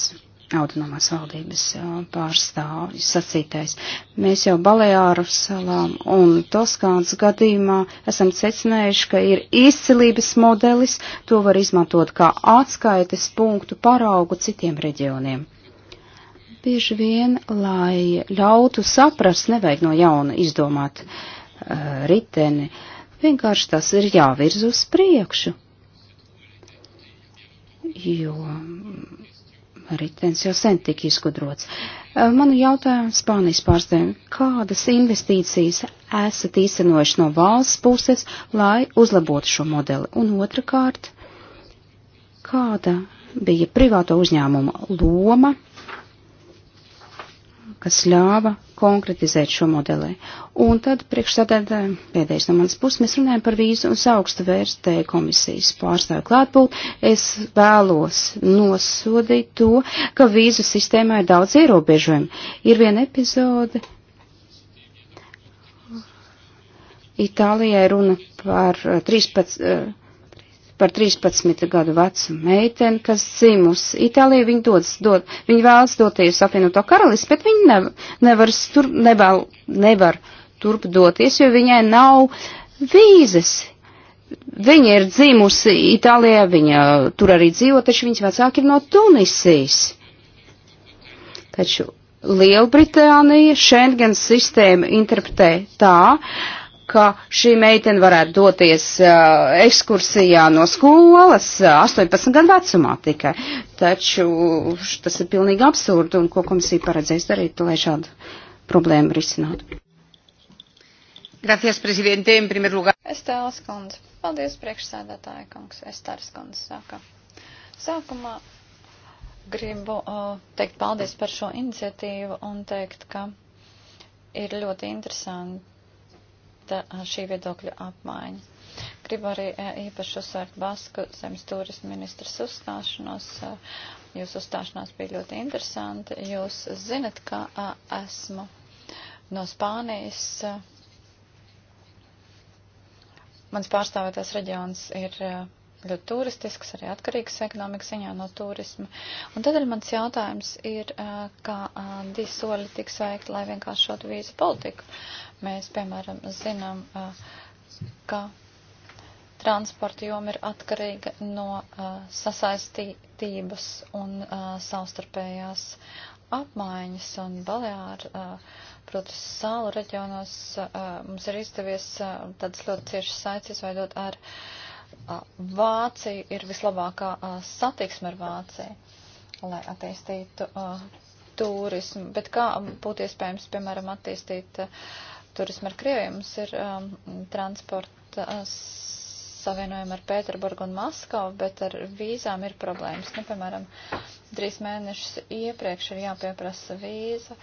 autonomās valdības uh, pārstāvis sacītais. Mēs jau Baleāru salām un Toskāns gadījumā esam secinājuši, ka ir izcilības modelis, to var izmantot kā atskaites punktu paraugu citiem reģioniem bieži vien, lai ļautu saprast, nevajag no jauna izdomāt Eh, riteni. Vienkārši tas ir jāvirz uz priekšu. Jo ritens jau sen tika izgudrots. Eh, Manu jautājumu Spānijas pārstāvjiem, kādas investīcijas esat īstenojuši no valsts puses, lai uzlabotu šo modeli? Un otrkārt, kāda bija privāto uzņēmuma loma, kas ļāva konkretizēt šo modeli. Un tad priekšsādātā pēdējais no manas puses mēs runājam par vīzu un augstu vērstēju komisijas pārstāvu klātbūt. Es vēlos nosodīt to, ka vīzu sistēmā ir daudz ierobežojumu. Ir viena epizode. Itālijai runa par 13. Eh, eh, par 13 gadu vecu meiteni, kas dzimusi Itālijā. Viņa, dodas, dod, viņa vēlas doties apvienoto karalisti, bet viņa ne, nevar, tur, nebal, nevar turp doties, jo viņai nav vīzes. Viņa ir dzimusi Itālijā, viņa tur arī dzīvo, taču viņas vecāki ir no Tunisijas. Taču Lielbritānija Schengen sistēmu interpretē tā, ka šī meitene varētu doties uh, ekskursijā no skolas uh, 18 gadu vecumā tikai. Taču tas ir pilnīgi absurdi, un ko komisija paredzēs darīt, lai šādu problēmu risinātu. Gracias, presidente, en primer lugar. Estēlas kundze. Paldies, priekšsēdētāja kungs. Estāras kundze saka. Sākumā gribu uh, teikt paldies par šo iniciatīvu un teikt, ka ir ļoti interesanti Eh, šī viedokļa apmaiņa. Gribu arī eh, īpaši uzsvērt Basku zemes turismu ministras uzstāšanos. Eh, jūsu uzstāšanās bija ļoti interesanti. Jūs zinat, ka esmu no Spānijas. Mans pārstāvētais reģions ir ļoti turistisks, arī atkarīgs ekonomikas ziņā no turisma. Un tad arī mans jautājums ir, kā divi soļi tiks veikti, lai vienkāršotu vīzu politiku. Mēs, piemēram, zinām, ka transporta joma ir atkarīga no sasaistības un savstarpējās apmaiņas un Baleāru, protams, salu reģionos mums ir izdevies tādas ļoti ciešas saites veidot ar uh, Vācija ir vislabākā satiksme ar Vāciju, lai attīstītu turismu. Bet kā būtu iespējams, piemēram, attīstīt turismu ar Krieviju? Mums ir transporta savienojumi ar Pēterburgu un Maskavu, bet ar vīzām ir problēmas. Nu, piemēram, trīs mēnešus iepriekš ir jāpieprasa vīza.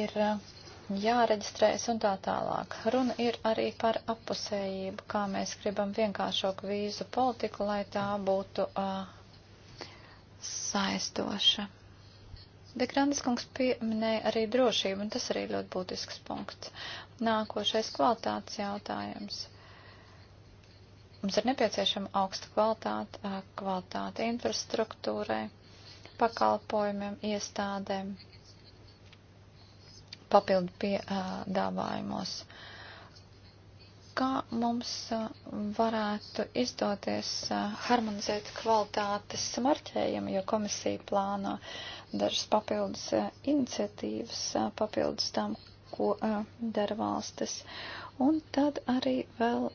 Ir uh, jāreģistrējas un tā tālāk. Runa ir arī par apusējību, kā mēs gribam vienkāršāku vīzu politiku, lai tā būtu uh, saistoša. Bet Grandis kungs pieminēja arī drošību, un tas arī ļoti būtisks punkts. Nākošais kvalitātes jautājums. Mums ir nepieciešama augsta kvalitāte, uh, kvalitāte infrastruktūrai, pakalpojumiem, iestādēm, papildu piedāvājumos. Kā mums varētu izdoties harmonizēt kvalitātes marķējumu, jo komisija plāno dažas papildus iniciatīvas, papildus tam, ko dara valstis. Un tad arī vēl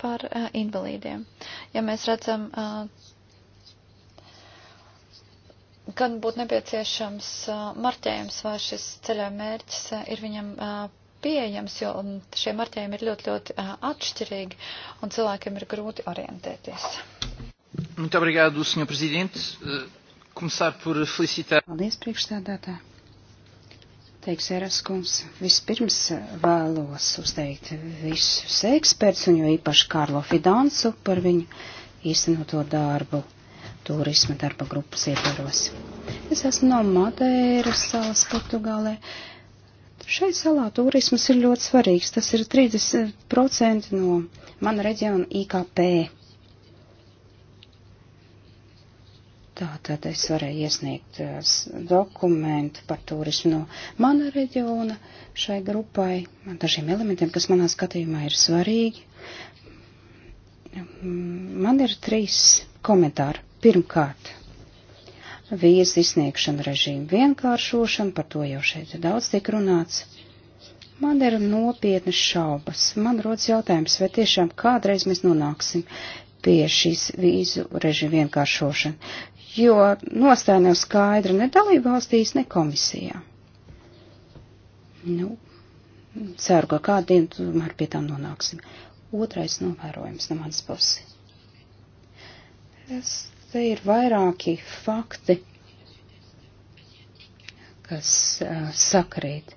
par invalīdiem. Ja mēs redzam, gan būtu nepieciešams marķējums, vai šis ceļojuma mērķis ir viņam pieejams, jo šie marķējumi ir ļoti, ļoti atšķirīgi un cilvēkiem ir grūti orientēties. Muito obrigado, Sr. Presidente. Começar por felicitar. Paldies, priekšstādātā. Teiks Eraskums, vispirms vēlos uzteikt visus ekspertus un jo īpaši Karlo Fidansu par viņu īstenoto darbu turisma darba grupas ietvaros. Es esmu no Madeiras salas Portugālē. Šai salā turismas ir ļoti svarīgs. Tas ir 30% no mana reģiona IKP. Tātad es varēju iesniegt eh, dokumentu par turismu no mana reģiona šai grupai, dažiem elementiem, kas manā skatījumā ir svarīgi. Mm, man ir trīs komentāri. Pirmkārt, vīzu izsniegšana režīmu vienkāršošana, par to jau šeit daudz tiek runāts. Man ir nopietnas šaubas. Man rodas jautājums, vai tiešām kādreiz mēs nonāksim pie šīs vīzu režīmu vienkāršošana, jo nostāja nav skaidra ne dalību valstīs, ne komisijā. Nu, ceru, ka kādien tomēr pie tām nonāksim. Otrais novērojums no manas puses. Es Te ir vairāki fakti, kas uh, sakrīt.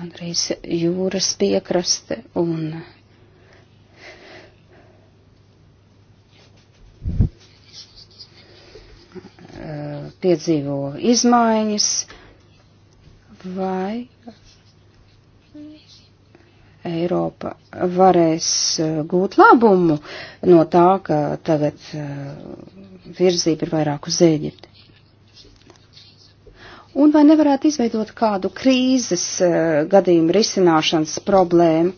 Andrejs jūras piekraste un piedzīvo izmaiņas, vai Eiropa varēs eh, gūt labumu no tā, ka tagad eh, virzība ir vairāk uz Ēģipti. Un vai nevarētu izveidot kādu krīzes eh, gadījumu risināšanas problēmu,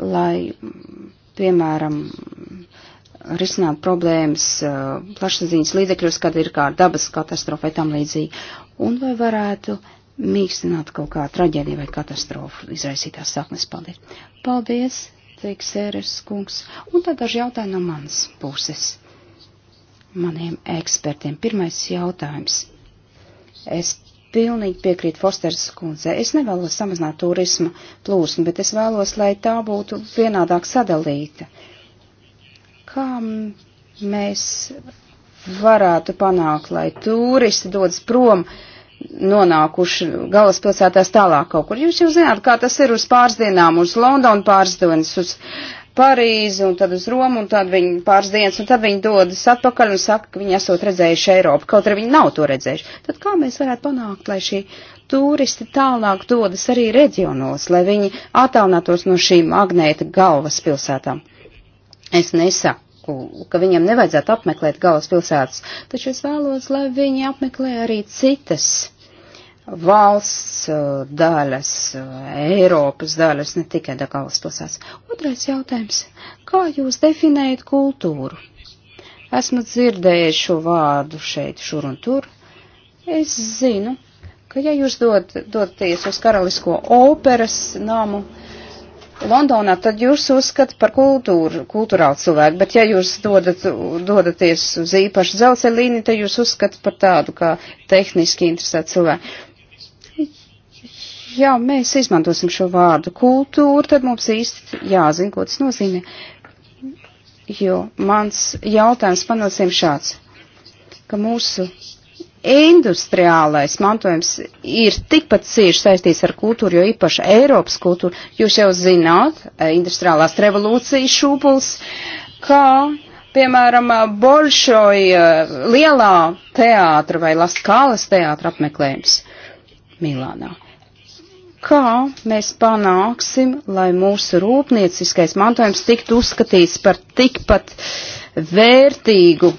lai, piemēram, risināt problēmas plašsaziņas līdzekļos, kad ir kā dabas katastrofa vai tam līdzīgi? Un vai varētu uh, mīkstināt kaut kā traģēdiju vai katastrofu izraisītās saknes. Paldies! Paldies, teiks Sēres kungs. Un tad daži jautājumi no manas puses. Maniem ekspertiem. Pirmais jautājums. Es pilnīgi piekrītu Fosteras kundzei. Es nevēlos samazināt turisma plūsmu, bet es vēlos, lai tā būtu vienādāk sadalīta. Kā mēs varētu panākt, lai turisti dodas prom? Uh, nonākuši galvaspilsētās tālāk kaut kur. Jūs jau zināt, kā tas ir uz pāris dienām, uz Londonu pāris dienas, uz Parīzi un tad uz Romu un tad viņi pāris dienas un tad viņi dodas atpakaļ un saka, ka viņi esot redzējuši Eiropu, kaut arī viņi nav to redzējuši. Tad kā mēs varētu panākt, lai šī turisti tālāk dodas arī reģionos, lai viņi attālinātos no šīm magnēta galvaspilsētām? Es nesaku ka viņiem nevajadzētu apmeklēt galvaspilsētas, taču es vēlos, lai viņi apmeklē arī citas valsts uh, daļas, uh, Eiropas daļas, ne tikai da galvaspilsētas. Otrais jautājums. Kā jūs definējat kultūru? Esmu dzirdējis šo vārdu šeit, šur un tur. Es zinu, ka ja jūs dod, doties uz Karalisko operas namu, uh, Londonā, tad jūs uzskat par kultūru, kultūrālu cilvēku, bet ja jūs dodat, dodaties uz īpašu dzelzceļa līniju, tad jūs uzskat par tādu kā tehniski interesētu cilvēku. Jā, mēs izmantosim šo vārdu kultūru, tad mums īsti jāzina, ko tas nozīmē. Jo mans jautājums panācīm šāds, ka mūsu industriālais mantojums ir tikpat cieši saistīts ar kultūru, jo īpaši Eiropas kultūru. Jūs jau zināt, eh, industriālās revolūcijas šūpuls, kā, piemēram, eh, Bolšoja eh, lielā teātra vai Laskāles teātra apmeklējums Milānā. Kā mēs panāksim, lai mūsu rūpnieciskais mantojums tiktu uzskatīts par tikpat vērtīgu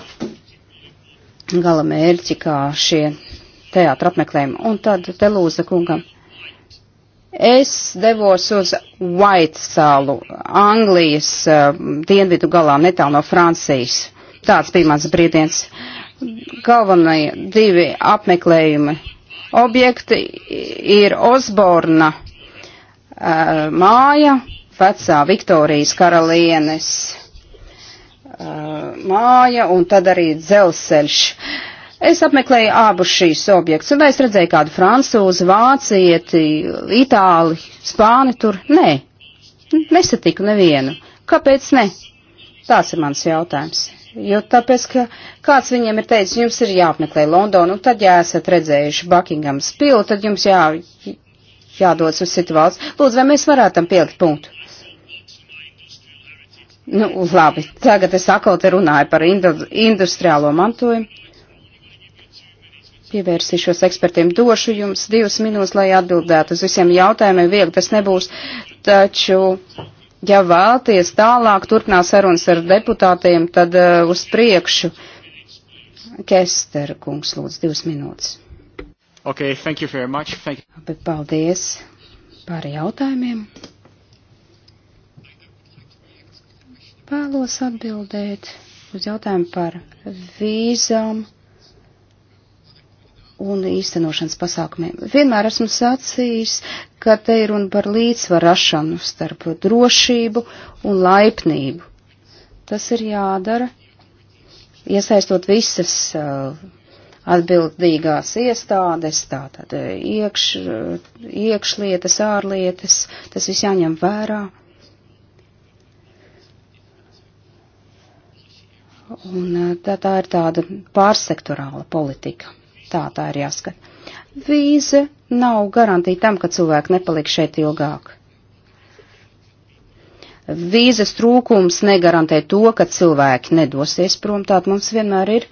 gala mērķi, kā šie teātra apmeklējumi. Un tad Telūza kungam. Es devos uz White salu, Anglijas uh, dienvidu galā, netālu no Francijas. Tāds bija mans brīdiens. Galvenie divi apmeklējumi objekti ir Osborna uh, māja, vecā Viktorijas karalienes Uh, māja un tad arī dzelzceļš. Es apmeklēju abus šīs objektus, un es redzēju kādu francūzi, vācieti, itāli, spāni tur. Nē, nesatiku nevienu. Kāpēc ne? Tās ir mans jautājums. Jo tāpēc, ka kāds viņiem ir teicis, jums ir jāapmeklē Londonu, un tad, ja esat redzējuši Buckingham spilu, tad jums jā, jādodas uz citu valsts. Lūdzu, vai mēs varētu tam pielikt punktu? Nu, labi, tagad es atkal te runāju par indu, industriālo mantojumu. Pievērsīšos ekspertiem. Došu jums divas minūtes, lai atbildētu uz visiem jautājumiem. Viegli tas nebūs, taču, ja vēlties tālāk turpināt sarunas ar deputātiem, tad uh, uz priekšu. Kester kungs, lūdzu, divas minūtes. Okay, thank you very much. Thank you. Paldies par jautājumiem. Vēlos atbildēt uz jautājumu par vīzām un īstenošanas pasākumiem. Vienmēr esmu sacījis, ka te ir runa par līdzvarašanu starp drošību un laipnību. Tas ir jādara, iesaistot visas uh, atbildīgās iestādes, tātad iekš, iekšlietas, ārlietas, tas viss jāņem vērā. Un eh, tā, tā ir tāda pārsektorāla politika. Tā tā ir jāskata. Vīze nav garantīta tam, ka cilvēki nepaliks šeit ilgāk. Vīzes trūkums negarantē to, ka cilvēki nedosies prom, tātad mums vienmēr ir eh,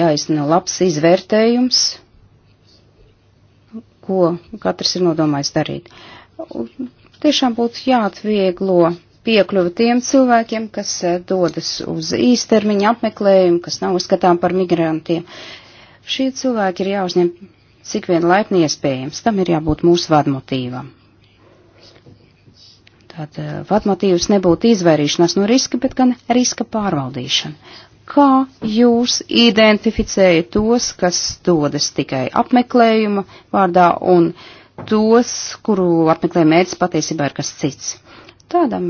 jāizsna labs izvērtējums, ko katrs ir nodomājis darīt. Tiešām būtu jāatvieglo piekļuva tiem cilvēkiem, kas eh, dodas uz īstermiņa apmeklējumu, kas nav uzskatām par migrantiem. Šie cilvēki ir jāuzņem cik vien laipni iespējams. Tam ir jābūt mūsu vadmotīvam. Tad eh, vadmotīvs nebūtu izvairīšanās no riska, bet gan riska pārvaldīšana. Kā jūs identificējat tos, kas dodas tikai apmeklējuma vārdā un tos, kuru apmeklējuma mērķis patiesībā ir kas cits? Tādam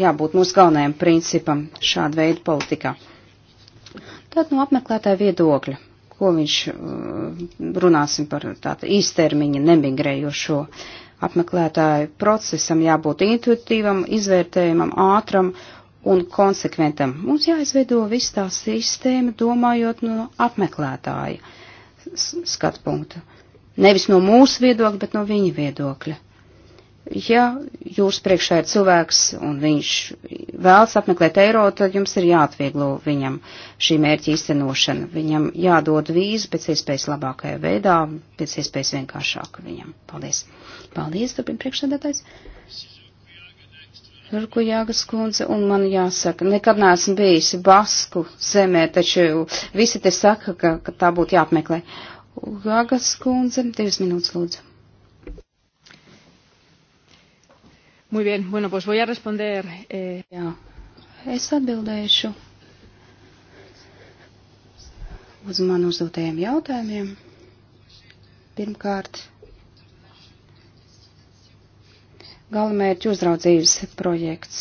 jābūt mūsu galvenajam principam šāda veida politikā. Tad no apmeklētāja viedokļa, ko viņš uh, runāsim par tādu īstermiņa nemigrējošo apmeklētāju procesam, jābūt intuitīvam, izvērtējumam, ātram un konsekventam. Mums jāizveido viss tā sistēma, domājot no apmeklētāja skatu punktu. Nevis no mūsu viedokļa, bet no viņa viedokļa ja jūs priekšā ir cilvēks un viņš vēlas apmeklēt eiro, tad jums ir jāatvieglo viņam šī mērķa īstenošana. Viņam jādod vīzu pēc iespējas labākajā veidā, pēc iespējas vienkāršāk viņam. Paldies. Paldies, turpin priekšsēdētājs. Turku Jāgas kundze, un man jāsaka, nekad neesmu bijusi Basku zemē, taču visi te saka, ka, ka tā būtu jāapmeklē. Jāgas kundze, divas minūtes lūdzu. Muy bien, bueno, pues voy a responder. Eh... Jā, es atbildēšu uz man uzdotajiem jautājumiem. Pirmkārt, galamērķu uzraudzības projekts.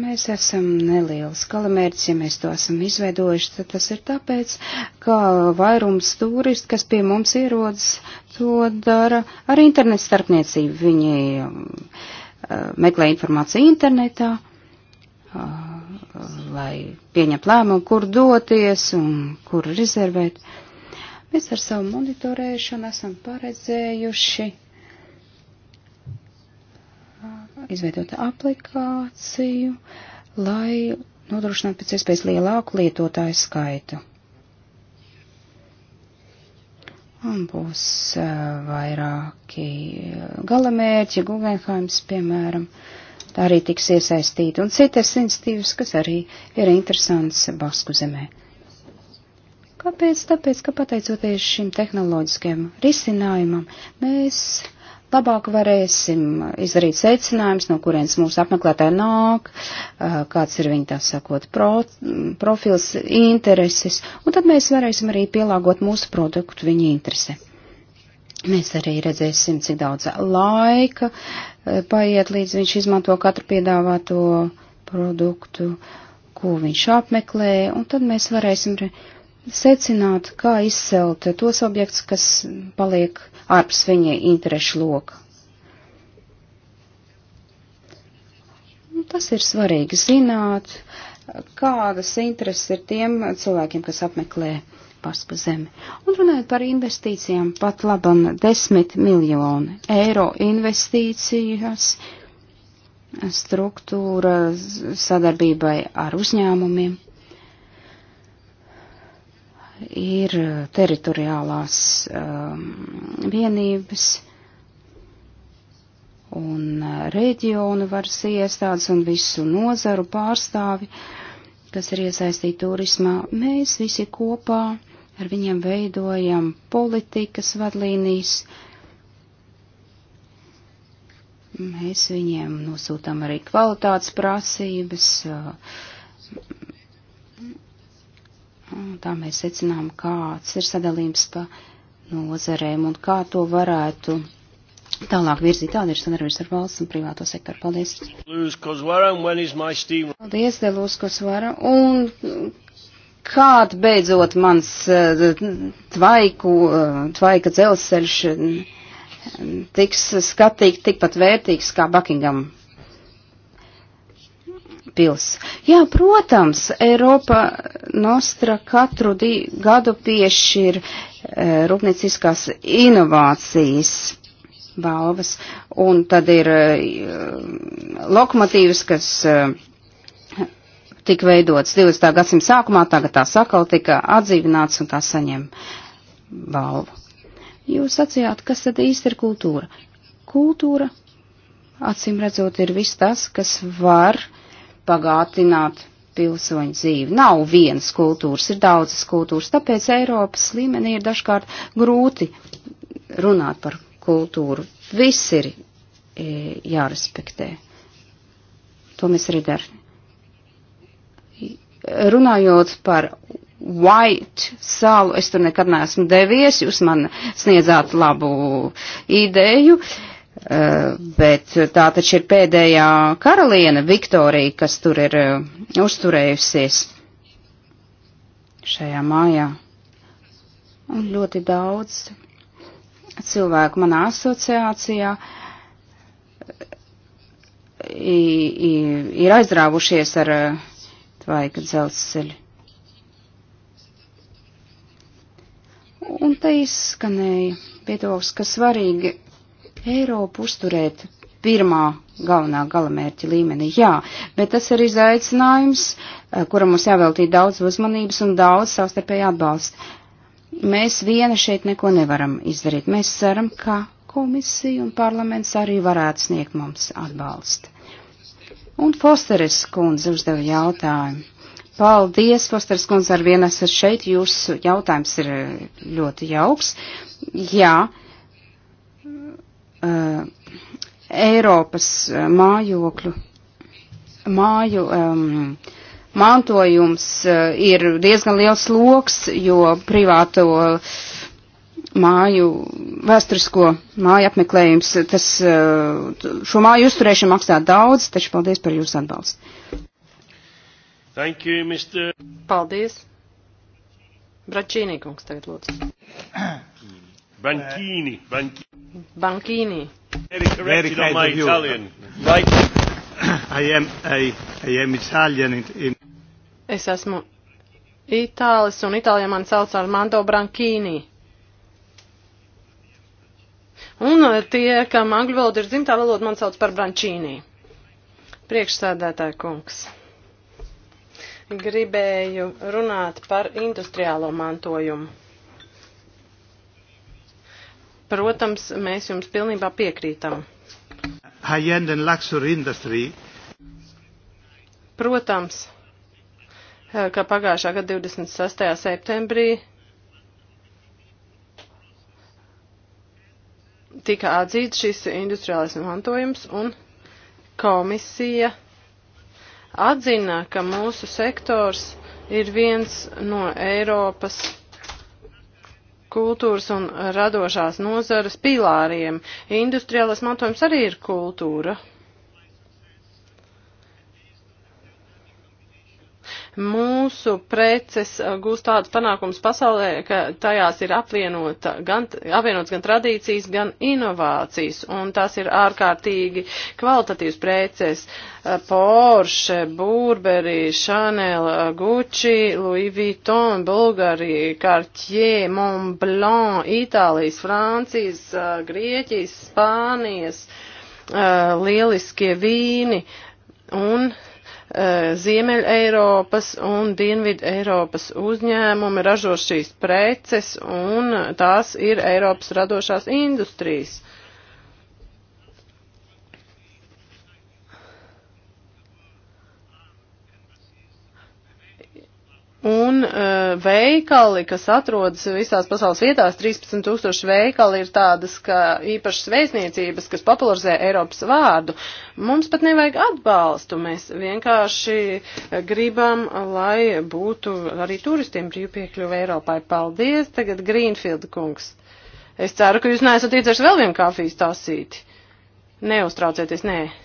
Mēs esam neliels galamērķis, ja mēs to esam izveidojuši, tad tas ir tāpēc, ka vairums turistu, kas pie mums ierodas, to dara ar internetu starpniecību. Viņi Eh, meklē informāciju internetā, eh, lai pieņemtu lēmumu, kur doties un kur rezervēt. Mēs ar savu monitorēšanu esam paredzējuši eh, izveidot aplikāciju, lai nodrošinātu pēc iespējas lielāku lietotāju skaitu. Un būs vairāki galamērķi, Guggenheims, piemēram, tā arī tiks iesaistīta, un citas institīvas, kas arī ir interesants Basku zemē. Kāpēc? Tāpēc, ka pateicoties šim tehnoloģiskajam risinājumam, mēs labāk varēsim izdarīt secinājumus, no kurienes mūsu apmeklētāji nāk, kāds ir viņa tā sakot pro, profils, intereses, un tad mēs varēsim arī pielāgot mūsu produktu viņa interesi. Mēs arī redzēsim, cik daudz laika paiet, līdz viņš izmanto katru piedāvāto produktu, ko viņš apmeklē, un tad mēs varēsim secināt, kā izcelt tos objektus, kas paliek uh, ārpus viņa interešu loka. Nu, tas ir svarīgi zināt, kādas intereses ir tiem cilvēkiem, kas apmeklē pasku zemi. Un runājot par investīcijām, pat labam desmit miljoni eiro investīcijas struktūra sadarbībai ar uzņēmumiem ir teritoriālās um, vienības un uh, reģionu varas iestādes un visu nozaru pārstāvi, kas ir iesaistīti turismā. Mēs visi kopā ar viņiem veidojam politikas vadlīnijas. Mēs viņiem nosūtām arī kvalitātes prasības. Uh, Tā mēs secinām, kāds ir sadalījums pa nozarēm un kā to varētu tālāk virzīt. Tāda ir sadarbības ar valsts un privāto sektoru. Paldies. Paldies, Delūs Kosvara. Un kād beidzot mans eh, tvaiku, eh, tvaika dzelzceļš eh, tiks skatīt tikpat vērtīgs kā Buckingham pils. Jā, protams, Eiropa Nostra katru gadu piešķir eh, rūpnieciskās inovācijas balvas, un tad ir eh, lokomotīvas, kas eh, tika veidotas 20. gadsimta sākumā, tagad tā sakal tika atdzīvināts un tā saņem balvu. Jūs sacījāt, kas tad īsti ir kultūra? Kultūra, acīm redzot, ir viss tas, kas var bagātināt pilsoņu dzīvi. Nav vienas kultūras, ir daudzas kultūras, tāpēc Eiropas līmenī ir dažkārt grūti runāt par kultūru. Viss ir e, jārespektē. To mēs arī darām. Runājot par White salu, es tur nekad neesmu devies, jūs man sniedzāt labu ideju. Uh, Eh, bet tā taču ir pēdējā karaliene Viktorija, kas tur ir eh, uzturējusies šajā mājā. Un ļoti daudz cilvēku manā asociācijā eh, ir aizrāvušies ar tvaika dzelzceļu. Un te izskanēja viedoklis, ka svarīgi Eiropu uzturēt pirmā galvenā galamērķa līmenī, jā, bet tas ir izaicinājums, eh, kuram mums jāveltīt daudz uzmanības un daudz savstarpēji atbalsta. Mēs viena šeit neko nevaram izdarīt. Mēs ceram, ka komisija un parlaments arī varētu sniegt mums atbalstu. Un Fosteres kundze uzdeva jautājumu. Paldies, Fosteres kundze, ar vienu esat šeit. Jūsu jautājums ir eh, ļoti jauks. Jā. Uh, uh, Eiropas uh, mājokļu, māju um, mantojums uh, ir diezgan liels sloks, jo privāto māju vēsturisko māju apmeklējums, tas, uh, šo māju uzturēšana maksā daudz, taču paldies par jūsu atbalstu. Thank you, Mr. Paldies. Bračīnī kungs tagad lūdzu. (clears throat) Banchini. Banchini. Banchini. Very correct Very on my you. Italian. Right. I am, I, I am Italian in, in... Es esmu Itālis un Itālijā man sauc Armando Brankīni. Un tie, kam angļu valoda ir dzimtā valoda, man sauc par Brančīnī. Priekšsēdētāja kungs. Gribēju runāt par industriālo mantojumu. Protams, mēs jums pilnībā piekrītam. High-end and luxury industry. Protams, ka pagājušā gada 26. septembrī tika atzīts šis industriālais mantojums un komisija atzina, ka mūsu sektors ir viens no Eiropas kultūras un radošās nozares pilāriem. Industriālais mantojums arī ir kultūra. Mūsu preces uh, gūst tādus panākumus pasaulē, ka tajās ir apvienota gan, apvienots gan tradīcijas, gan inovācijas, un tās ir ārkārtīgi kvalitatīvas preces. Uh, Porsche, Burberry, Chanel, uh, Gucci, Louis Vuitton, Bulgarija, Cartier, Montblanc, Itālijas, Francijas, Grieķijas, Spānijas lieliskie vīni un Eh, Ziemeļa Eiropas un Dienvidu Eiropas uzņēmumi ražo šīs preces un tās ir Eiropas radošās industrijas. Uh, Un uh, veikali, kas atrodas visās pasaules vietās, 13 tūkstoši veikali ir tādas, ka īpašas vēstniecības, kas popularizē Eiropas vārdu. Mums pat nevajag atbalstu, mēs vienkārši uh, gribam, lai būtu arī turistiem brīvpiekļuvi Eiropai. Paldies, tagad Greenfield kungs. Es ceru, ka jūs neesat iedzers vēl vienu kafijas tasīti. Neuztraucieties, nē. Ne.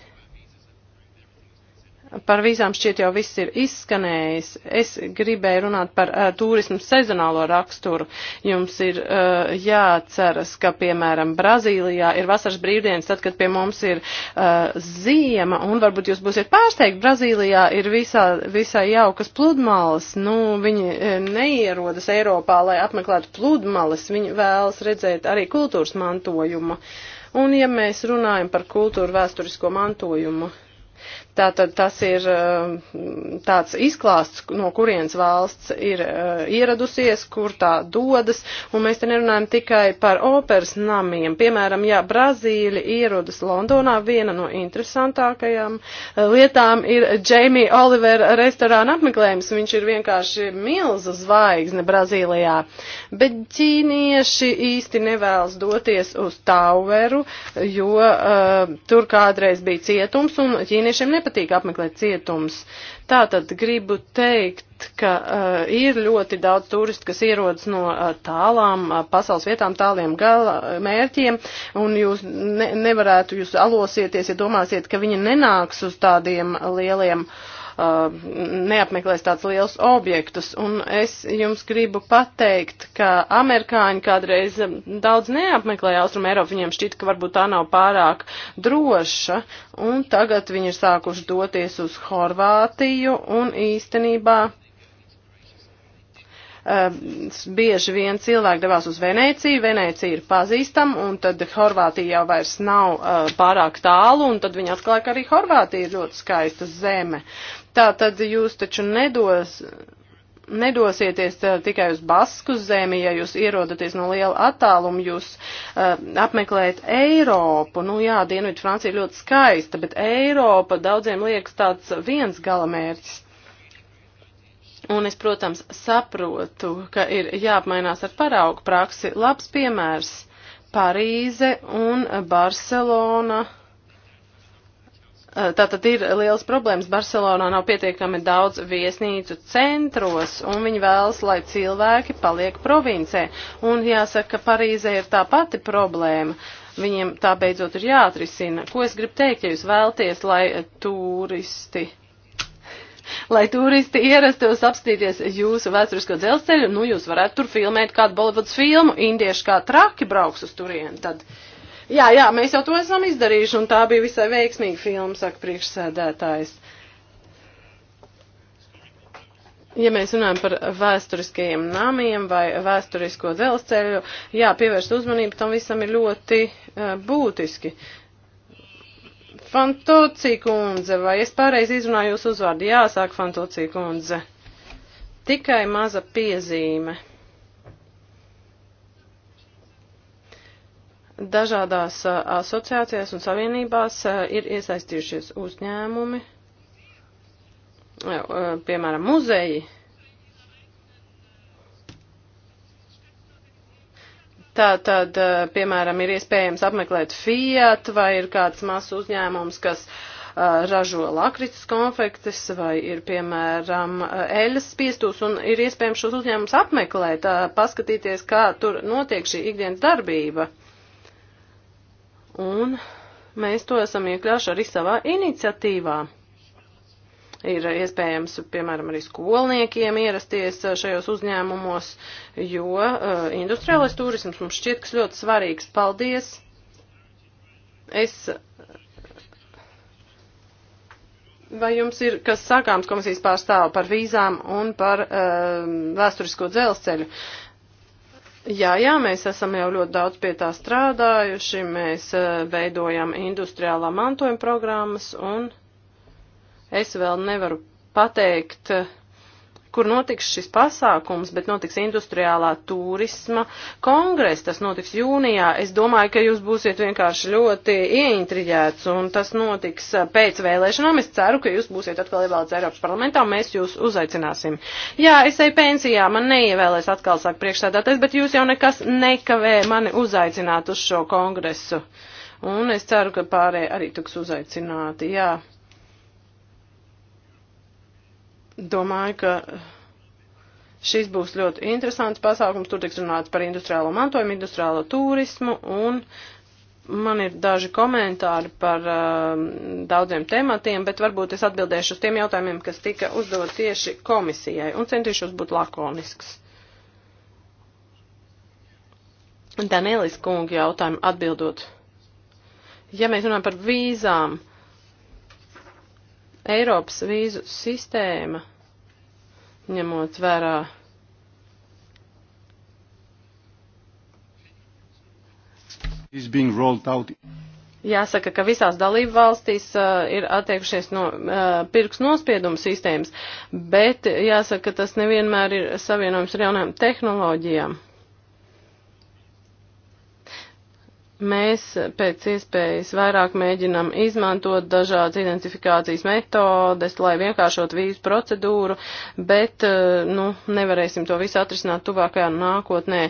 Par vīzām šķiet jau viss ir izskanējis. Es gribēju runāt par uh, turismu sezonālo raksturu. Jums ir uh, eh, jāceras, ka, piemēram, Brazīlijā ir vasaras brīvdienas, tad, kad pie mums ir uh, ziema, un varbūt jūs būsiet pārsteigti, Brazīlijā ir visā, visai jaukas pludmales. Nu, viņi uh, neierodas Eiropā, lai apmeklētu pludmales. Viņi vēlas redzēt arī kultūras mantojumu. Un, ja mēs runājam par kultūru vēsturisko mantojumu, Tātad tas ir eh, tāds izklāsts, no kurienes valsts ir eh, ieradusies, kur tā dodas, un mēs te nerunājam tikai par operas namiem. Piemēram, ja Brazīļi ierodas Londonā, viena no interesantākajām eh, lietām ir Jamie Olivera restorāna apmeklējums. Viņš ir vienkārši milza zvaigzne Brazīlijā, bet ķīnieši īsti nevēlas doties uz Tauveru, jo uh, tur kādreiz bija cietums, un ķīniešiem nepatīk nepatīk apmeklēt cietums. Tātad gribu teikt, ka uh, ir ļoti daudz turistu, kas ierodas no uh, tālām uh, pasaules vietām, tāliem gala uh, mērķiem, un jūs ne, nevarētu, jūs alosieties, ja domāsiet, ka viņi nenāks uz tādiem lieliem uh, Uh, neapmeklēs tāds liels objektus. Un es jums gribu pateikt, ka amerikāņi kādreiz um, daudz neapmeklēja Austrum Eiropu, viņiem šķita, ka varbūt tā nav pārāk droša, un tagad viņi ir sākuši doties uz Horvātiju, un īstenībā um, bieži vien cilvēki devās uz Venēciju, Venēcija ir pazīstama, un tad Horvātija jau vairs nav uh, pārāk tālu, un tad viņi atklāja, ka arī Horvātija ir ļoti skaista zeme. Tā tad jūs taču nedos, nedosieties uh, tikai uz Basku zemi, ja jūs ierodaties no liela attāluma, jūs uh, apmeklējat Eiropu. Nu jā, Dienvidu Francija ir ļoti skaista, bet Eiropa daudziem liekas tāds viens galamērķis. Un es, protams, saprotu, ka ir jāapmainās ar paraugu praksi. Labs piemērs - Parīze un Barcelona. Uh, Eh, Tātad ir liels problēmas. Barcelonā nav pietiekami daudz viesnīcu centros, un viņi vēlas, lai cilvēki paliek provincē. Un jāsaka, ka Parīzē ir tā pati problēma. Viņiem tā beidzot ir jāatrisina. Ko es gribu teikt, ja jūs vēlties, lai turisti. (laughs) Lai turisti ierastos apstīties jūsu vēsturisko dzelzceļu, nu jūs varētu tur filmēt kādu Bolivuds filmu, indieši kā traki brauks uz turieni, tad uh, Jā, jā, mēs jau to esam izdarījuši, un tā bija visai veiksmīga filma, saka priekšsēdētājs. Ja mēs runājam par vēsturiskajiem namiem vai vēsturisko dzelzceļu, jā, pievērst uzmanību tam visam ir ļoti uh, būtiski. Fantoci kundze, vai es pareizi izrunāju jūsu uzvārdu? Jā, sāk Fantoci kundze. Tikai maza piezīme. Dažādās asociācijās un savienībās ir iesaistījušies uzņēmumi, piemēram, muzeji. Tā tad, piemēram, ir iespējams apmeklēt Fiat vai ir kāds mazs uzņēmums, kas uh, ražo lakritus konfektes vai ir, piemēram, eļas spiestos un ir iespējams šos uzņēmumus apmeklēt, uh, paskatīties, kā tur notiek šī ikdienas darbība. Uh, Un mēs to esam iekļāši arī savā iniciatīvā. Ir iespējams, piemēram, arī skolniekiem ierasties uh, šajos uzņēmumos, jo uh, industriālais turisms mums šķiet, kas ļoti svarīgs. Paldies! Es Vai jums ir kas sakāms komisijas pārstāvu par vīzām un par um, vēsturisko dzelzceļu? Jā, jā, mēs esam jau ļoti daudz pie tā strādājuši, mēs eh, veidojam industriālā mantojuma programmas, un es vēl nevaru pateikt, uh, kur notiks šis pasākums, bet notiks industriālā turisma kongress. Tas notiks jūnijā. Es domāju, ka jūs būsiet vienkārši ļoti ieintriģēts, un tas notiks uh, pēc vēlēšanām. Es ceru, ka jūs būsiet atkal ievēlēts Eiropas parlamentā, un mēs jūs uzaicināsim. Jā, es eju pensijā, man neievēlēs atkal sāk priekšstādātais, bet jūs jau nekas nekavē mani uzaicināt uz šo kongresu. Un es ceru, ka pārējie arī tiks uzaicināti. Jā. Domāju, ka šis būs ļoti interesants pasākums. Tur tiks runāts par industriālo mantojumu, industriālo turismu un man ir daži komentāri par um, daudziem tematiem, bet varbūt es atbildēšu uz tiem jautājumiem, kas tika uzdot tieši komisijai un centīšos būt lakonisks. Danielis kungi jautājumu atbildot. Ja mēs runājam par vīzām, uh, Eiropas vīzu sistēma, ņemot vērā Jāsaka, ka visās dalību valstīs uh, ir attiekušies no uh, pirks nospiedumu sistēmas, bet jāsaka, ka tas nevienmēr ir savienojums ar jaunām tehnoloģijām. Mēs pēc iespējas vairāk mēģinam izmantot dažādas identifikācijas metodes, lai vienkāršot vīzu procedūru, bet, eh, nu, nevarēsim to visu atrisināt tuvākajā nākotnē.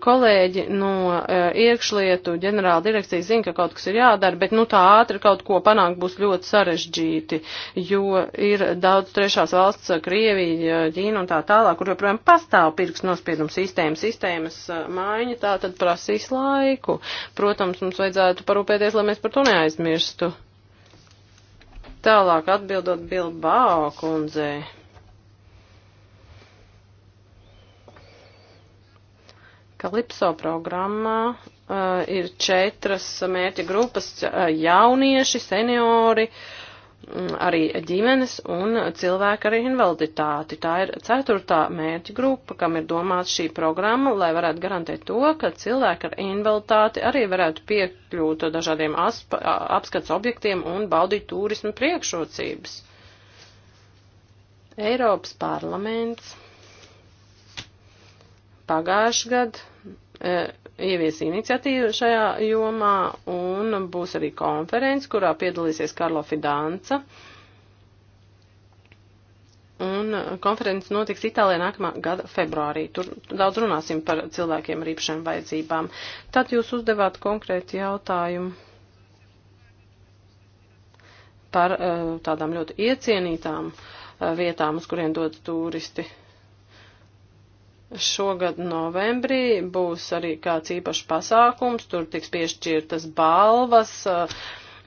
Kolēģi no nu, iekšlietu ģenerāla direkcijas zina, ka kaut kas ir jādara, bet, nu, tā ātri kaut ko panākt būs ļoti sarežģīti, jo ir daudz trešās valsts, Krievija, Ķīna un tā tālāk, kur joprojām pastāv pirks nospiedumu sistēmas, sistēmas eh, maiņa, tā tad prasīs laiku. Protams, protams, mums vajadzētu parūpēties, lai mēs par to neaizmirstu. Tālāk atbildot Bilbao kundzei. Kalipso programmā uh, ir četras mērķa grupas uh, - jaunieši, seniori, uh, Mm, arī ģimenes un cilvēku ar invaliditāti. Tā ir ceturtā mērķa grupa, kam ir domāts šī programma, lai varētu garantēt to, ka cilvēki ar invaliditāti arī varētu piekļūt dažādiem apskats objektiem un baudīt turismu priekšrocības. Eiropas parlaments pagājuši gadu e, ievies iniciatīvu šajā jomā un būs arī konferences, kurā piedalīsies Karlo Fidanca. Un konferences notiks Itālijā nākamā gada februārī. Tur daudz runāsim par cilvēkiem ar īpašām vajadzībām. Tad jūs uzdevāt konkrēti jautājumu par eh, tādām ļoti iecienītām eh, vietām, uz kuriem dodas turisti. Šogad novembrī būs arī kāds īpašs pasākums, tur tiks piešķirtas balvas uh,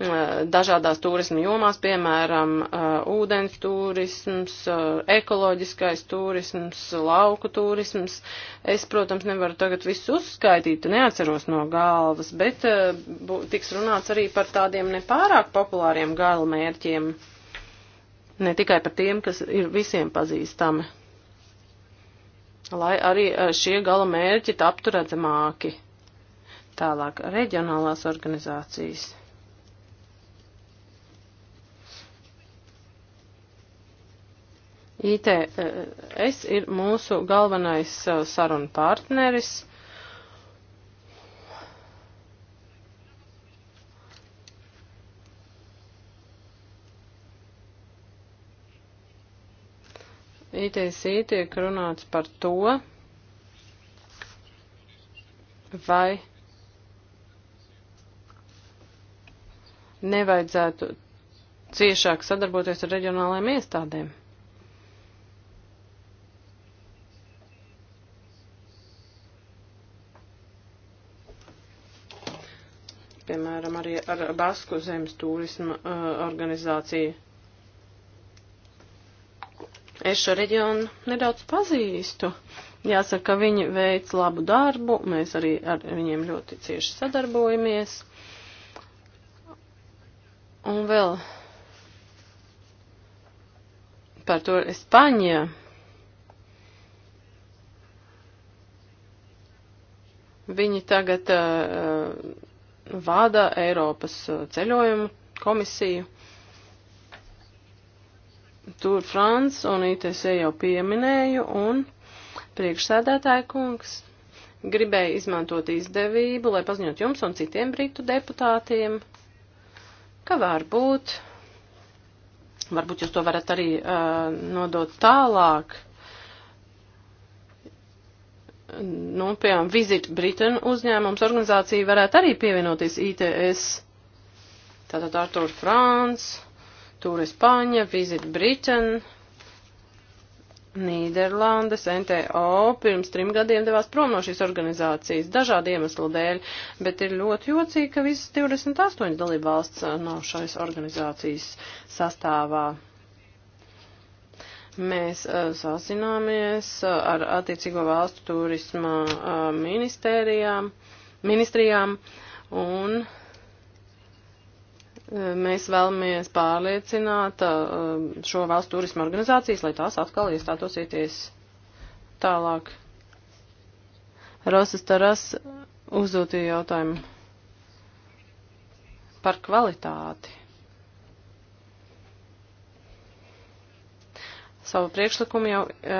uh, dažādās turismu jomās, piemēram, uh, ūdens turisms, ekoloģiskais turisms, lauku turisms. Es, protams, nevaru tagad visu uzskaitīt, neatceros no galvas, bet tiks runāts arī par tādiem nepārāk populāriem galamērķiem, ne tikai par tiem, kas ir visiem pazīstami lai arī e, šie gala mērķi taptu redzamāki. Tālāk reģionālās organizācijas. ITS e, ir mūsu galvenais e, sarunu partneris. ITC tiek runāts par to, vai nevajadzētu ciešāk sadarboties ar reģionālajiem iestādēm. Piemēram, arī ar Basku zemes turisma uh, organizāciju Es šo reģionu nedaudz pazīstu. Jāsaka, viņi veic labu darbu, mēs arī ar viņiem ļoti cieši sadarbojamies. Un vēl par to Spāņu. Viņi tagad uh, vada Eiropas uh, ceļojumu komisiju. Tur Frans un ITC jau pieminēju un priekšsēdētāja kungs gribēja izmantot izdevību, lai paziņot jums un citiem britu deputātiem, ka varbūt, varbūt jūs to varat arī uh, nodot tālāk. Nu, piemēram, Visit Britain uzņēmums organizācija varētu arī pievienoties ITS. Tātad Artur Frāns Tour España, Visit Britain, Nīderlandes, NTO pirms trim gadiem devās prom no šīs organizācijas dažādu iemeslu dēļ, bet ir ļoti jocīgi, ka visas 28 dalībvalsts uh, nav šais organizācijas sastāvā. Mēs uh, sazināmies uh, ar attiecīgo valstu turisma uh, ministērijām, ministrijām un uh, Mēs vēlamies pārliecināt um, šo valstu turismu organizācijas, lai tās atkal iestātos ieties tālāk. Rosas Taras uzdūtīja jautājumu par kvalitāti. Savu priekšlikumu jau e,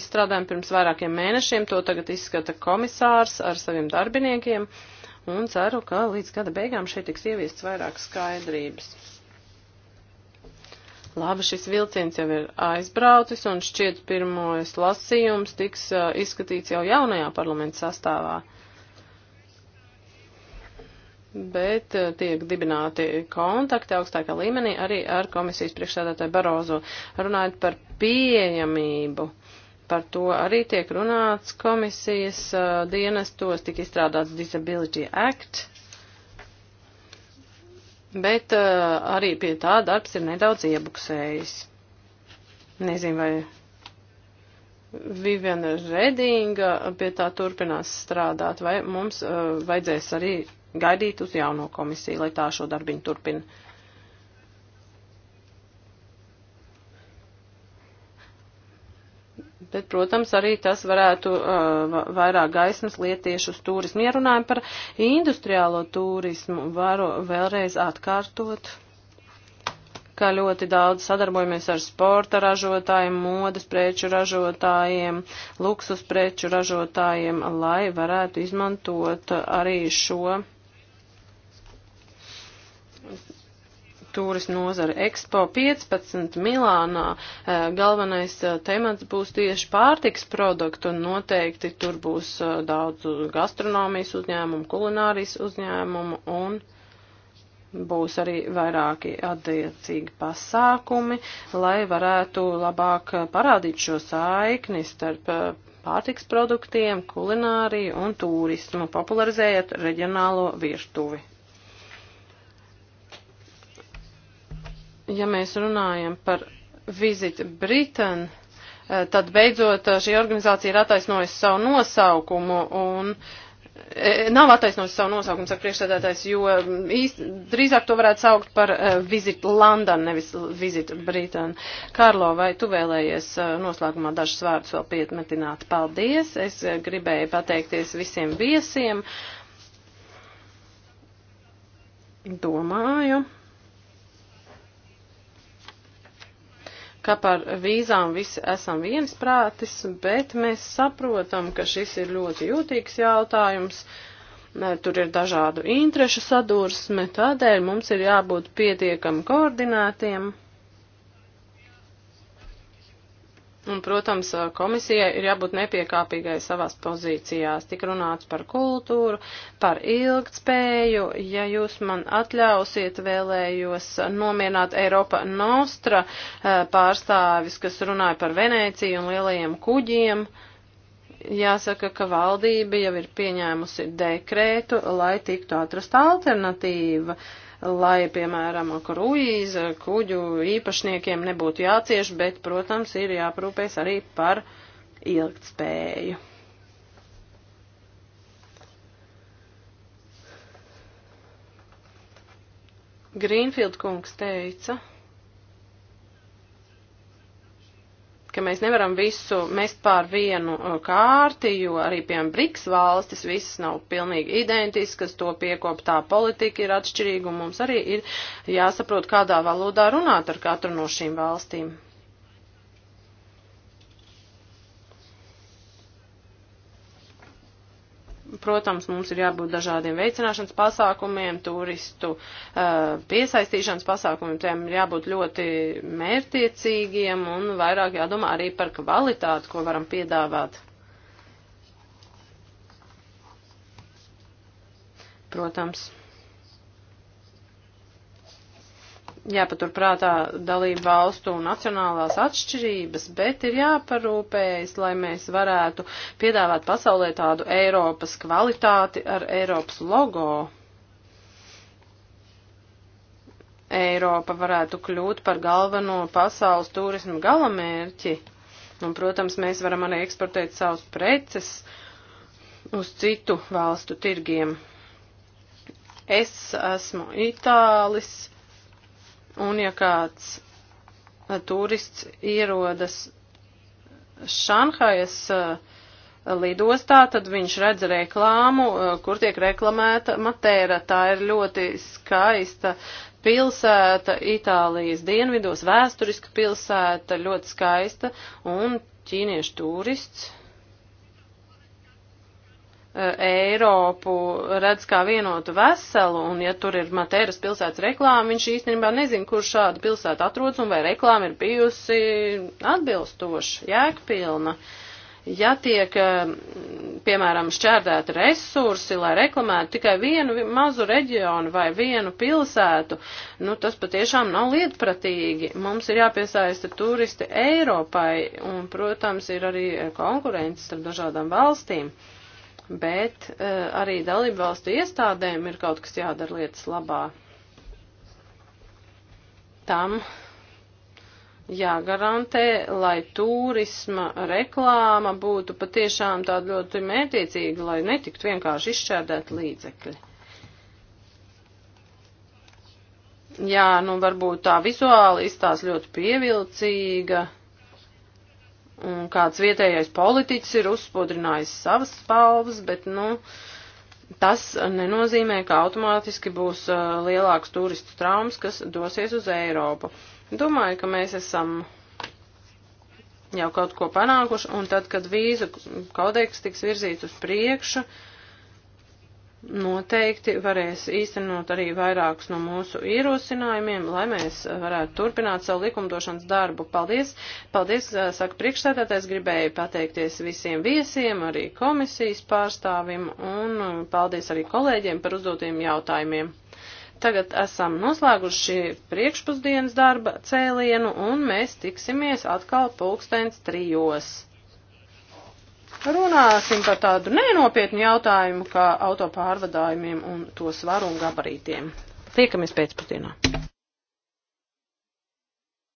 izstrādājam pirms vairākiem mēnešiem, to tagad izskata komisārs ar saviem darbiniekiem. E, un ceru, ka līdz gada beigām šeit tiks ieviests vairāk skaidrības. Labi, šis vilciens jau ir aizbraucis un šķiet pirmojas lasījums tiks izskatīts jau jaunajā parlamenta sastāvā. Bet tiek dibināti kontakti augstākā līmenī arī ar komisijas priekšsēdētāju Barozo. Runājot par pieejamību par to arī tiek runāts komisijas uh, dienestos, tika izstrādāts Disability Act, bet uh, arī pie tā darbs ir nedaudz iebuksējis. Nezinu, vai Viviana Redinga pie tā turpinās strādāt, vai mums uh, vajadzēs arī gaidīt uz jauno komisiju, lai tā šo darbiņu turpina. Bet, protams, arī tas varētu uh, vairāk gaismas liet tieši uz turismu. Ierunājam par industriālo turismu, varu vēlreiz atkārtot, ka ļoti daudz sadarbojamies ar sporta ražotājiem, modas preču ražotājiem, luksus preču ražotājiem, lai varētu izmantot arī šo turismu nozara Expo 15 Milānā. Eh, galvenais eh, temats būs tieši pārtiks produktu un noteikti tur būs eh, daudz gastronomijas uzņēmumu, kulinārijas uzņēmumu un būs arī vairāki attiecīgi pasākumi, lai varētu labāk parādīt šo saikni starp pārtiks produktiem, kulināriju un turismu, popularizējot reģionālo virtuvi. ja mēs runājam par Visit Britain, eh, tad beidzot eh, šī organizācija ir attaisnojusi savu nosaukumu un eh, nav attaisnojusi savu nosaukumu, saka priekšsēdētājs, jo mm, īst, drīzāk to varētu saukt par Visit London, nevis Visit Britain. Karlo, vai tu vēlējies noslēgumā dažus vārdus vēl pietmetināt? Paldies! Es gribēju pateikties visiem viesiem. Domāju. ka par vīzām visi esam viensprātis, bet mēs saprotam, ka šis ir ļoti jūtīgs jautājums. Tur ir dažādu interešu sadursme, tādēļ mums ir jābūt pietiekami koordinētiem Un, protams, komisijai ir jābūt nepiekāpīgai savās pozīcijās. Tik runāts par kultūru, par ilgtspēju. Ja jūs man atļausiet, vēlējos nomierināt Eiropa Nostra pārstāvis, kas runāja par Venēciju un lielajiem kuģiem. Jāsaka, ka valdība jau ir pieņēmusi dekrētu, lai tiktu atrasta alternatīva. Uh, lai, piemēram, kruīza kuģu īpašniekiem nebūtu jācieš, bet, protams, ir jāprūpēs arī par ilgtspēju. Grīnfield kungs teica. ka mēs nevaram visu mest pār vienu uh, kārti, jo arī, piemēram, BRICS valstis visas nav pilnīgi identiskas, to piekoptā politika ir atšķirīga, un mums arī ir jāsaprot, kādā valodā runāt ar katru no šīm valstīm. Protams, mums ir jābūt dažādiem veicināšanas pasākumiem, turistu uh, piesaistīšanas pasākumiem, tiem ir jābūt ļoti mērtiecīgiem un vairāk jādomā arī par kvalitāti, ko varam piedāvāt. Protams. jāpaturprātā dalību valstu un nacionālās atšķirības, bet ir jāparūpējas, lai mēs varētu piedāvāt pasaulē tādu Eiropas kvalitāti ar Eiropas logo. Eiropa varētu kļūt par galveno pasaules turismu galamērķi. Un, protams, mēs varam arī eksportēt savus preces uz citu valstu tirgiem. Es esmu itālis Un ja kāds eh, turists ierodas Šanhajas eh, lidostā, tad viņš redz reklāmu, eh, kur tiek reklamēta Matēra. Tā ir ļoti skaista pilsēta Itālijas dienvidos, vēsturiska pilsēta, ļoti skaista, un ķīniešu turists E, Eiropu redz kā vienotu veselu, un ja tur ir Matēras pilsētas reklāma, viņš īstenībā nezin, kur šāda pilsēta atrodas un vai reklāma ir bijusi atbilstoša, jēgpilna. Ja tiek, e, piemēram, šķērdēti resursi, lai reklamētu tikai vienu mazu reģionu vai vienu pilsētu, nu tas patiešām nav lietpratīgi. Mums ir jāpiesaista turisti Eiropai, un, protams, ir arī konkurence starp dažādām valstīm bet uh, arī dalību valstu iestādēm ir kaut kas jādara lietas labā. Tam jāgarantē, lai turisma reklāma būtu patiešām tāda ļoti mētiecīga, lai netiktu vienkārši izšķērdēt līdzekļi. Jā, nu varbūt tā vizuāli izstās ļoti pievilcīga un kāds vietējais politiķis ir uzspodrinājis savas spalvas, bet, nu, tas nenozīmē, ka automātiski būs uh, lielāks turistu traumas, kas dosies uz Eiropu. Domāju, ka mēs esam jau kaut ko panākuši, un tad, kad vīzu kodeks tiks virzīts uz priekšu, uh, noteikti varēs īstenot arī vairākus no mūsu ierosinājumiem, lai mēs varētu turpināt savu likumdošanas darbu. Paldies! Paldies, saka priekšstādātais, gribēju pateikties visiem viesiem, arī komisijas pārstāvim un paldies arī kolēģiem par uzdotiem jautājumiem. Tagad esam noslēguši priekšpusdienas darba cēlienu un mēs tiksimies atkal pulkstens trijos. Runāsim par tādu nenopietnu jautājumu kā autopārvadājumiem un to svaru un gabarītiem. Tiekamies pēcpusdienā.